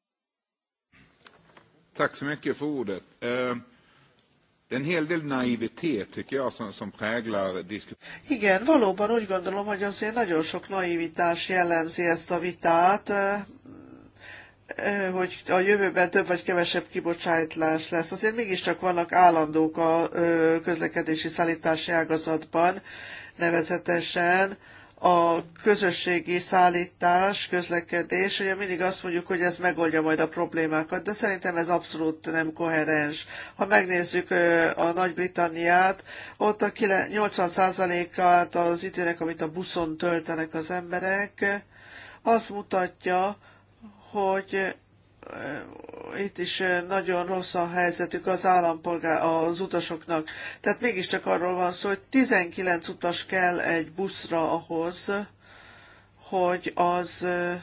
Det är en hel del naivitet tycker jag som, som präglar diskussionen. Igen, valóban úgy gondolom, hogy azért nagyon sok naivitás jellemzi ezt a vitát, hogy a jövőben több vagy kevesebb kibocsátás lesz. Azért mégiscsak vannak állandók a közlekedési szállítási ágazatban, nevezetesen a közösségi szállítás, közlekedés, ugye mindig azt mondjuk, hogy ez megoldja majd a problémákat, de szerintem ez abszolút nem koherens. Ha megnézzük a Nagy-Britanniát, ott a 80%-át az időnek, amit a buszon töltenek az emberek, azt mutatja, hogy itt is eh, nagyon rossz a helyzetük az állampolgár, az utasoknak. Tehát mégiscsak arról van szó, hogy 19 utas kell egy buszra ahhoz, hogy az eh,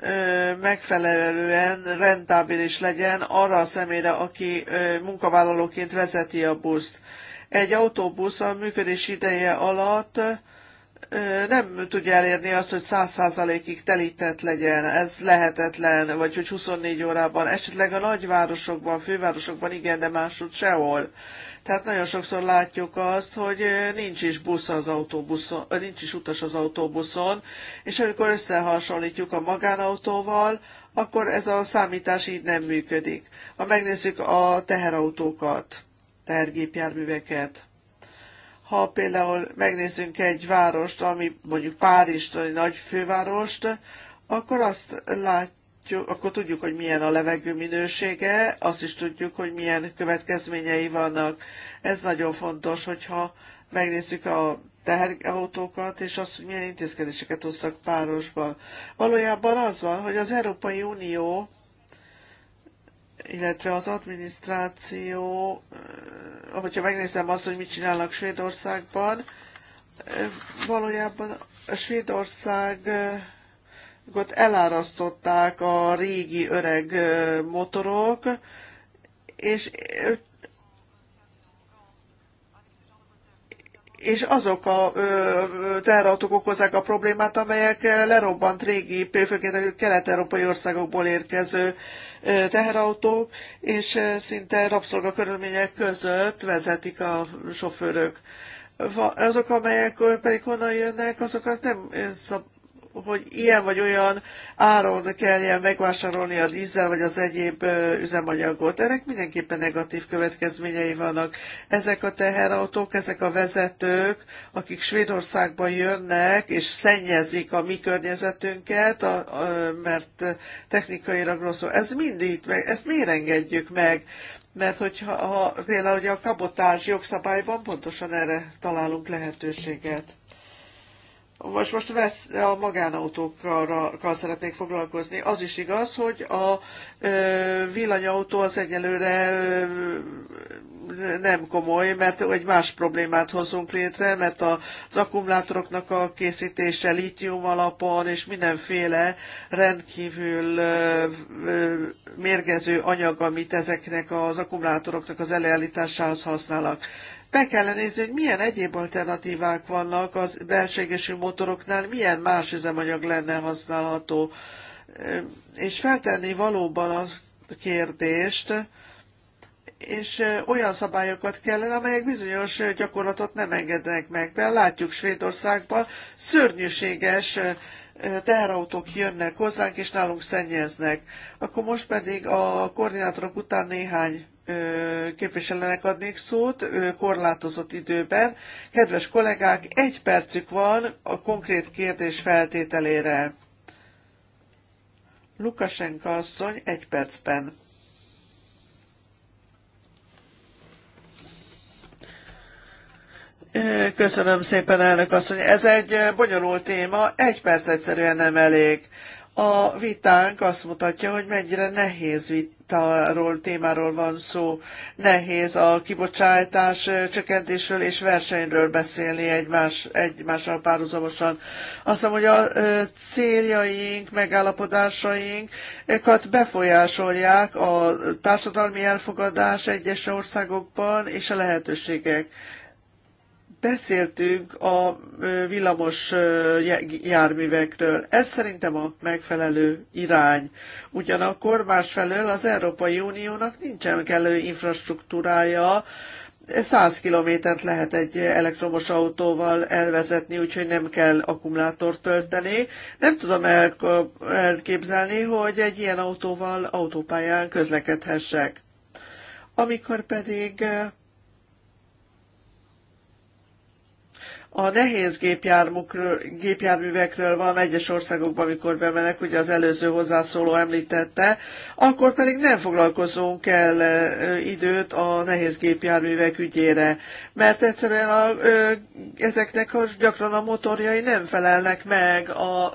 eh, megfelelően rentábilis legyen arra a személyre, aki munkavállalóként vezeti a buszt. Egy autóbusz a működés ideje alatt nem tudja elérni azt, hogy 100 százalékig telített legyen, ez lehetetlen, vagy hogy 24 órában, esetleg a nagyvárosokban, fővárosokban igen, de máshogy sehol. Tehát nagyon sokszor látjuk azt, hogy nincs is busz az autóbuszon, nincs is utas az autóbuszon, és amikor összehasonlítjuk a magánautóval, akkor ez a számítás így nem működik. Ha megnézzük a teherautókat, tehergépjárműveket, ha például megnézzünk egy várost, ami mondjuk Párizs, egy nagy fővárost, akkor azt látjuk, akkor tudjuk, hogy milyen a levegő minősége, azt is tudjuk, hogy milyen következményei vannak. Ez nagyon fontos, hogyha megnézzük a teherautókat, és azt, hogy milyen intézkedéseket hoztak párosban. Valójában az van, hogy az Európai Unió illetve az adminisztráció, eh, hogyha megnézem azt, hogy mit csinálnak Svédországban, eh, valójában a Svédországot eh, elárasztották a régi öreg motorok, és és azok a teherautók okozzák a problémát, amelyek lerobbant régi, főként kelet-európai országokból érkező teherautók, és szinte körülmények között vezetik a sofőrök azok, amelyek pedig honnan jönnek, azokat nem szab, hogy ilyen vagy olyan áron kelljen megvásárolni a dízel vagy az egyéb üzemanyagot. Ennek mindenképpen negatív következményei vannak. Ezek a teherautók, ezek a vezetők, akik Svédországba jönnek és szennyezik a mi környezetünket, a, a, mert technikailag rosszul. Ez mindig, meg, ezt miért engedjük meg? Mert hogyha ha, például ugye a kabotás jogszabályban pontosan erre találunk lehetőséget most, most vesz, a magánautókkal szeretnék foglalkozni. Az is igaz, hogy a villanyautó az egyelőre nem komoly, mert egy más problémát hozunk létre, mert az akkumulátoroknak a készítése litium alapon és mindenféle rendkívül mérgező anyag, amit ezeknek az akkumulátoroknak az előállításához használnak. Be kellene nézni, hogy milyen egyéb alternatívák vannak az belségesű motoroknál, milyen más üzemanyag lenne használható. És feltenni valóban a kérdést, és olyan szabályokat kellene, amelyek bizonyos gyakorlatot nem engednek meg. Be látjuk Svédországban szörnyűséges teherautók jönnek hozzánk, és nálunk szennyeznek. Akkor most pedig a koordinátorok után néhány képviselőnek adnék szót korlátozott időben. Kedves kollégák, egy percük van a konkrét kérdés feltételére. Lukasenka asszony egy percben. Köszönöm szépen, elnök asszony. Ez egy bonyolult téma, egy perc egyszerűen nem elég. A vitánk azt mutatja, hogy mennyire nehéz vit témáról, témáról van szó. Nehéz a kibocsátás csökkentésről és versenyről beszélni egymás, egymással párhuzamosan. Azt hiszem, hogy a céljaink, megállapodásainkat befolyásolják a társadalmi elfogadás egyes országokban és a lehetőségek beszéltünk a villamos járművekről. Ez szerintem a megfelelő irány. Ugyanakkor másfelől az Európai Uniónak nincsen kellő infrastruktúrája, 100 kilométert lehet egy elektromos autóval elvezetni, úgyhogy nem kell akkumulátort tölteni. Nem tudom elképzelni, hogy egy ilyen autóval autópályán közlekedhessek. Amikor pedig A nehéz gépjárművekről van egyes országokban, amikor bemenek, ugye az előző hozzászóló említette, akkor pedig nem foglalkozunk el időt a nehéz gépjárművek ügyére, mert egyszerűen a, ezeknek a, gyakran a motorjai nem felelnek meg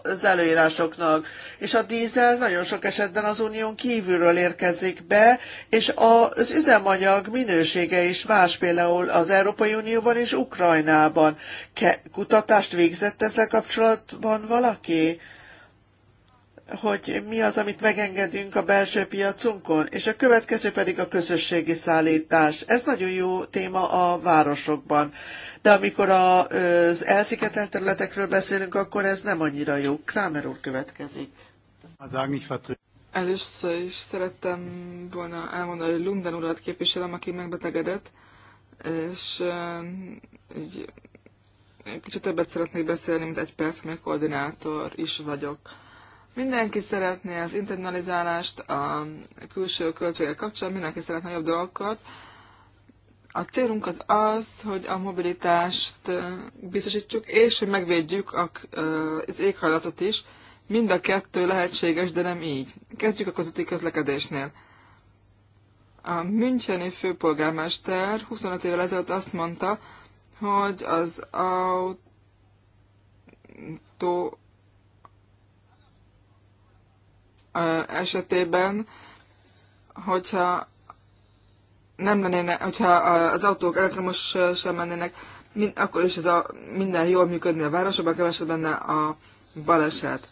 az előírásoknak, és a dízel nagyon sok esetben az unión kívülről érkezik be, és az üzemanyag minősége is más például az Európai Unióban és Ukrajnában kutatást végzett ezzel kapcsolatban valaki? hogy mi az, amit megengedünk a belső piacunkon, és a következő pedig a közösségi szállítás. Ez nagyon jó téma a városokban, de amikor az elszigetelt területekről beszélünk, akkor ez nem annyira jó. Krámer úr következik. Először is szerettem volna elmondani, hogy Lunden urat képviselem, aki megbetegedett, és így kicsit többet szeretnék beszélni, mint egy perc, mert koordinátor is vagyok. Mindenki szeretné az internalizálást a külső költségek kapcsán, mindenki szeretne jobb dolgokat. A célunk az az, hogy a mobilitást biztosítsuk, és hogy megvédjük az éghajlatot is. Mind a kettő lehetséges, de nem így. Kezdjük a közötti közlekedésnél. A Müncheni főpolgármester 25 évvel ezelőtt azt mondta, hogy az autó esetében, hogyha nem lenne, hogyha az autók elektromos sem mennének, akkor is ez a, minden jól működne a városokban, kevesebb benne a baleset.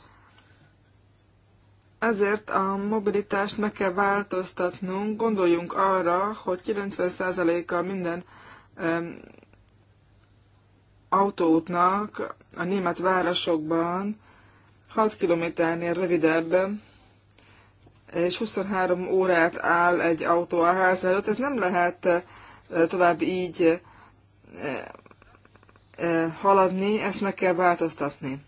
Ezért a mobilitást meg kell változtatnunk, gondoljunk arra, hogy 90%-a minden autóútnak a német városokban 6 kilométernél rövidebb, és 23 órát áll egy autó a ház előtt. Ez nem lehet tovább így haladni, ezt meg kell változtatni.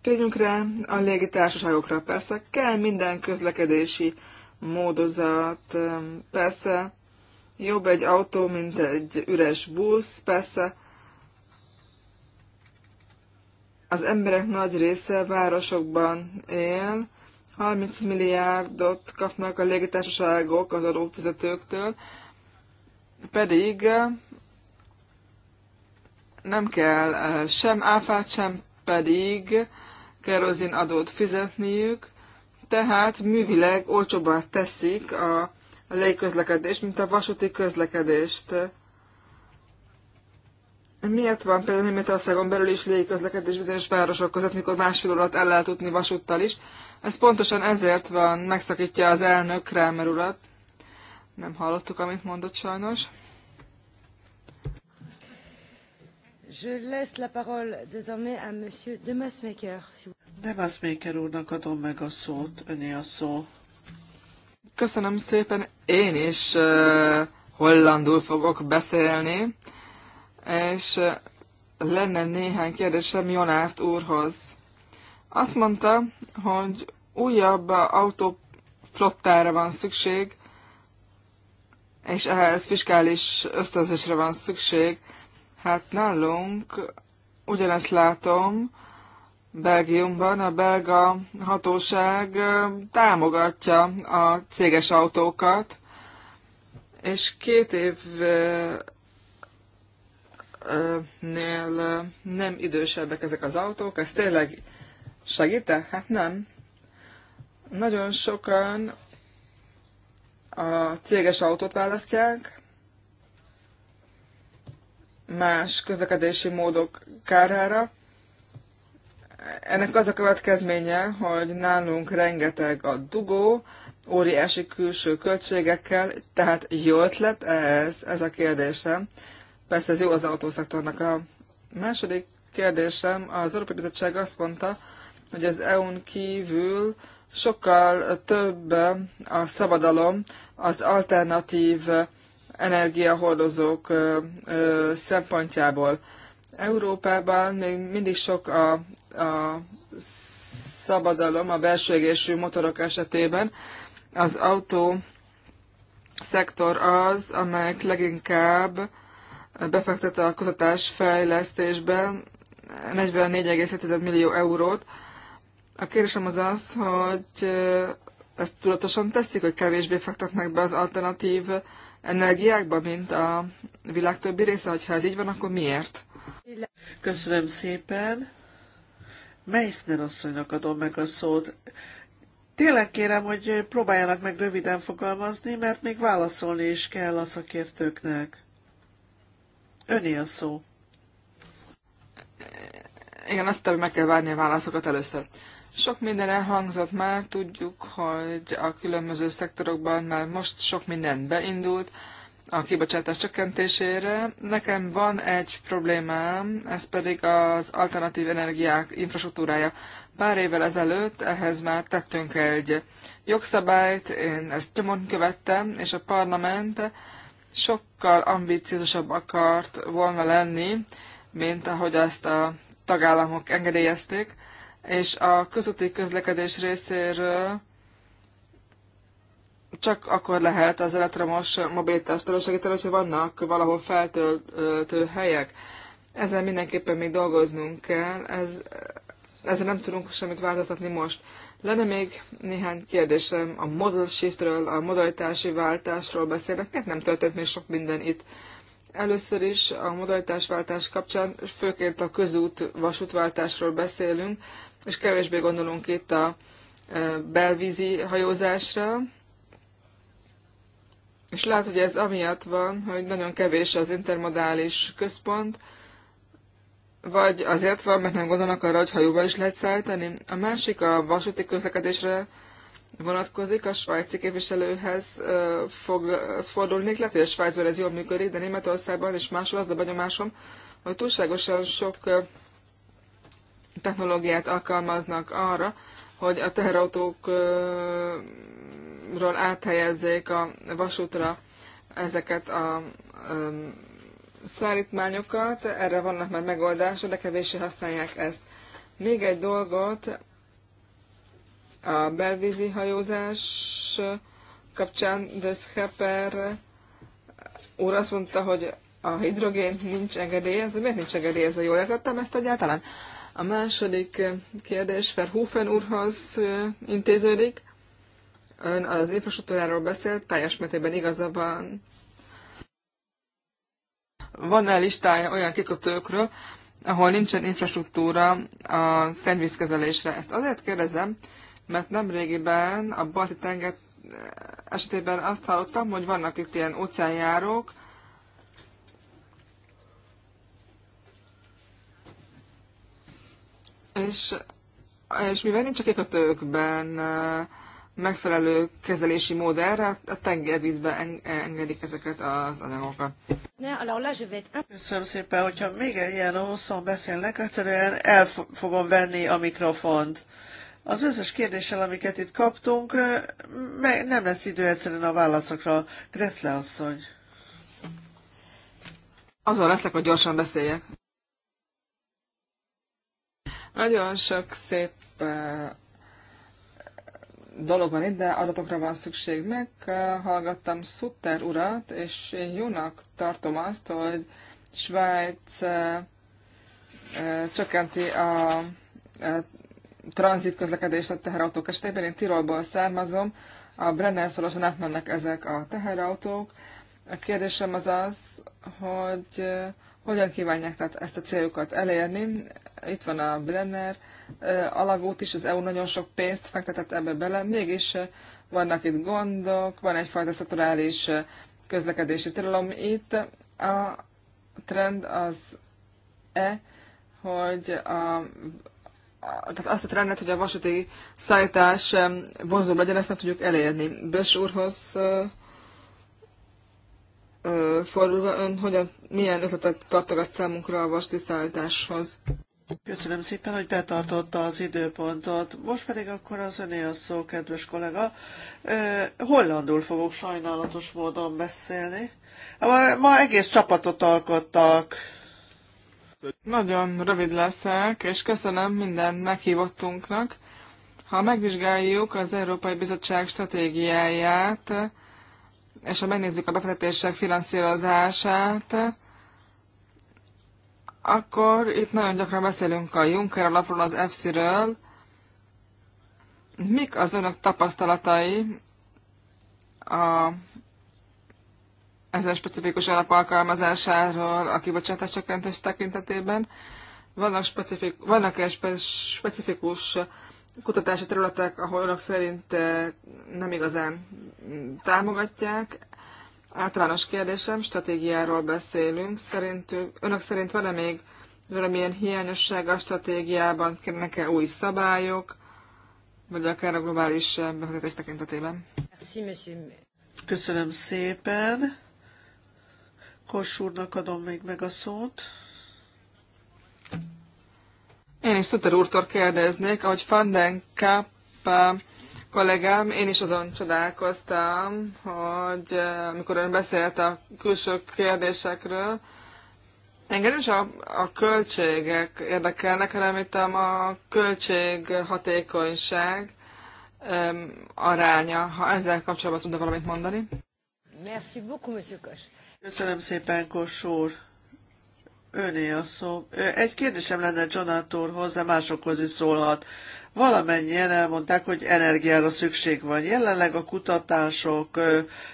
Térjünk rá a légitársaságokra. Persze kell minden közlekedési módozat, persze Jobb egy autó, mint egy üres busz, persze. Az emberek nagy része városokban él, 30 milliárdot kapnak a légitársaságok az adófizetőktől, pedig nem kell eh, sem áfát, sem pedig kerozin adót fizetniük, tehát művileg olcsóbbá teszik a a légközlekedést, mint a vasúti közlekedést. Miért van például Németországon belül is légközlekedés bizonyos városok között, mikor másfél órát el lehet utni vasúttal is? Ez pontosan ezért van, megszakítja az elnök Kramer urat. Nem hallottuk, amit mondott sajnos. Je laisse la parole désormais à monsieur Demasmaker. Demasmaker úrnak adom meg a szót, öné a szó. Köszönöm szépen, én is hollandul fogok beszélni, és lenne néhány kérdésem Jonárt úrhoz. Azt mondta, hogy újabb autóflottára van szükség, és ehhez fiskális ösztönzésre van szükség. Hát nálunk ugyanezt látom, Belgiumban a belga hatóság támogatja a céges autókat, és két évnél nem idősebbek ezek az autók. Ez tényleg segít -e? Hát nem. Nagyon sokan a céges autót választják, más közlekedési módok kárára, ennek az a következménye, hogy nálunk rengeteg a dugó, óriási külső költségekkel, tehát jó ötlet ez, ez a kérdésem. Persze ez jó az autószektornak. A második kérdésem, az Európai Bizottság azt mondta, hogy az EU-n kívül sokkal több a szabadalom az alternatív energiahordozók szempontjából. Európában még mindig sok a, a szabadalom a belső égésű motorok esetében. Az autó szektor az, amelyek leginkább befektet a kutatás fejlesztésbe 44,7 millió eurót. A kérdésem az az, hogy ezt tudatosan teszik, hogy kevésbé fektetnek be az alternatív energiákba, mint a világ többi része? hogyha ez így van, akkor miért? Köszönöm szépen. Meissner asszonynak adom meg a szót. Tényleg kérem, hogy próbáljanak meg röviden fogalmazni, mert még válaszolni is kell a szakértőknek. Öné a szó. Igen, azt hogy meg kell várni a válaszokat először. Sok minden elhangzott már, tudjuk, hogy a különböző szektorokban már most sok minden beindult, a kibocsátás csökkentésére. Nekem van egy problémám, ez pedig az alternatív energiák infrastruktúrája. Pár évvel ezelőtt ehhez már tettünk egy jogszabályt, én ezt nyomon követtem, és a parlament sokkal ambiciózusabb akart volna lenni, mint ahogy azt a tagállamok engedélyezték, és a közúti közlekedés részéről csak akkor lehet az elektromos mobilitást elősegíteni, hogyha vannak valahol feltöltő helyek. Ezzel mindenképpen még dolgoznunk kell, ez, ezzel nem tudunk semmit változtatni most. Lenne még néhány kérdésem a model shiftről, a modalitási váltásról beszélnek. Miért nem történt még sok minden itt? Először is a modalitásváltás kapcsán főként a közút vasútváltásról beszélünk, és kevésbé gondolunk itt a e, belvízi hajózásra, és lehet, hogy ez amiatt van, hogy nagyon kevés az intermodális központ, vagy azért van, mert nem gondolnak arra, hogy hajóval is lehet szállítani. A másik a vasúti közlekedésre vonatkozik, a svájci képviselőhez fog, fordulnék. Lehet, hogy a Svájcban ez jól működik, de Németországban és máshol az a benyomásom, hogy túlságosan sok technológiát alkalmaznak arra, hogy a teherautók vasútról áthelyezzék a vasútra ezeket a um, szállítmányokat. Erre vannak már megoldások, de kevéssé használják ezt. Még egy dolgot a belvízi hajózás kapcsán de úr azt mondta, hogy a hidrogén nincs engedélyezve. Miért nincs engedélyezve? Jól értettem ezt egyáltalán? A második kérdés Verhoeven úrhoz intéződik. Ön az infrastruktúráról beszélt, teljes mértékben igaza van. Van-e listája olyan kikötőkről, ahol nincsen infrastruktúra a szennyvízkezelésre? Ezt azért kérdezem, mert nemrégiben a balti tenger esetében azt hallottam, hogy vannak itt ilyen óceánjárók, és, és mivel nincs a kikötőkben uh, megfelelő kezelési mód erre, a tengervízbe engedik ezeket az anyagokat. Köszönöm szépen, hogyha még egy ilyen hosszan beszélnek, egyszerűen el fogom venni a mikrofont. Az összes kérdéssel, amiket itt kaptunk, nem lesz idő egyszerűen a válaszokra. Greszle asszony. Azon leszek, hogy gyorsan beszéljek. Nagyon sok szép eh, dolog van itt, de adatokra van szükség. Meghallgattam Sutter urat, és én jónak tartom azt, hogy Svájc eh, eh, csökkenti a eh, tranzit közlekedést a teherautók esetében. Én Tirolból származom, a Brenner szorosan átmennek ezek a teherautók. A kérdésem az az, hogy hogyan kívánják tehát ezt a céljukat elérni. Itt van a Brenner, alagút is, az EU nagyon sok pénzt fektetett ebbe bele, mégis vannak itt gondok, van egyfajta szaturális közlekedési tilalom. Itt a trend az e, hogy a, a, tehát azt a trendet, hogy a vasúti szállítás vonzóbb legyen, ezt nem tudjuk elérni. Bös úrhoz fordulva ön hogyan, milyen ötletet tartogat számunkra a vasúti szállításhoz? Köszönöm szépen, hogy betartotta az időpontot. Most pedig akkor az öné a szó, kedves kollega. Hollandul fogok sajnálatos módon beszélni. Ma, ma egész csapatot alkottak. Nagyon rövid leszek, és köszönöm minden meghívottunknak. Ha megvizsgáljuk az Európai Bizottság stratégiáját, és ha megnézzük a befektetések finanszírozását, akkor itt nagyon gyakran beszélünk a Juncker alapról, az EFSI-ről. Mik az önök tapasztalatai a ezen specifikus alap alkalmazásáról a kibocsátás csökkentés tekintetében? Vannak, specifik, vannak specifikus kutatási területek, ahol önök szerint eh, nem igazán támogatják Általános kérdésem, stratégiáról beszélünk. Szerintük, önök szerint van-e még valamilyen hiányosság a stratégiában? Kérnek-e új szabályok, vagy akár a globális befektetés tekintetében? Köszönöm szépen. Kossúrnak adom még meg a szót. Én is Szuter úrtól kérdeznék, ahogy Fanden kollégám, én is azon csodálkoztam, hogy eh, amikor ön beszélt a külső kérdésekről, engem is a, a költségek érdekelnek, hanem itt a költség hatékonyság um, aránya. Ha ezzel kapcsolatban tudna valamit mondani? Merci beaucoup, monsieur Köszönöm szépen, Kossúr. Öné a szó. Egy kérdésem lenne Jonathanhoz, de másokhoz is szólhat valamennyien elmondták, hogy energiára szükség van. Jelenleg a kutatások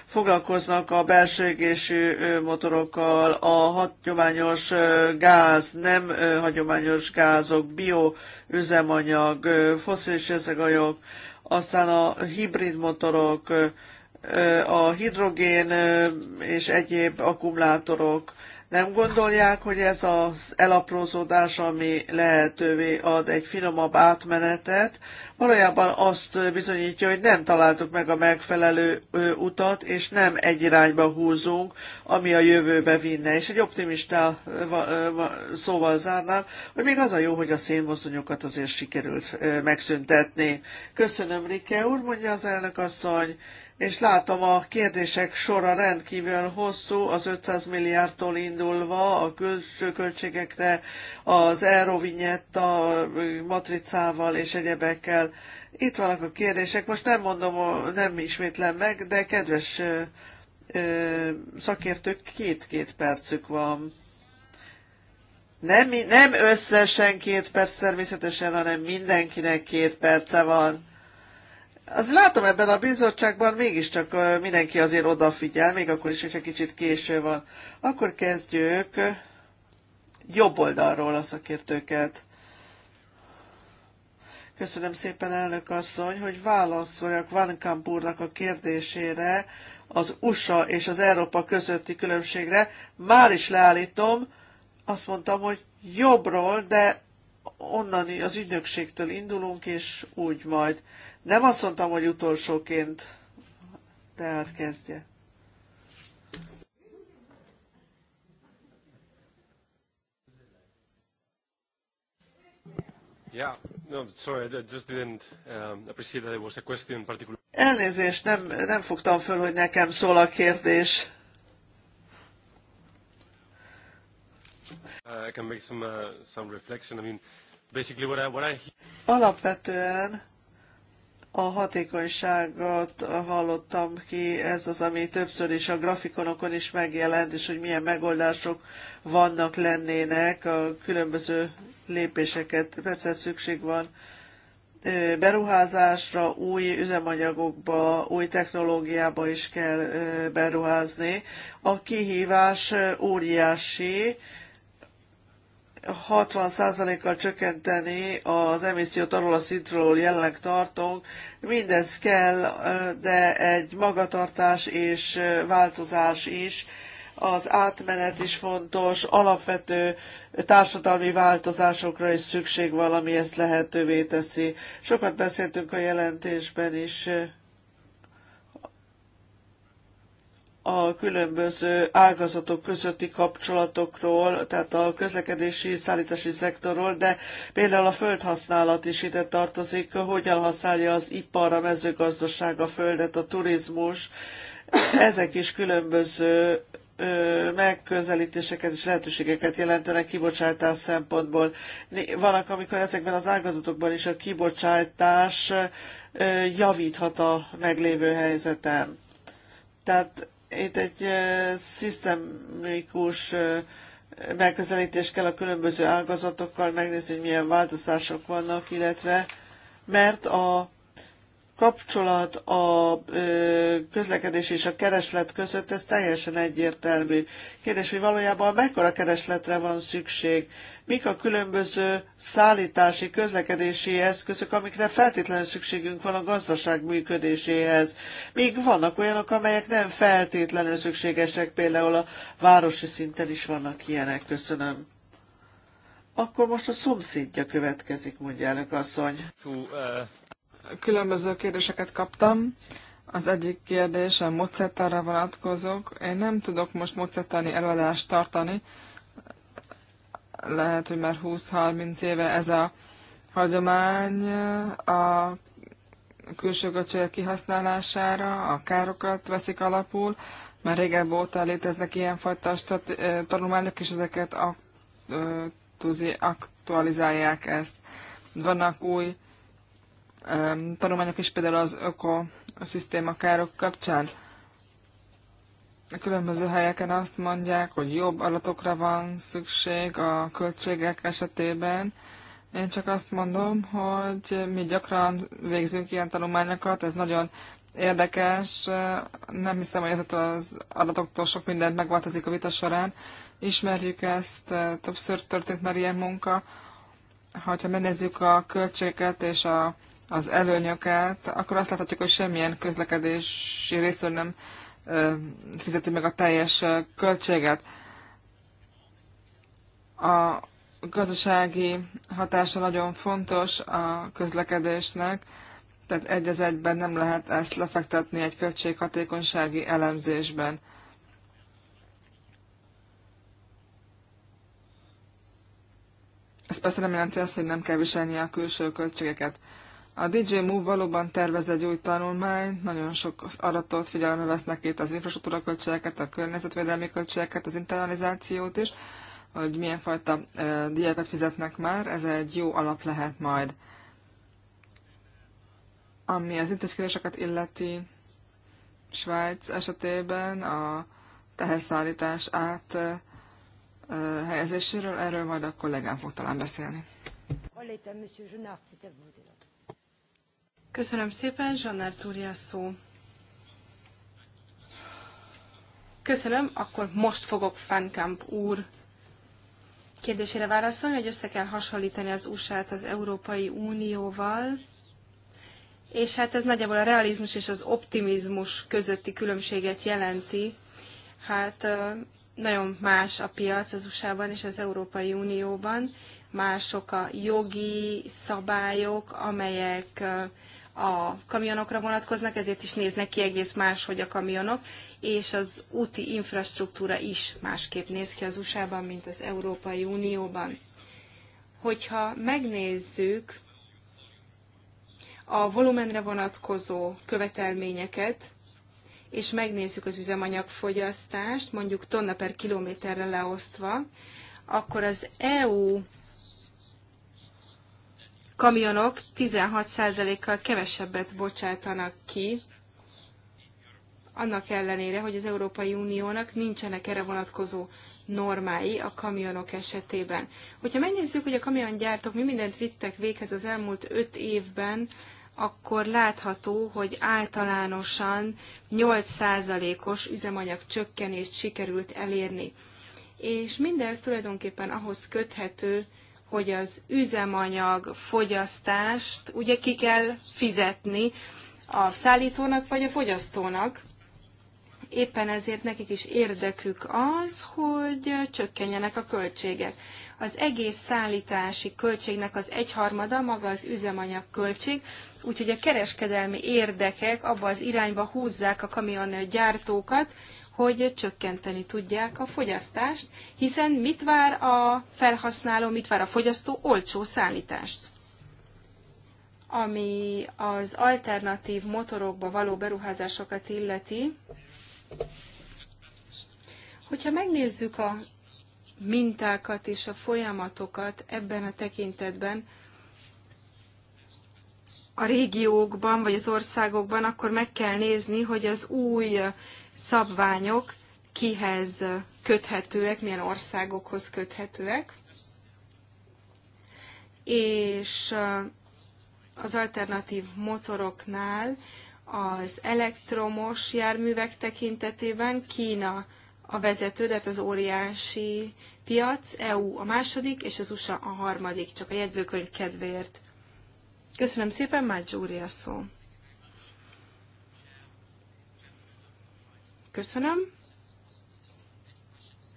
foglalkoznak a belső égésű motorokkal, a hagyományos gáz, nem hagyományos gázok, bioüzemanyag, foszilis üzemanyag, aztán a hibrid motorok, a hidrogén és egyéb akkumulátorok, nem gondolják, hogy ez az elaprózódás, ami lehetővé ad egy finomabb átmenetet, valójában azt bizonyítja, hogy nem találtuk meg a megfelelő utat, és nem egy irányba húzunk, ami a jövőbe vinne. És egy optimista szóval zárnám, hogy még az a jó, hogy a szénmozdonyokat azért sikerült megszüntetni. Köszönöm, Rike úr, mondja az elnök asszony, és látom a kérdések sora rendkívül hosszú, az 500 milliárdtól indulva a külső költségekre, az Eurovignetta matricával és egyebekkel. Itt vannak a kérdések, most nem mondom, nem ismétlem meg, de kedves szakértők két-két percük van. Nem, nem összesen két perc természetesen, hanem mindenkinek két perce van. Az látom ebben a bizottságban, mégiscsak mindenki azért odafigyel, még akkor is, hogyha kicsit késő van. Akkor kezdjük jobb oldalról a szakértőket. Köszönöm szépen, elnök asszony, hogy válaszoljak Van Kampúrnak a kérdésére, az USA és az Európa közötti különbségre. Már is leállítom, azt mondtam, hogy jobbról, de onnan az ügynökségtől indulunk, és úgy majd. Nem azt mondtam, hogy utolsóként, tehát kezdje. Yeah, no, sorry, I just didn't um, appreciate that it was a question particular. Elnézést, nem, nem fogtam föl, hogy nekem szól a kérdés. Uh, I can make some, uh, some reflection. I mean, basically what I, what I... Alapvetően a hatékonyságot hallottam ki, ez az, ami többször is a grafikonokon is megjelent, és hogy milyen megoldások vannak, lennének a különböző lépéseket. Persze szükség van beruházásra, új üzemanyagokba, új technológiába is kell beruházni. A kihívás óriási, 60%-kal csökkenteni az emissziót arról a szintről jelenleg tartunk. Mindez kell, de egy magatartás és változás is. Az átmenet is fontos, alapvető társadalmi változásokra is szükség van, ami ezt lehetővé teszi. Sokat beszéltünk a jelentésben is a különböző ágazatok közötti kapcsolatokról, tehát a közlekedési, szállítási szektorról, de például a földhasználat is ide tartozik, hogyan használja az ipar, a mezőgazdaság a földet, a turizmus. Ezek is különböző megközelítéseket és lehetőségeket jelentenek kibocsátás szempontból. Vannak, amikor ezekben az ágazatokban is a kibocsátás javíthat a meglévő helyzeten. Tehát itt egy szisztemikus megközelítés kell a különböző ágazatokkal, megnézni, hogy milyen változások vannak, illetve mert a kapcsolat a közlekedés és a kereslet között, ez teljesen egyértelmű. Kérdés, hogy valójában mekkora keresletre van szükség? Mik a különböző szállítási, közlekedési eszközök, amikre feltétlenül szükségünk van a gazdaság működéséhez? Míg vannak olyanok, amelyek nem feltétlenül szükségesek, például a városi szinten is vannak ilyenek. Köszönöm. Akkor most a szomszédja következik, mondja elnök asszony. To, uh különböző kérdéseket kaptam. Az egyik kérdés a mozettára vonatkozók. Én nem tudok most mozettani előadást tartani. Lehet, hogy már 20-30 éve ez a hagyomány a külső kihasználására, a károkat veszik alapul. Már régebb óta léteznek ilyenfajta tanulmányok, és ezeket aktualizálják ezt. Vannak új tanulmányok is, például az ökoszisztéma károk kapcsán. A különböző helyeken azt mondják, hogy jobb adatokra van szükség a költségek esetében. Én csak azt mondom, hogy mi gyakran végzünk ilyen tanulmányokat, ez nagyon érdekes, nem hiszem, hogy ezettől az adatoktól sok mindent megváltozik a vita során. Ismerjük ezt, többször történt már ilyen munka. Ha megnézzük a költségeket és a az előnyöket, akkor azt láthatjuk, hogy semmilyen közlekedési részről nem fizeti meg a teljes költséget. A gazdasági hatása nagyon fontos a közlekedésnek, tehát egy az egyben nem lehet ezt lefektetni egy költséghatékonysági elemzésben. Ez persze nem jelenti azt, hogy nem kell viselni a külső költségeket. A DJ Move valóban tervez egy új tanulmányt, nagyon sok adatot figyelembe vesznek itt az infrastruktúra költségeket, a környezetvédelmi költségeket, az internalizációt is, hogy milyen fajta ö, diákat fizetnek már, ez egy jó alap lehet majd. Ami az intézkedéseket illeti Svájc esetében a teherszállítás át ö, helyezéséről, erről majd a kollégám fog talán beszélni. Köszönöm szépen, Zsannárt úr, szó. Köszönöm, akkor most fogok Fankamp úr kérdésére válaszolni, hogy össze kell hasonlítani az USA-t az Európai Unióval, és hát ez nagyjából a realizmus és az optimizmus közötti különbséget jelenti. Hát nagyon más a piac az USA-ban és az Európai Unióban, mások a jogi szabályok, amelyek a kamionokra vonatkoznak, ezért is néznek ki egész máshogy a kamionok, és az úti infrastruktúra is másképp néz ki az USA-ban, mint az Európai Unióban. Hogyha megnézzük a volumenre vonatkozó követelményeket, és megnézzük az üzemanyagfogyasztást, mondjuk tonna per kilométerre leosztva, akkor az EU kamionok 16%-kal kevesebbet bocsátanak ki, annak ellenére, hogy az Európai Uniónak nincsenek erre vonatkozó normái a kamionok esetében. Hogyha megnézzük, hogy a kamiongyártók mi mindent vittek véghez az elmúlt öt évben, akkor látható, hogy általánosan 8%-os üzemanyag csökkenést sikerült elérni. És mindez tulajdonképpen ahhoz köthető, hogy az üzemanyag fogyasztást ugye ki kell fizetni a szállítónak vagy a fogyasztónak. Éppen ezért nekik is érdekük az, hogy csökkenjenek a költségek. Az egész szállítási költségnek az egyharmada maga az üzemanyag költség, úgyhogy a kereskedelmi érdekek abba az irányba húzzák a kamiongyártókat, gyártókat, hogy csökkenteni tudják a fogyasztást, hiszen mit vár a felhasználó, mit vár a fogyasztó olcsó szállítást ami az alternatív motorokba való beruházásokat illeti. Hogyha megnézzük a mintákat és a folyamatokat ebben a tekintetben, a régiókban vagy az országokban, akkor meg kell nézni, hogy az új szabványok kihez köthetőek, milyen országokhoz köthetőek. És uh, az alternatív motoroknál az elektromos járművek tekintetében Kína a vezető, tehát az óriási piac, EU a második, és az USA a harmadik, csak a jegyzőkönyv kedvéért. Köszönöm szépen, Mágy Zsúri a szó. Köszönöm.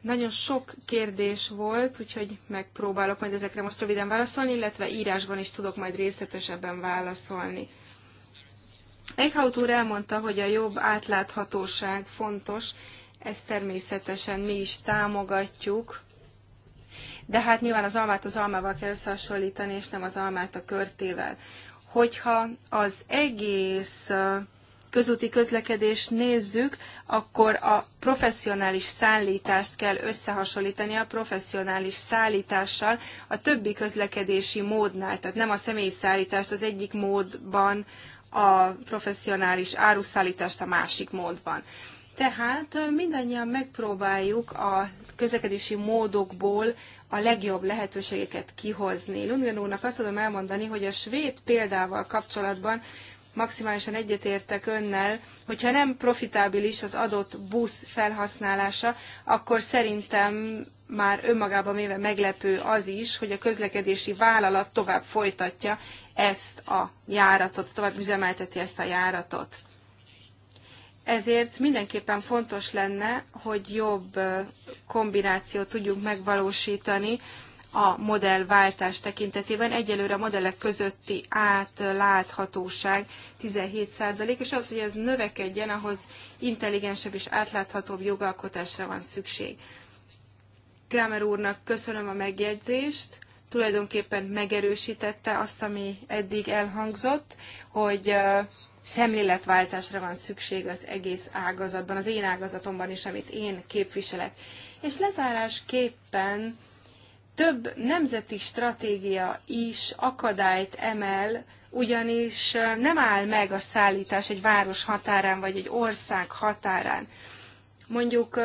Nagyon sok kérdés volt, úgyhogy megpróbálok majd ezekre most röviden válaszolni, illetve írásban is tudok majd részletesebben válaszolni. Eichhaut úr elmondta, hogy a jobb átláthatóság fontos, ezt természetesen mi is támogatjuk, de hát nyilván az almát az almával kell összehasonlítani, és nem az almát a körtével. Hogyha az egész közúti közlekedést nézzük, akkor a professzionális szállítást kell összehasonlítani a professzionális szállítással a többi közlekedési módnál. Tehát nem a személyi szállítást az egyik módban, a professzionális áruszállítást a másik módban. Tehát mindannyian megpróbáljuk a közlekedési módokból a legjobb lehetőségeket kihozni. Lundgren úrnak azt tudom elmondani, hogy a svéd példával kapcsolatban maximálisan egyetértek önnel, hogyha nem profitábilis az adott busz felhasználása, akkor szerintem már önmagában véve meglepő az is, hogy a közlekedési vállalat tovább folytatja ezt a járatot, tovább üzemelteti ezt a járatot. Ezért mindenképpen fontos lenne, hogy jobb kombinációt tudjunk megvalósítani a modellváltás tekintetében. Egyelőre a modellek közötti átláthatóság 17%, és az, hogy ez növekedjen, ahhoz intelligensebb és átláthatóbb jogalkotásra van szükség. Kramer úrnak köszönöm a megjegyzést, tulajdonképpen megerősítette azt, ami eddig elhangzott, hogy szemléletváltásra van szükség az egész ágazatban, az én ágazatomban is, amit én képviselek. És lezárásképpen több nemzeti stratégia is akadályt emel, ugyanis nem áll meg a szállítás egy város határán vagy egy ország határán. Mondjuk,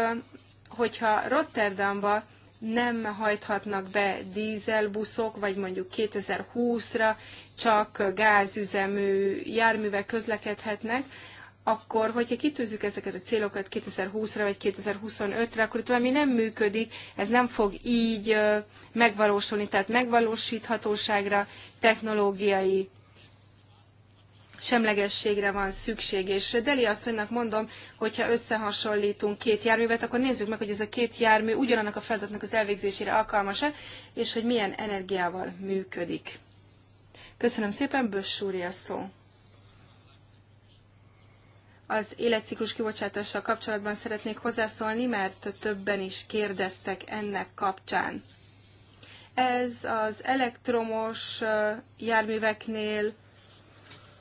hogyha Rotterdamba nem hajthatnak be dízelbuszok, vagy mondjuk 2020-ra csak gázüzemű járművek közlekedhetnek, akkor hogyha kitűzzük ezeket a célokat 2020-ra vagy 2025-re, akkor itt valami nem működik, ez nem fog így megvalósulni, tehát megvalósíthatóságra, technológiai semlegességre van szükség. És Deli asszonynak mondom, hogyha összehasonlítunk két járművet, akkor nézzük meg, hogy ez a két jármű ugyanannak a feladatnak az elvégzésére alkalmas-e, és hogy milyen energiával működik. Köszönöm szépen, Böss a szó az életciklus kibocsátással kapcsolatban szeretnék hozzászólni, mert többen is kérdeztek ennek kapcsán. Ez az elektromos járműveknél,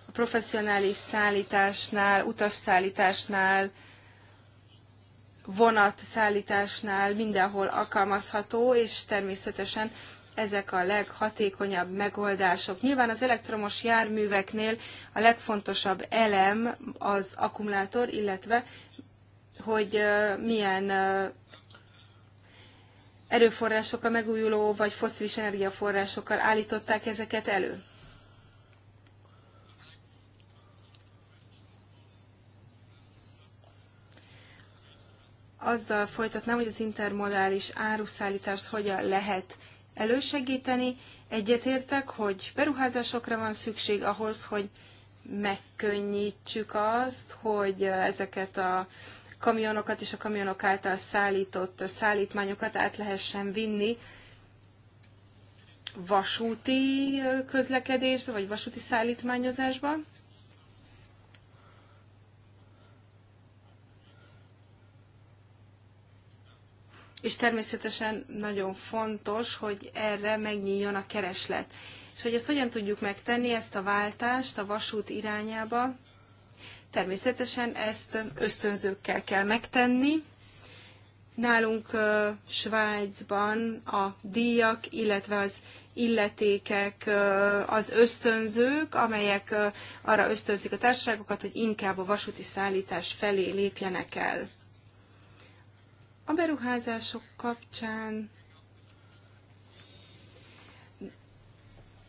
a professzionális szállításnál, utasszállításnál, vonatszállításnál mindenhol alkalmazható, és természetesen ezek a leghatékonyabb megoldások. Nyilván az elektromos járműveknél a legfontosabb elem az akkumulátor, illetve hogy milyen erőforrásokkal, megújuló vagy foszilis energiaforrásokkal állították ezeket elő. Azzal folytatnám, hogy az intermodális áruszállítást hogyan lehet elősegíteni. Egyetértek, hogy beruházásokra van szükség ahhoz, hogy megkönnyítsük azt, hogy ezeket a kamionokat és a kamionok által szállított szállítmányokat át lehessen vinni vasúti közlekedésbe, vagy vasúti szállítmányozásba. és természetesen nagyon fontos, hogy erre megnyíljon a kereslet. És hogy ezt hogyan tudjuk megtenni, ezt a váltást a vasút irányába, természetesen ezt ösztönzőkkel kell megtenni. Nálunk Svájcban a díjak, illetve az illetékek, az ösztönzők, amelyek arra ösztönzik a társaságokat, hogy inkább a vasúti szállítás felé lépjenek el. A beruházások kapcsán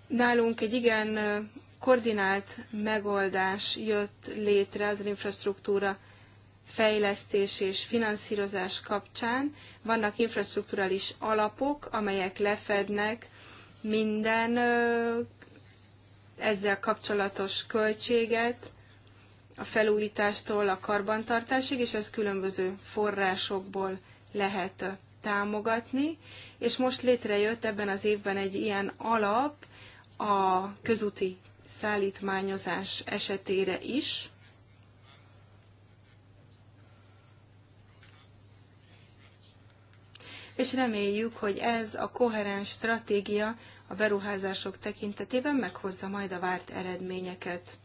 nálunk egy igen koordinált megoldás jött létre az infrastruktúra fejlesztés és finanszírozás kapcsán. Vannak infrastruktúrális alapok, amelyek lefednek minden ezzel kapcsolatos költséget, a felújítástól a karbantartásig, és ez különböző forrásokból lehet támogatni, és most létrejött ebben az évben egy ilyen alap a közúti szállítmányozás esetére is. És reméljük, hogy ez a koherens stratégia a beruházások tekintetében meghozza majd a várt eredményeket.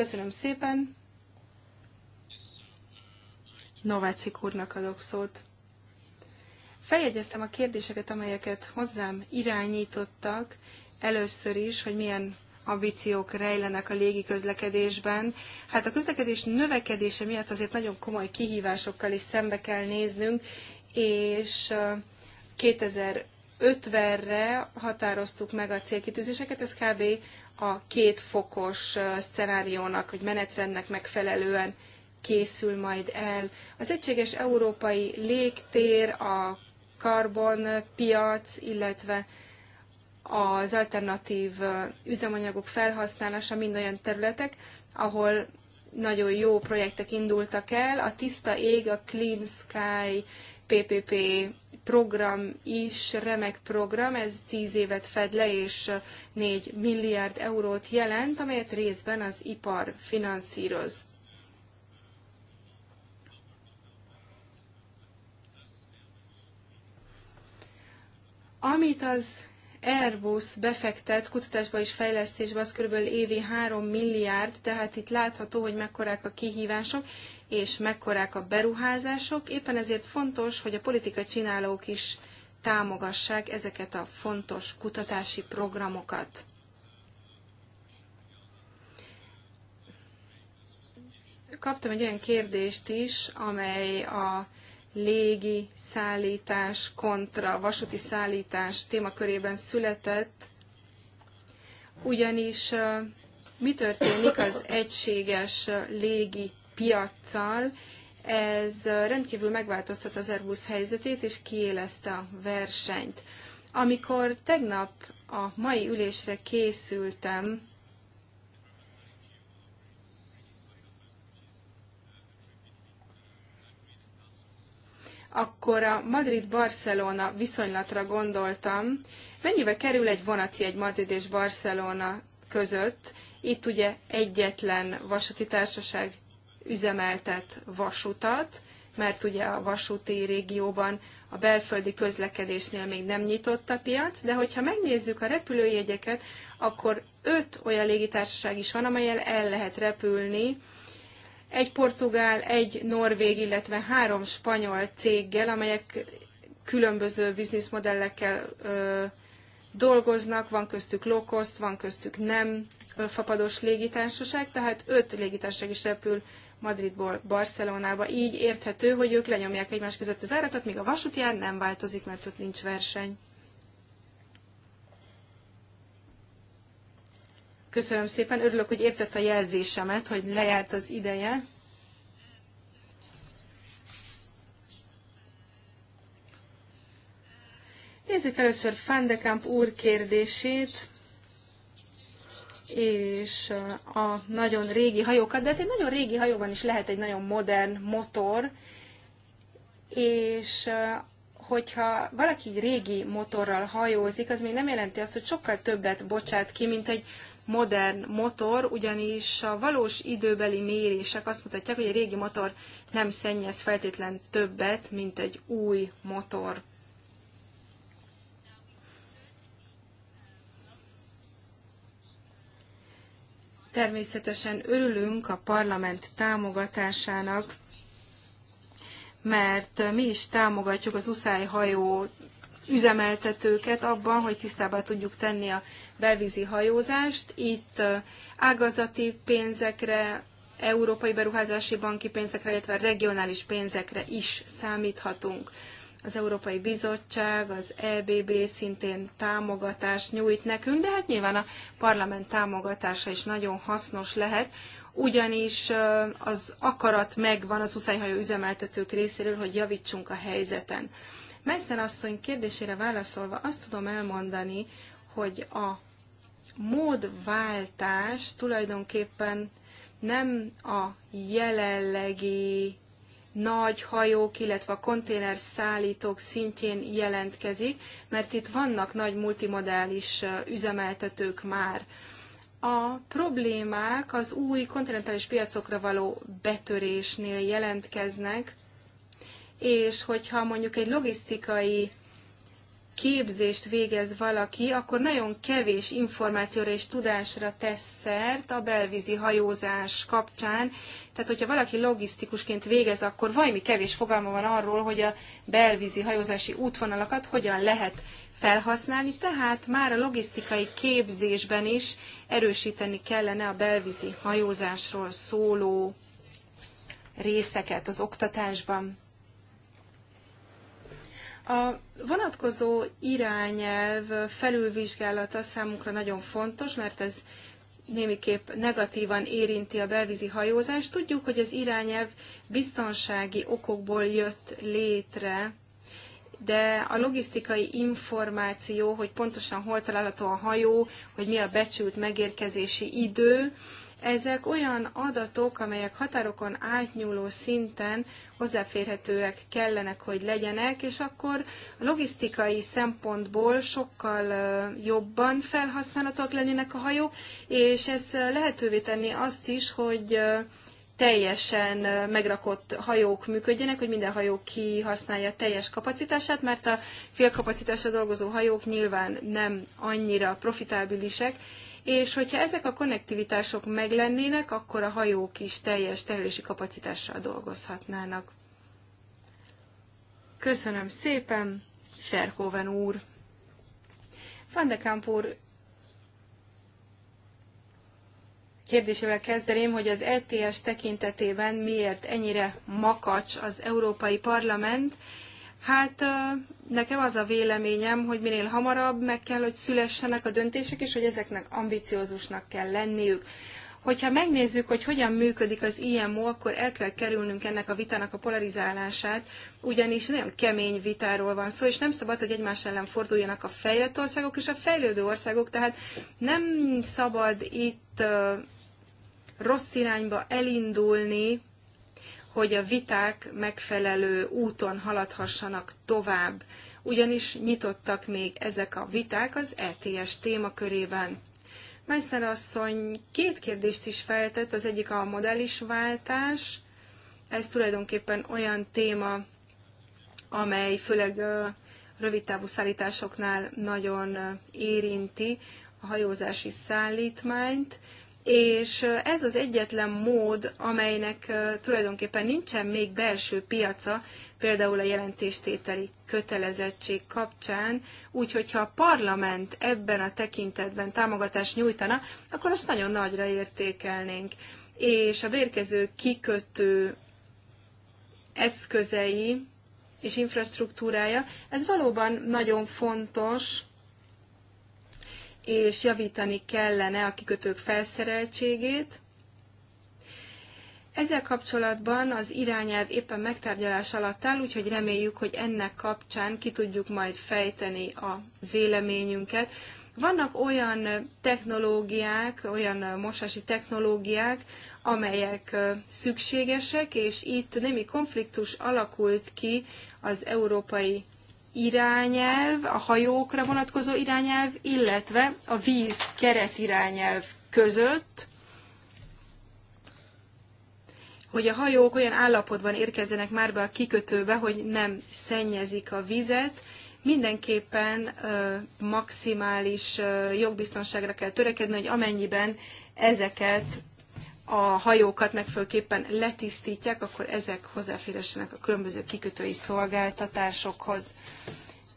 Köszönöm szépen. Novácik úrnak adok szót. Feljegyeztem a kérdéseket, amelyeket hozzám irányítottak. Először is, hogy milyen ambíciók rejlenek a légi közlekedésben. Hát a közlekedés növekedése miatt azért nagyon komoly kihívásokkal is szembe kell néznünk, és 2050-re uh, határoztuk meg a célkitűzéseket, ez kb a két fokos szenáriónak, vagy menetrendnek megfelelően készül majd el. Az egységes európai légtér, a karbonpiac, illetve az alternatív üzemanyagok felhasználása mind olyan területek, ahol nagyon jó projektek indultak el. A Tiszta Ég, a Clean Sky PPP program is remek program, ez tíz évet fed le, és 4 milliárd eurót jelent, amelyet részben az ipar finanszíroz. Amit az Airbus befektet kutatásba és fejlesztésbe, az kb. évi 3 milliárd, tehát itt látható, hogy mekkorák a kihívások, és mekkorák a beruházások. Éppen ezért fontos, hogy a politika csinálók is támogassák ezeket a fontos kutatási programokat. Kaptam egy olyan kérdést is, amely a légi szállítás kontra vasúti szállítás témakörében született, ugyanis mi történik az egységes légi piaccal, ez rendkívül megváltoztat az Airbus helyzetét, és kiélezte a versenyt. Amikor tegnap a mai ülésre készültem, akkor a Madrid-Barcelona viszonylatra gondoltam, mennyibe kerül egy vonati egy Madrid és Barcelona között. Itt ugye egyetlen vasúti társaság üzemeltet vasutat, mert ugye a vasúti régióban a belföldi közlekedésnél még nem nyitott a piac, de hogyha megnézzük a repülőjegyeket, akkor öt olyan légitársaság is van, amelyel el lehet repülni, egy portugál, egy norvég, illetve három spanyol céggel, amelyek különböző bizniszmodellekkel ö, dolgoznak, van köztük low cost, van köztük nem fapados légitársaság, tehát öt légitársaság is repül Madridból Barcelonába. Így érthető, hogy ők lenyomják egymás között az áratot, míg a vasúti ár nem változik, mert ott nincs verseny. Köszönöm szépen, örülök, hogy értett a jelzésemet, hogy lejárt az ideje. Nézzük először Fandekamp úr kérdését és eh, a nagyon régi hajókat, de hát egy nagyon régi hajóban is lehet egy nagyon modern motor, és eh, hogyha valaki régi motorral hajózik, az még nem jelenti azt, hogy sokkal többet bocsát ki, mint egy modern motor, ugyanis a valós időbeli mérések azt mutatják, hogy egy régi motor nem szennyez feltétlen többet, mint egy új motor. Természetesen örülünk a parlament támogatásának, mert mi is támogatjuk az uszály hajó üzemeltetőket abban, hogy tisztába tudjuk tenni a belvízi hajózást. Itt ágazati pénzekre, európai beruházási banki pénzekre, illetve regionális pénzekre is számíthatunk az Európai Bizottság, az EBB szintén támogatást nyújt nekünk, de hát nyilván a parlament támogatása is nagyon hasznos lehet, ugyanis az akarat megvan az uszályhajó üzemeltetők részéről, hogy javítsunk a helyzeten. Meszner asszony kérdésére válaszolva azt tudom elmondani, hogy a módváltás tulajdonképpen nem a jelenlegi nagy hajók, illetve a konténer szállítók szintjén jelentkezik, mert itt vannak nagy multimodális üzemeltetők már. A problémák az új kontinentális piacokra való betörésnél jelentkeznek, és hogyha mondjuk egy logisztikai képzést végez valaki, akkor nagyon kevés információra és tudásra tesz szert a belvízi hajózás kapcsán. Tehát, hogyha valaki logisztikusként végez, akkor valami kevés fogalma van arról, hogy a belvízi hajózási útvonalakat hogyan lehet felhasználni, tehát már a logisztikai képzésben is erősíteni kellene a belvízi hajózásról szóló részeket az oktatásban. A vonatkozó irányelv felülvizsgálata számunkra nagyon fontos, mert ez némiképp negatívan érinti a belvízi hajózást. Tudjuk, hogy az irányelv biztonsági okokból jött létre, de a logisztikai információ, hogy pontosan hol található a hajó, hogy mi a becsült megérkezési idő, ezek olyan adatok, amelyek határokon átnyúló szinten hozzáférhetőek kellenek, hogy legyenek, és akkor a logisztikai szempontból sokkal jobban felhasználhatóak lennének a hajók, és ez lehetővé tenni azt is, hogy teljesen megrakott hajók működjenek, hogy minden hajó kihasználja teljes kapacitását, mert a félkapacitásra dolgozó hajók nyilván nem annyira profitábilisek, és hogyha ezek a konnektivitások meglennének, akkor a hajók is teljes terülési kapacitással dolgozhatnának. Köszönöm szépen, Ferhoven úr! Van de Kamp úr kérdésével kezdeném, hogy az ETS tekintetében miért ennyire makacs az Európai Parlament, Hát nekem az a véleményem, hogy minél hamarabb meg kell, hogy szülessenek a döntések, és hogy ezeknek ambiciózusnak kell lenniük. Hogyha megnézzük, hogy hogyan működik az IMO, akkor el kell kerülnünk ennek a vitának a polarizálását, ugyanis nagyon kemény vitáról van szó, és nem szabad, hogy egymás ellen forduljanak a fejlett országok és a fejlődő országok, tehát nem szabad itt rossz irányba elindulni, hogy a viták megfelelő úton haladhassanak tovább, ugyanis nyitottak még ezek a viták az ETS témakörében. Meissner asszony két kérdést is feltett, az egyik a modellis váltás, ez tulajdonképpen olyan téma, amely főleg rövidtávú szállításoknál nagyon érinti a hajózási szállítmányt és ez az egyetlen mód, amelynek tulajdonképpen nincsen még belső piaca, például a jelentéstételi kötelezettség kapcsán, úgyhogy ha a parlament ebben a tekintetben támogatást nyújtana, akkor azt nagyon nagyra értékelnénk. És a vérkező kikötő eszközei és infrastruktúrája, ez valóban nagyon fontos, és javítani kellene a kikötők felszereltségét. Ezzel kapcsolatban az irányelv éppen megtárgyalás alatt áll, úgyhogy reméljük, hogy ennek kapcsán ki tudjuk majd fejteni a véleményünket. Vannak olyan technológiák, olyan mosási technológiák, amelyek szükségesek, és itt némi konfliktus alakult ki az európai irányelv, a hajókra vonatkozó irányelv, illetve a víz keret irányelv között, hogy a hajók olyan állapotban érkezzenek már be a kikötőbe, hogy nem szennyezik a vizet, mindenképpen ö, maximális ö, jogbiztonságra kell törekedni, hogy amennyiben ezeket a hajókat megfőképpen letisztítják, akkor ezek hozzáférhessenek a különböző kikötői szolgáltatásokhoz.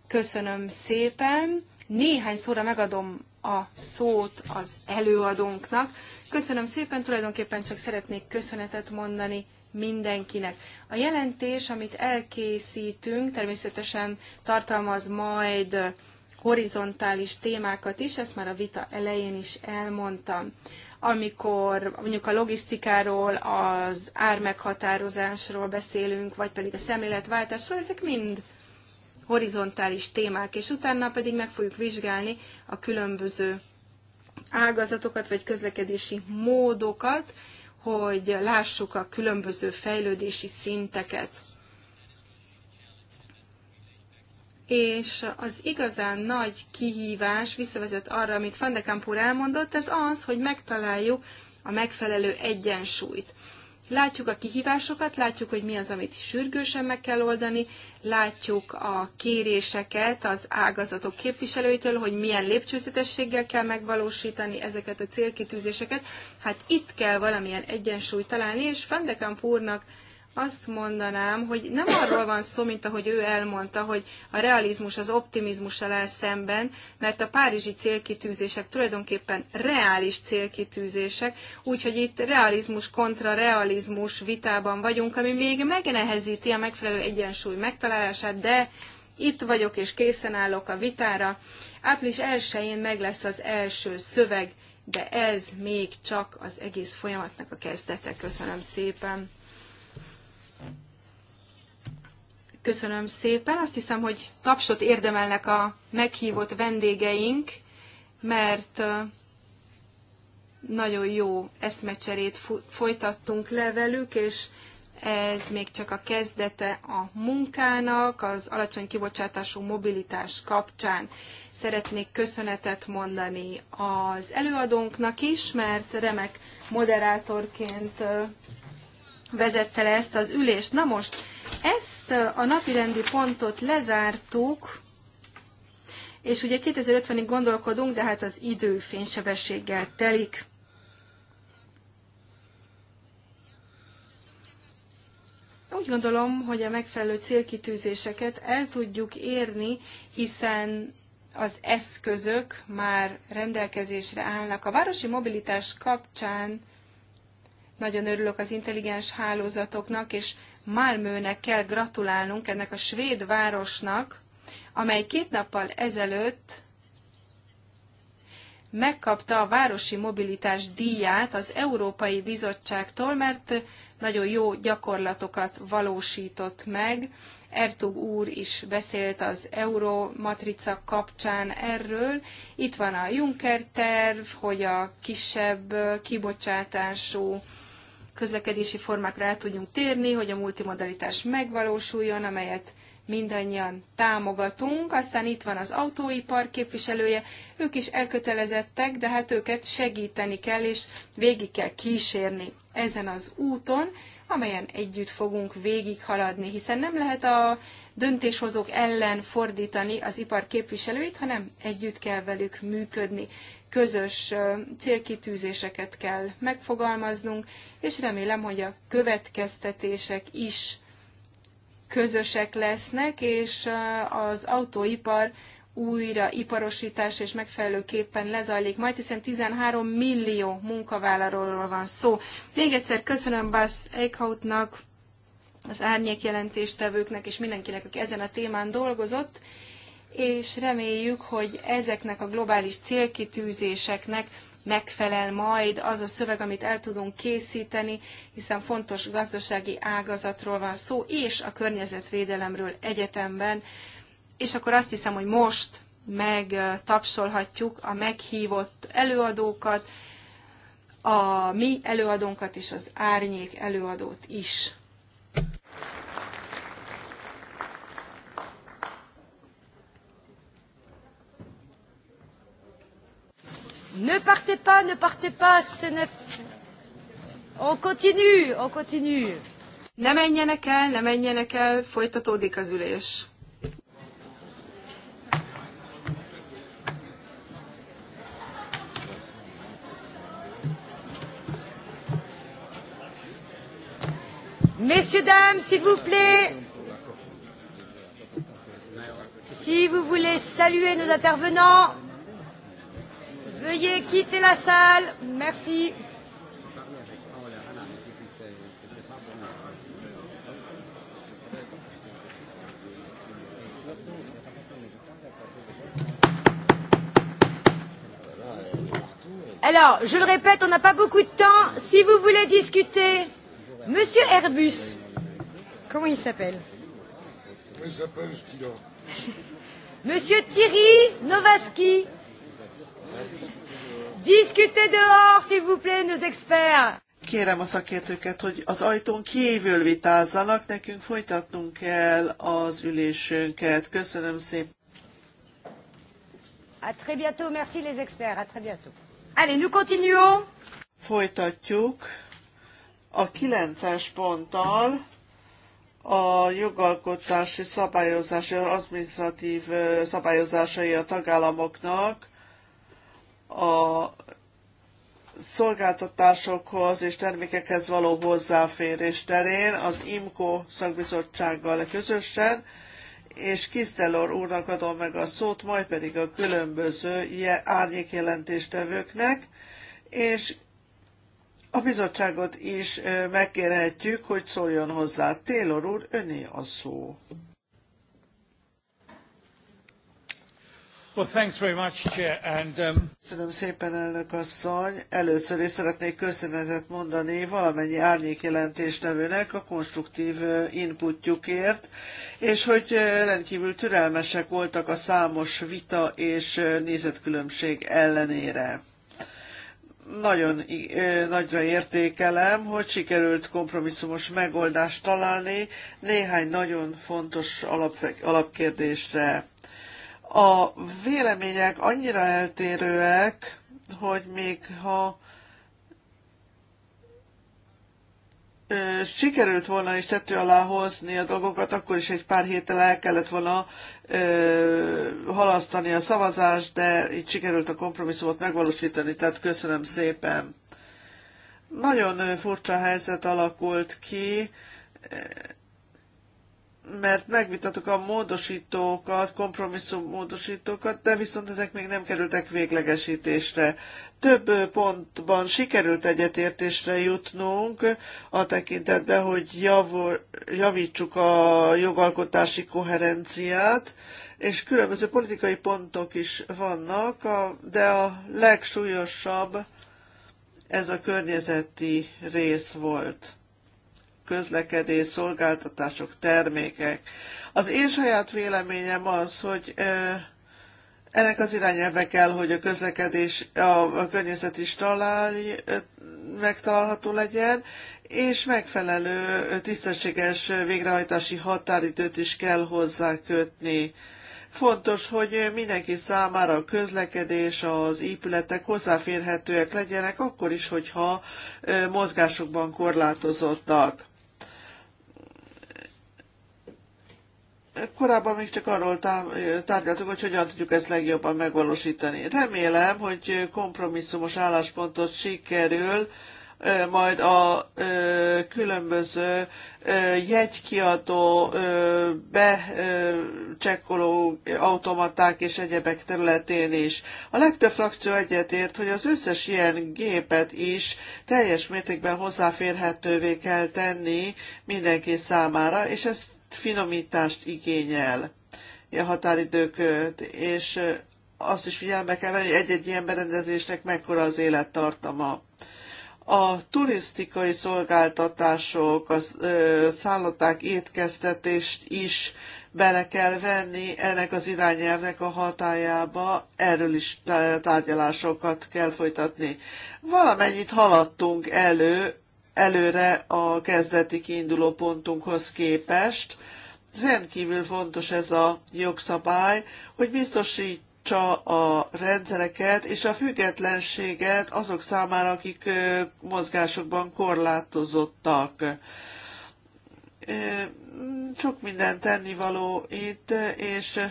Köszönöm szépen. Néhány szóra megadom a szót az előadónknak. Köszönöm szépen, tulajdonképpen csak szeretnék köszönetet mondani mindenkinek. A jelentés, amit elkészítünk, természetesen tartalmaz majd horizontális témákat is, ezt már a vita elején is elmondtam amikor mondjuk a logisztikáról, az ármeghatározásról beszélünk, vagy pedig a szemléletváltásról, ezek mind horizontális témák, és utána pedig meg fogjuk vizsgálni a különböző ágazatokat, vagy közlekedési módokat, hogy lássuk a különböző fejlődési szinteket. és az igazán nagy kihívás visszavezet arra, amit Van de Kampur elmondott, ez az, hogy megtaláljuk a megfelelő egyensúlyt. Látjuk a kihívásokat, látjuk, hogy mi az, amit sürgősen meg kell oldani, látjuk a kéréseket az ágazatok képviselőitől, hogy milyen lépcsőzetességgel kell megvalósítani ezeket a célkitűzéseket. Hát itt kell valamilyen egyensúlyt találni, és Van de úrnak azt mondanám, hogy nem arról van szó, mint ahogy ő elmondta, hogy a realizmus az optimizmussal áll szemben, mert a párizsi célkitűzések tulajdonképpen reális célkitűzések, úgyhogy itt realizmus kontra realizmus vitában vagyunk, ami még megnehezíti a megfelelő egyensúly megtalálását, de itt vagyok és készen állok a vitára. Április 1-én meg lesz az első szöveg, de ez még csak az egész folyamatnak a kezdete. Köszönöm szépen! Köszönöm szépen. Azt hiszem, hogy tapsot érdemelnek a meghívott vendégeink, mert nagyon jó eszmecserét folytattunk le velük, és ez még csak a kezdete a munkának, az alacsony kibocsátású mobilitás kapcsán. Szeretnék köszönetet mondani az előadónknak is, mert remek moderátorként vezette le ezt az ülést. Na most ezt a napirendi pontot lezártuk, és ugye 2050-ig gondolkodunk, de hát az idő fénysebességgel telik. Úgy gondolom, hogy a megfelelő célkitűzéseket el tudjuk érni, hiszen az eszközök már rendelkezésre állnak. A városi mobilitás kapcsán nagyon örülök az intelligens hálózatoknak, és Malmőnek kell gratulálnunk ennek a svéd városnak, amely két nappal ezelőtt megkapta a városi mobilitás díját az Európai Bizottságtól, mert nagyon jó gyakorlatokat valósított meg. Ertug úr is beszélt az Euromatrica kapcsán erről. Itt van a Juncker terv, hogy a kisebb kibocsátású közlekedési formákra el tudjunk térni, hogy a multimodalitás megvalósuljon, amelyet mindannyian támogatunk. Aztán itt van az autóipar képviselője, ők is elkötelezettek, de hát őket segíteni kell, és végig kell kísérni ezen az úton, amelyen együtt fogunk végighaladni, hiszen nem lehet a döntéshozók ellen fordítani az ipar képviselőit, hanem együtt kell velük működni közös célkitűzéseket kell megfogalmaznunk, és remélem, hogy a következtetések is közösek lesznek, és az autóipar újra iparosítás és megfelelőképpen lezajlik majd, hiszen 13 millió munkavállalóról van szó. Még egyszer köszönöm Bas Eichhautnak, az árnyék jelentéstevőknek és mindenkinek, aki ezen a témán dolgozott, és reméljük, hogy ezeknek a globális célkitűzéseknek megfelel majd az a szöveg, amit el tudunk készíteni, hiszen fontos gazdasági ágazatról van szó, és a környezetvédelemről egyetemben. És akkor azt hiszem, hogy most megtapsolhatjuk a meghívott előadókat, a mi előadónkat és az árnyék előadót is. Ne partez pas, ne partez pas, ce n'est On continue, on continue. Ne menjenek el, ne menjenek el, folytatódik az ülés. Messieurs, dames, s'il vous plaît, si vous voulez saluer nos intervenants, Veuillez quitter la salle. Merci. Alors, je le répète, on n'a pas beaucoup de temps. Si vous voulez discuter, Monsieur Airbus, comment il s'appelle Comment Il s'appelle Stylor. Monsieur Thierry Novaski. Discutez dehors, s'il vous plaît, nos experts! Kérem a szakértőket, hogy az ajtón kívül vitázzanak, nekünk folytatnunk kell az ülésünket. Köszönöm szépen. A très bientôt, merci les experts, a très bientôt. Allez, nous continuons. Folytatjuk a kilences ponttal a jogalkotási szabályozási, administratív szabályozásai a tagállamoknak a szolgáltatásokhoz és termékekhez való hozzáférés terén az IMCO szakbizottsággal közösen, és Kisztelor úrnak adom meg a szót, majd pedig a különböző árnyékjelentéstevőknek, és a bizottságot is megkérhetjük, hogy szóljon hozzá. Taylor úr, öné a szó. Um, Köszönöm szépen, elnök asszony. Először is szeretnék köszönetet mondani valamennyi árnyék jelentéstevőnek a konstruktív inputjukért, és hogy rendkívül türelmesek voltak a számos vita és nézetkülönbség ellenére nagyon nagyra értékelem, hogy sikerült kompromisszumos megoldást találni néhány nagyon fontos alap, a vélemények annyira eltérőek, hogy még ha sikerült volna is tető alá hozni a dolgokat, akkor is egy pár héttel el kellett volna ö, halasztani a szavazást, de így sikerült a kompromisszumot megvalósítani, tehát köszönöm szépen. Nagyon furcsa helyzet alakult ki, mert megvitatok a módosítókat, kompromisszum módosítókat, de viszont ezek még nem kerültek véglegesítésre. Több pontban sikerült egyetértésre jutnunk a tekintetben, hogy javul, javítsuk a jogalkotási koherenciát, és különböző politikai pontok is vannak, de a legsúlyosabb ez a környezeti rész volt közlekedés, szolgáltatások, termékek. Az én saját véleményem az, hogy ennek az irányelve kell, hogy a közlekedés, a környezet is találj, megtalálható legyen, és megfelelő tisztességes végrehajtási határidőt is kell hozzá kötni. Fontos, hogy mindenki számára a közlekedés, az épületek hozzáférhetőek legyenek, akkor is, hogyha mozgásokban korlátozottak. korábban még csak arról tárgyaltuk, hogy hogyan tudjuk ezt legjobban megvalósítani. Remélem, hogy kompromisszumos álláspontot sikerül majd a különböző jegykiadó, becsekkoló automaták és egyebek területén is. A legtöbb frakció egyetért, hogy az összes ilyen gépet is teljes mértékben hozzáférhetővé kell tenni mindenki számára, és ezt finomítást igényel a határidőköt, és azt is figyelme kell venni, egy-egy ilyen berendezésnek mekkora az élettartama. A turisztikai szolgáltatások, a szállották étkeztetést is bele kell venni ennek az irányelvnek a hatájába, erről is tárgyalásokat kell folytatni. Valamennyit haladtunk elő előre a kezdeti kiinduló pontunkhoz képest. Rendkívül fontos ez a jogszabály, hogy biztosít megnyitsa a rendszereket és a függetlenséget azok számára, akik mozgásokban korlátozottak. Sok minden tennivaló itt, és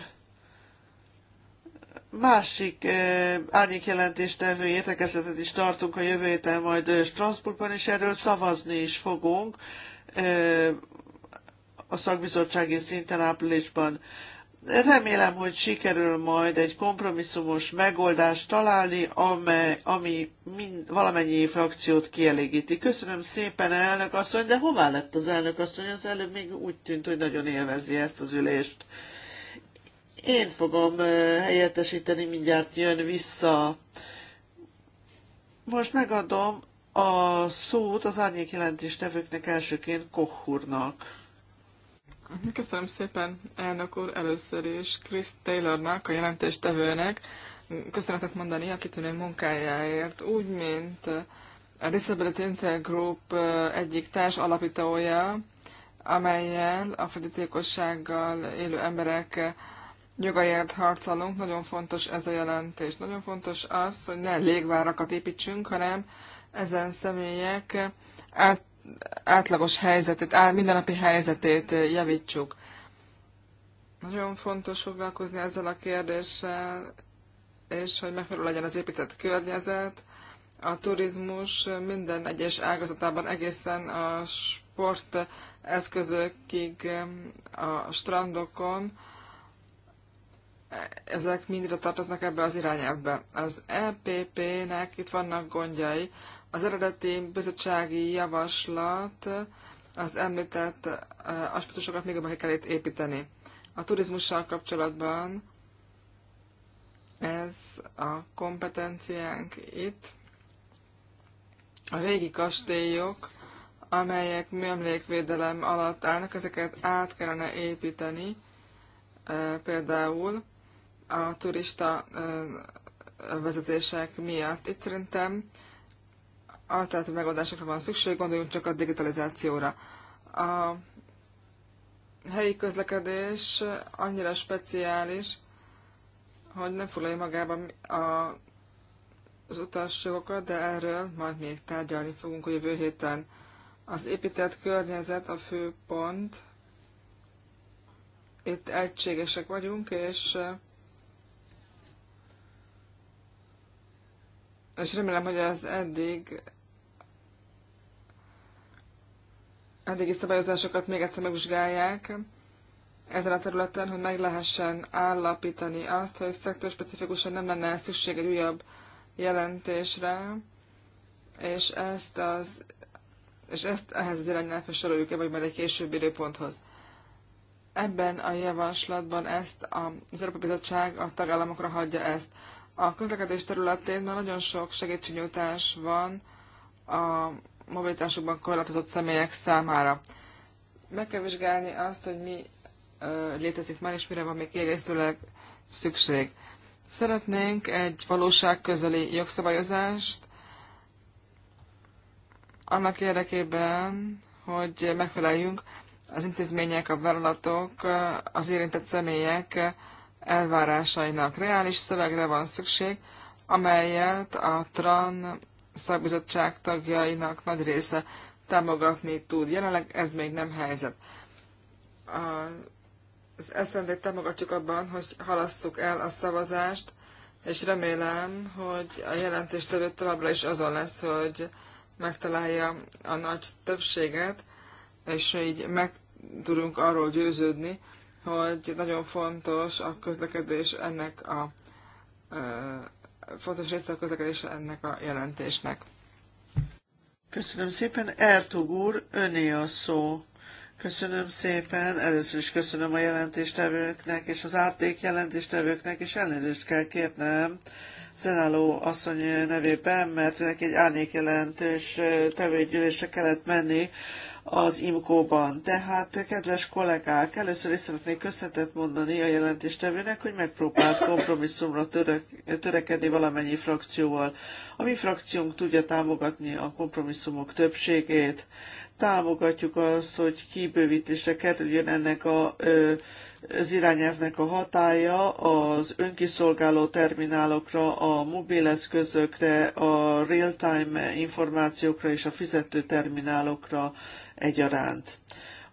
Másik eh, tevő értekezetet is tartunk a jövő héten majd Strasbourgban, és erről szavazni is fogunk eh, a szakbizottsági szinten áprilisban. Remélem, hogy sikerül majd egy kompromisszumos megoldást találni, amely, ami mind, valamennyi frakciót kielégíti. Köszönöm szépen, elnök asszony, de hová lett az elnök asszony? Az előbb még úgy tűnt, hogy nagyon élvezi ezt az ülést. Én fogom helyettesíteni, mindjárt jön vissza. Most megadom a szót az árnyék jelentéstevőknek elsőként Kohurnak. Köszönöm szépen, elnök úr, először is Chris Taylornak, a tevőnek. Köszönetet mondani a kitűnő munkájáért, úgy, mint a Disability Intergroup egyik társ alapítója, amelyel a fogyatékossággal élő emberek jogaért harcolunk, nagyon fontos ez a jelentés. Nagyon fontos az, hogy ne légvárakat építsünk, hanem ezen személyek át, átlagos helyzetét, á, mindennapi helyzetét javítsuk. Nagyon fontos foglalkozni ezzel a kérdéssel, és hogy megfelelő legyen az épített környezet. A turizmus minden egyes ágazatában egészen a sport eszközökig a strandokon, ezek mindre tartoznak ebbe az irányelvbe. Az EPP-nek itt vannak gondjai. Az eredeti bizottsági javaslat az említett eh, aspektusokat még abban kell itt építeni. A turizmussal kapcsolatban ez a kompetenciánk itt. A régi kastélyok, amelyek műemlékvédelem alatt állnak, ezeket át kellene építeni eh, például a turista vezetések miatt. Itt szerintem alternatív megoldásokra van szükség, gondoljunk csak a digitalizációra. A helyi közlekedés annyira speciális, hogy nem foglalja magában a, az utasjogokat, de erről majd még tárgyalni fogunk a jövő héten. Az épített környezet a fő pont. Itt egységesek vagyunk, és és remélem, hogy az eddig eddigi szabályozásokat még egyszer megvizsgálják ezen a területen, hogy meg lehessen állapítani azt, hogy szektor specifikusan nem lenne szükség egy újabb jelentésre, és ezt az és ezt ehhez az irányelvre soroljuk-e, vagy majd egy későbbi időponthoz. Ebben a javaslatban ezt az Európai Bizottság a tagállamokra hagyja ezt. A közlekedés területén már nagyon sok segítségnyújtás van a mobilitásukban korlátozott személyek számára. Meg kell vizsgálni azt, hogy mi létezik már, és mire van még kiegészítőleg szükség. Szeretnénk egy valóságközeli jogszabályozást annak érdekében, hogy megfeleljünk az intézmények, a vállalatok, az érintett személyek elvárásainak. Reális szövegre van szükség, amelyet a TRAN szakbizottság tagjainak nagy része támogatni tud. Jelenleg ez még nem helyzet. Az sznd támogatjuk abban, hogy halasszuk el a szavazást, és remélem, hogy a többet továbbra is azon lesz, hogy megtalálja a nagy többséget, és így meg tudunk arról győződni, hogy nagyon fontos a közlekedés ennek a fontos része a közlekedés ennek a jelentésnek. Köszönöm szépen, Ertug úr, öné a szó. Köszönöm szépen, először is köszönöm a jelentéstevőknek és az árték jelentéstevőknek, és elnézést kell kérnem Szenáló asszony nevében, mert neki egy árnék jelentős tevőgyűlésre kellett menni, az IMKO-ban. Tehát, kedves kollégák, először is szeretnék köszönetet mondani a jelentéstevőnek, hogy megpróbált kompromisszumra török, törekedni valamennyi frakcióval. A mi frakciónk tudja támogatni a kompromisszumok többségét. Támogatjuk azt, hogy kibővítésre kerüljön ennek a az irányelvnek a hatája az önkiszolgáló terminálokra, a mobileszközökre, a real-time információkra és a fizető terminálokra egyaránt.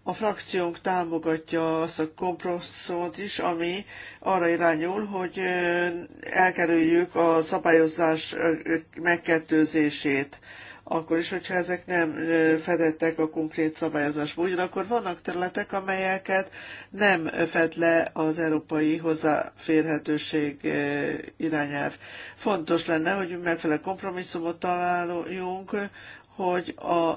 A frakciónk támogatja azt a kompromisszumot is, ami arra irányul, hogy elkerüljük a szabályozás megkettőzését akkor is, hogyha ezek nem fedettek a konkrét szabályozásba. Ugyanakkor vannak területek, amelyeket nem fed le az európai hozzáférhetőség irányelv. Fontos lenne, hogy megfelelő kompromisszumot találjunk, hogy a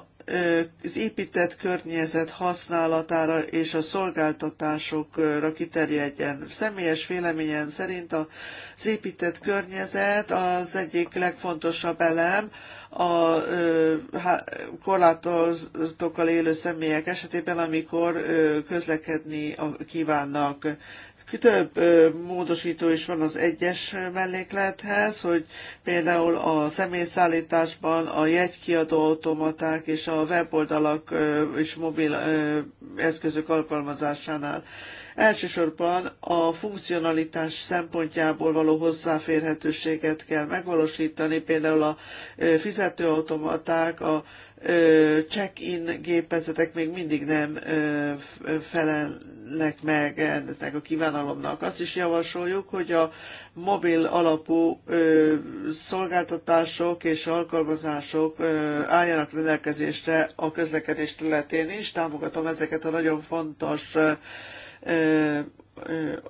az épített környezet használatára és a szolgáltatásokra kiterjedjen. Személyes véleményem szerint az épített környezet az egyik legfontosabb elem a korlátokkal élő személyek esetében, amikor közlekedni kívánnak több módosító is van az egyes melléklethez, hogy például a személyszállításban a jegykiadó automaták és a weboldalak és mobil eszközök alkalmazásánál Elsősorban a funkcionalitás szempontjából való hozzáférhetőséget kell megvalósítani, például a fizetőautomaták, a check-in gépezetek még mindig nem felelnek meg ennek a kívánalomnak. Azt is javasoljuk, hogy a mobil alapú szolgáltatások és alkalmazások álljanak rendelkezésre a közlekedés területén is. Támogatom ezeket a nagyon fontos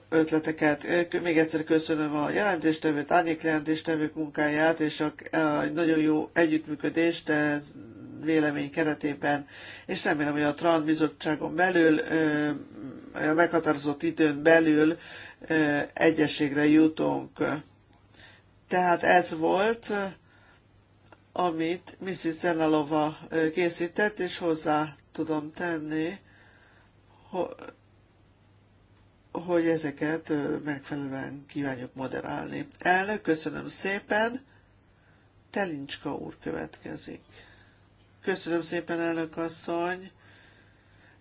ötleteket. Még egyszer köszönöm a jelentéstevőt, Árnyék jelentéstevők munkáját, és a, a nagyon jó együttműködést ez vélemény keretében, és remélem, hogy a Tran bizottságon belül, a meghatározott időn belül egyességre jutunk. Tehát ez volt, amit Mrs. Zenalova készített, és hozzá tudom tenni, hogy ezeket megfelelően kívánjuk moderálni. Elnök, köszönöm szépen. Telincska úr következik. Köszönöm szépen, elnök asszony.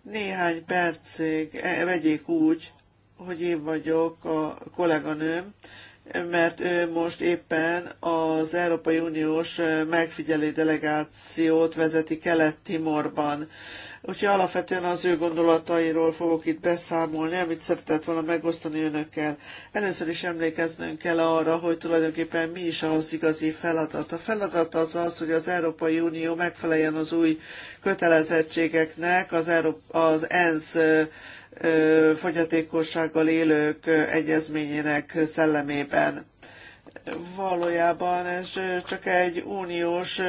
Néhány percig e, vegyék úgy, hogy én vagyok a kolléganőm, mert ő most éppen az Európai Uniós megfigyelő delegációt vezeti Kelet-Timorban. Úgyhogy alapvetően az ő gondolatairól fogok itt beszámolni, amit szeretett volna megosztani önökkel. Először is emlékeznünk kell arra, hogy tulajdonképpen mi is az igazi feladat. A feladat az az, hogy az Európai Unió megfeleljen az új kötelezettségeknek, az, Európa, az ENSZ fogyatékossággal élők egyezményének szellemében. Valójában ez csak egy uniós,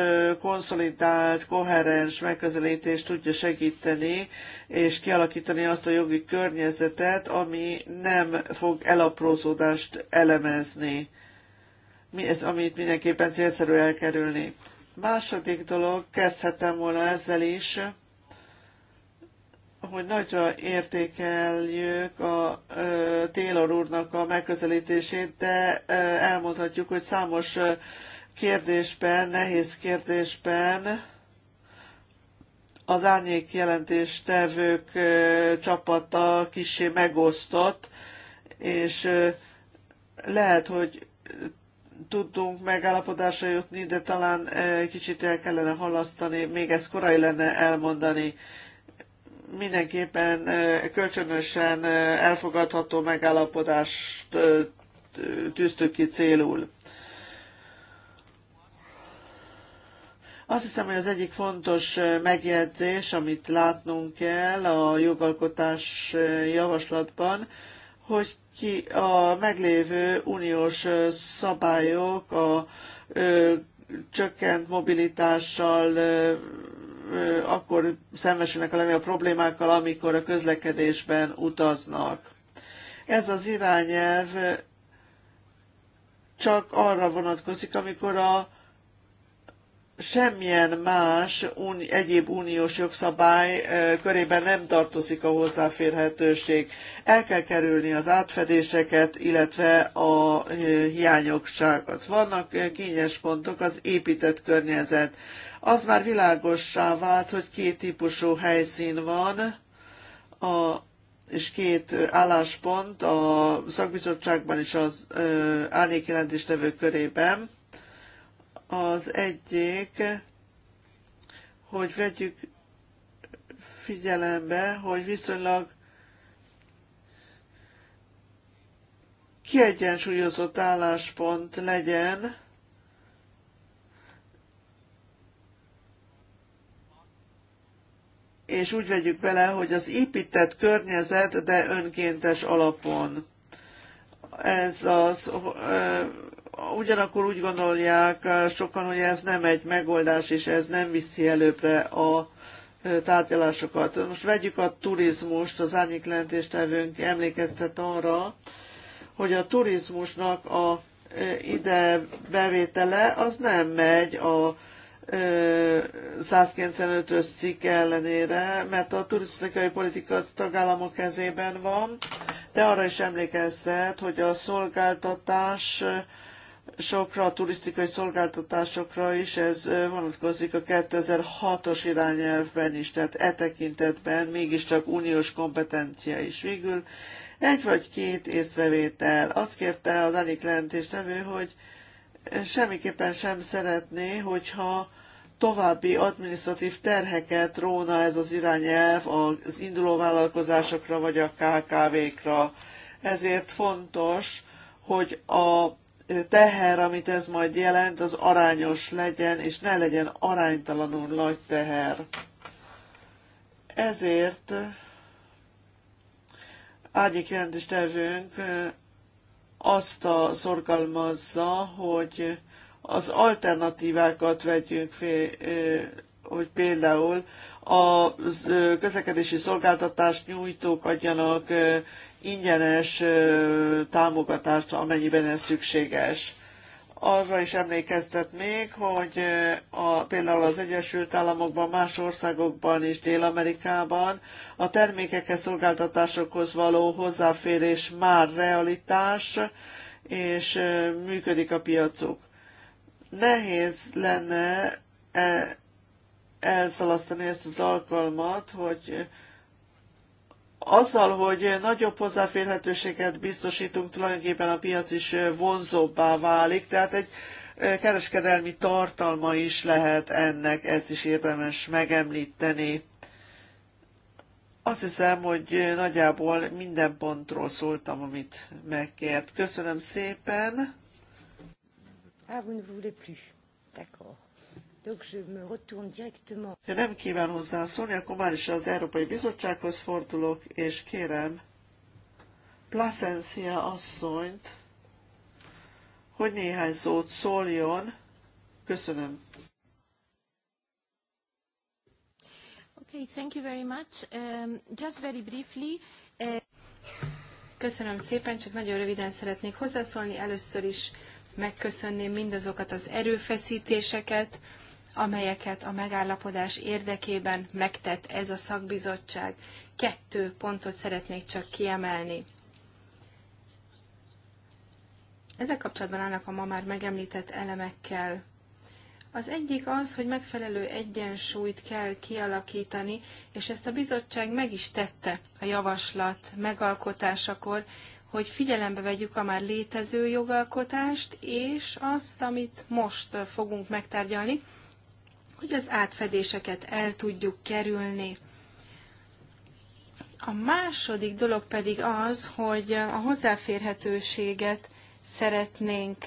konszolidált, koherens megközelítést tudja segíteni, és kialakítani azt a jogi környezetet, ami nem fog elaprózódást elemezni. Mi ez, amit mindenképpen célszerű elkerülni. Második dolog, kezdhetem volna ezzel is, hogy nagyra értékeljük a ö, Taylor úrnak a megközelítését, de ö, elmondhatjuk, hogy számos ö, kérdésben, nehéz kérdésben az árnyék jelentés ö, csapata kissé megosztott, és ö, lehet, hogy tudtunk megállapodásra jutni, de talán ö, kicsit el kellene halasztani, még ez korai lenne elmondani. Ö, mindenképpen kölcsönösen elfogadható megállapodást tűztük ki célul. Azt hiszem, hogy az egyik fontos megjegyzés, amit látnunk kell a jogalkotás javaslatban, hogy ki a meglévő uniós szabályok a ö, csökkent mobilitással akkor szembesülnek a legnagyobb problémákkal, amikor a közlekedésben utaznak. Ez az irányelv csak arra vonatkozik, amikor a semmilyen más un, egyéb uniós jogszabály e, körében nem tartozik a hozzáférhetőség. El kell kerülni az átfedéseket, illetve a e, hiányosságot. Vannak e, kényes pontok, az épített környezet az már világossá vált, hogy két típusú helyszín van, a, és két álláspont a szakbizottságban és az árnyékjelentéstevő körében. Az egyik, hogy vegyük figyelembe, hogy viszonylag kiegyensúlyozott álláspont legyen, és úgy vegyük bele, hogy az épített környezet, de önkéntes alapon. Ez az, ugyanakkor úgy gondolják sokan, hogy ez nem egy megoldás, és ez nem viszi előbbre a tárgyalásokat. Most vegyük a turizmust, az lentéstevőnk emlékeztet arra, hogy a turizmusnak a ide bevétele az nem megy a 195-ös cikk ellenére, mert a turisztikai politika tagállamok kezében van, de arra is emlékeztet, hogy a szolgáltatás sokra, a turisztikai szolgáltatásokra is ez vonatkozik a 2006-os irányelvben is, tehát e tekintetben mégiscsak uniós kompetencia is. Végül egy vagy két észrevétel. Azt kérte az Anik Lentés nevő, hogy semmiképpen sem szeretné, hogyha további adminisztratív terheket róna ez az irányelv az induló vállalkozásokra vagy a KKV-kra. Ezért fontos, hogy a teher, amit ez majd jelent, az arányos legyen, és ne legyen aránytalanul nagy teher. Ezért árnyék jelentéstevőnk azt a szorgalmazza, hogy az alternatívákat vegyünk, hogy például a közlekedési szolgáltatást nyújtók adjanak ingyenes támogatást, amennyiben ez szükséges. Arra is még, hogy a, például az Egyesült Államokban, más országokban és Dél-Amerikában a termékekhez, szolgáltatásokhoz való hozzáférés már realitás, és működik a piacuk nehéz lenne e, elszalasztani ezt az alkalmat, hogy azzal, hogy nagyobb hozzáférhetőséget biztosítunk, tulajdonképpen a piac is vonzóbbá válik, tehát egy e, kereskedelmi tartalma is lehet ennek, ezt is érdemes megemlíteni. Azt hiszem, hogy nagyjából minden pontról szóltam, amit megkért. Köszönöm szépen! Ah, vous ne voulez plus. D'accord. Donc je me retourne directement. Ha nem kíván hozzászólni, akkor már is az Európai Bizottsághoz fordulok, és kérem Placencia asszonyt, hogy néhány szót szóljon. Köszönöm. Okay, thank you very much. Um, just very briefly. Uh... Köszönöm szépen, csak nagyon röviden szeretnék hozzászólni. Először is megköszönném mindazokat az erőfeszítéseket, amelyeket a megállapodás érdekében megtett ez a szakbizottság. Kettő pontot szeretnék csak kiemelni. Ezzel kapcsolatban állnak a ma már megemlített elemekkel. Az egyik az, hogy megfelelő egyensúlyt kell kialakítani, és ezt a bizottság meg is tette a javaslat megalkotásakor, hogy figyelembe vegyük a már létező jogalkotást, és azt, amit most fogunk megtárgyalni, hogy az átfedéseket el tudjuk kerülni. A második dolog pedig az, hogy a hozzáférhetőséget szeretnénk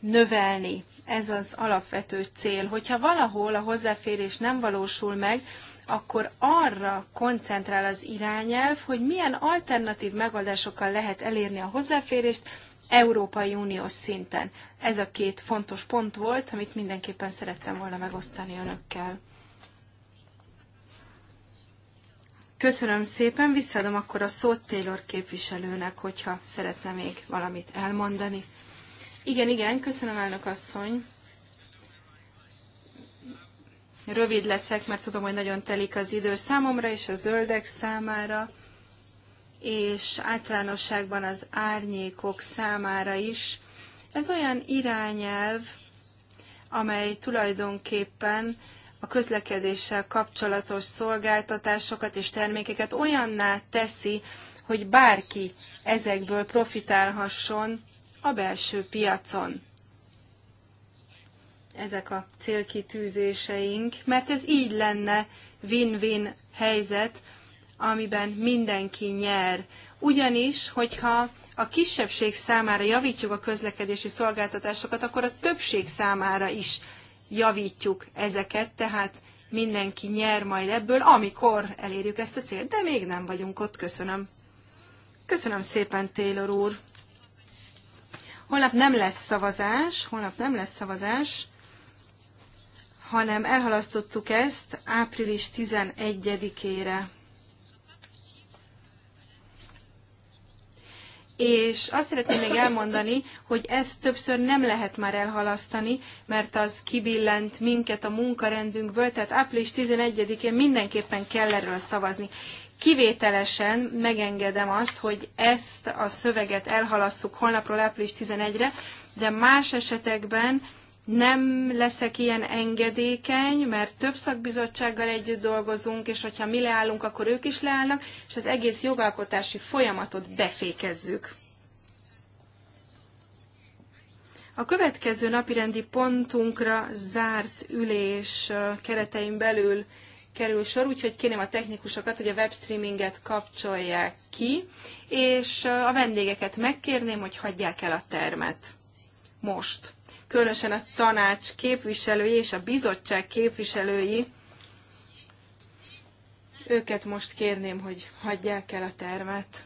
növelni. Ez az alapvető cél. Hogyha valahol a hozzáférés nem valósul meg, akkor arra koncentrál az irányelv, hogy milyen alternatív megoldásokkal lehet elérni a hozzáférést Európai Unió szinten. Ez a két fontos pont volt, amit mindenképpen szerettem volna megosztani önökkel. Köszönöm szépen, visszadom akkor a szót Taylor képviselőnek, hogyha szeretne még valamit elmondani. Igen, igen, köszönöm elnök asszony rövid leszek, mert tudom, hogy nagyon telik az idő számomra és a zöldek számára, és általánosságban az árnyékok számára is. Ez olyan irányelv, amely tulajdonképpen a közlekedéssel kapcsolatos szolgáltatásokat és termékeket olyanná teszi, hogy bárki ezekből profitálhasson a belső piacon ezek a célkitűzéseink, mert ez így lenne win-win helyzet, amiben mindenki nyer. Ugyanis, hogyha a kisebbség számára javítjuk a közlekedési szolgáltatásokat, akkor a többség számára is javítjuk ezeket, tehát mindenki nyer majd ebből, amikor elérjük ezt a célt, de még nem vagyunk ott. Köszönöm. Köszönöm szépen, Taylor úr. Holnap nem lesz szavazás, holnap nem lesz szavazás, hanem elhalasztottuk ezt április 11-ére. És azt szeretném még elmondani, hogy ezt többször nem lehet már elhalasztani, mert az kibillent minket a munkarendünkből, tehát április 11-én mindenképpen kell erről szavazni. Kivételesen megengedem azt, hogy ezt a szöveget elhalasszuk holnapról április 11-re, de más esetekben nem leszek ilyen engedékeny, mert több szakbizottsággal együtt dolgozunk, és hogyha mi leállunk, akkor ők is leállnak, és az egész jogalkotási folyamatot befékezzük. A következő napirendi pontunkra zárt ülés keretein belül kerül sor, úgyhogy kérném a technikusokat, hogy a webstreaminget kapcsolják ki, és a vendégeket megkérném, hogy hagyják el a termet. Most különösen a tanács képviselői és a bizottság képviselői, őket most kérném, hogy hagyják el a termet.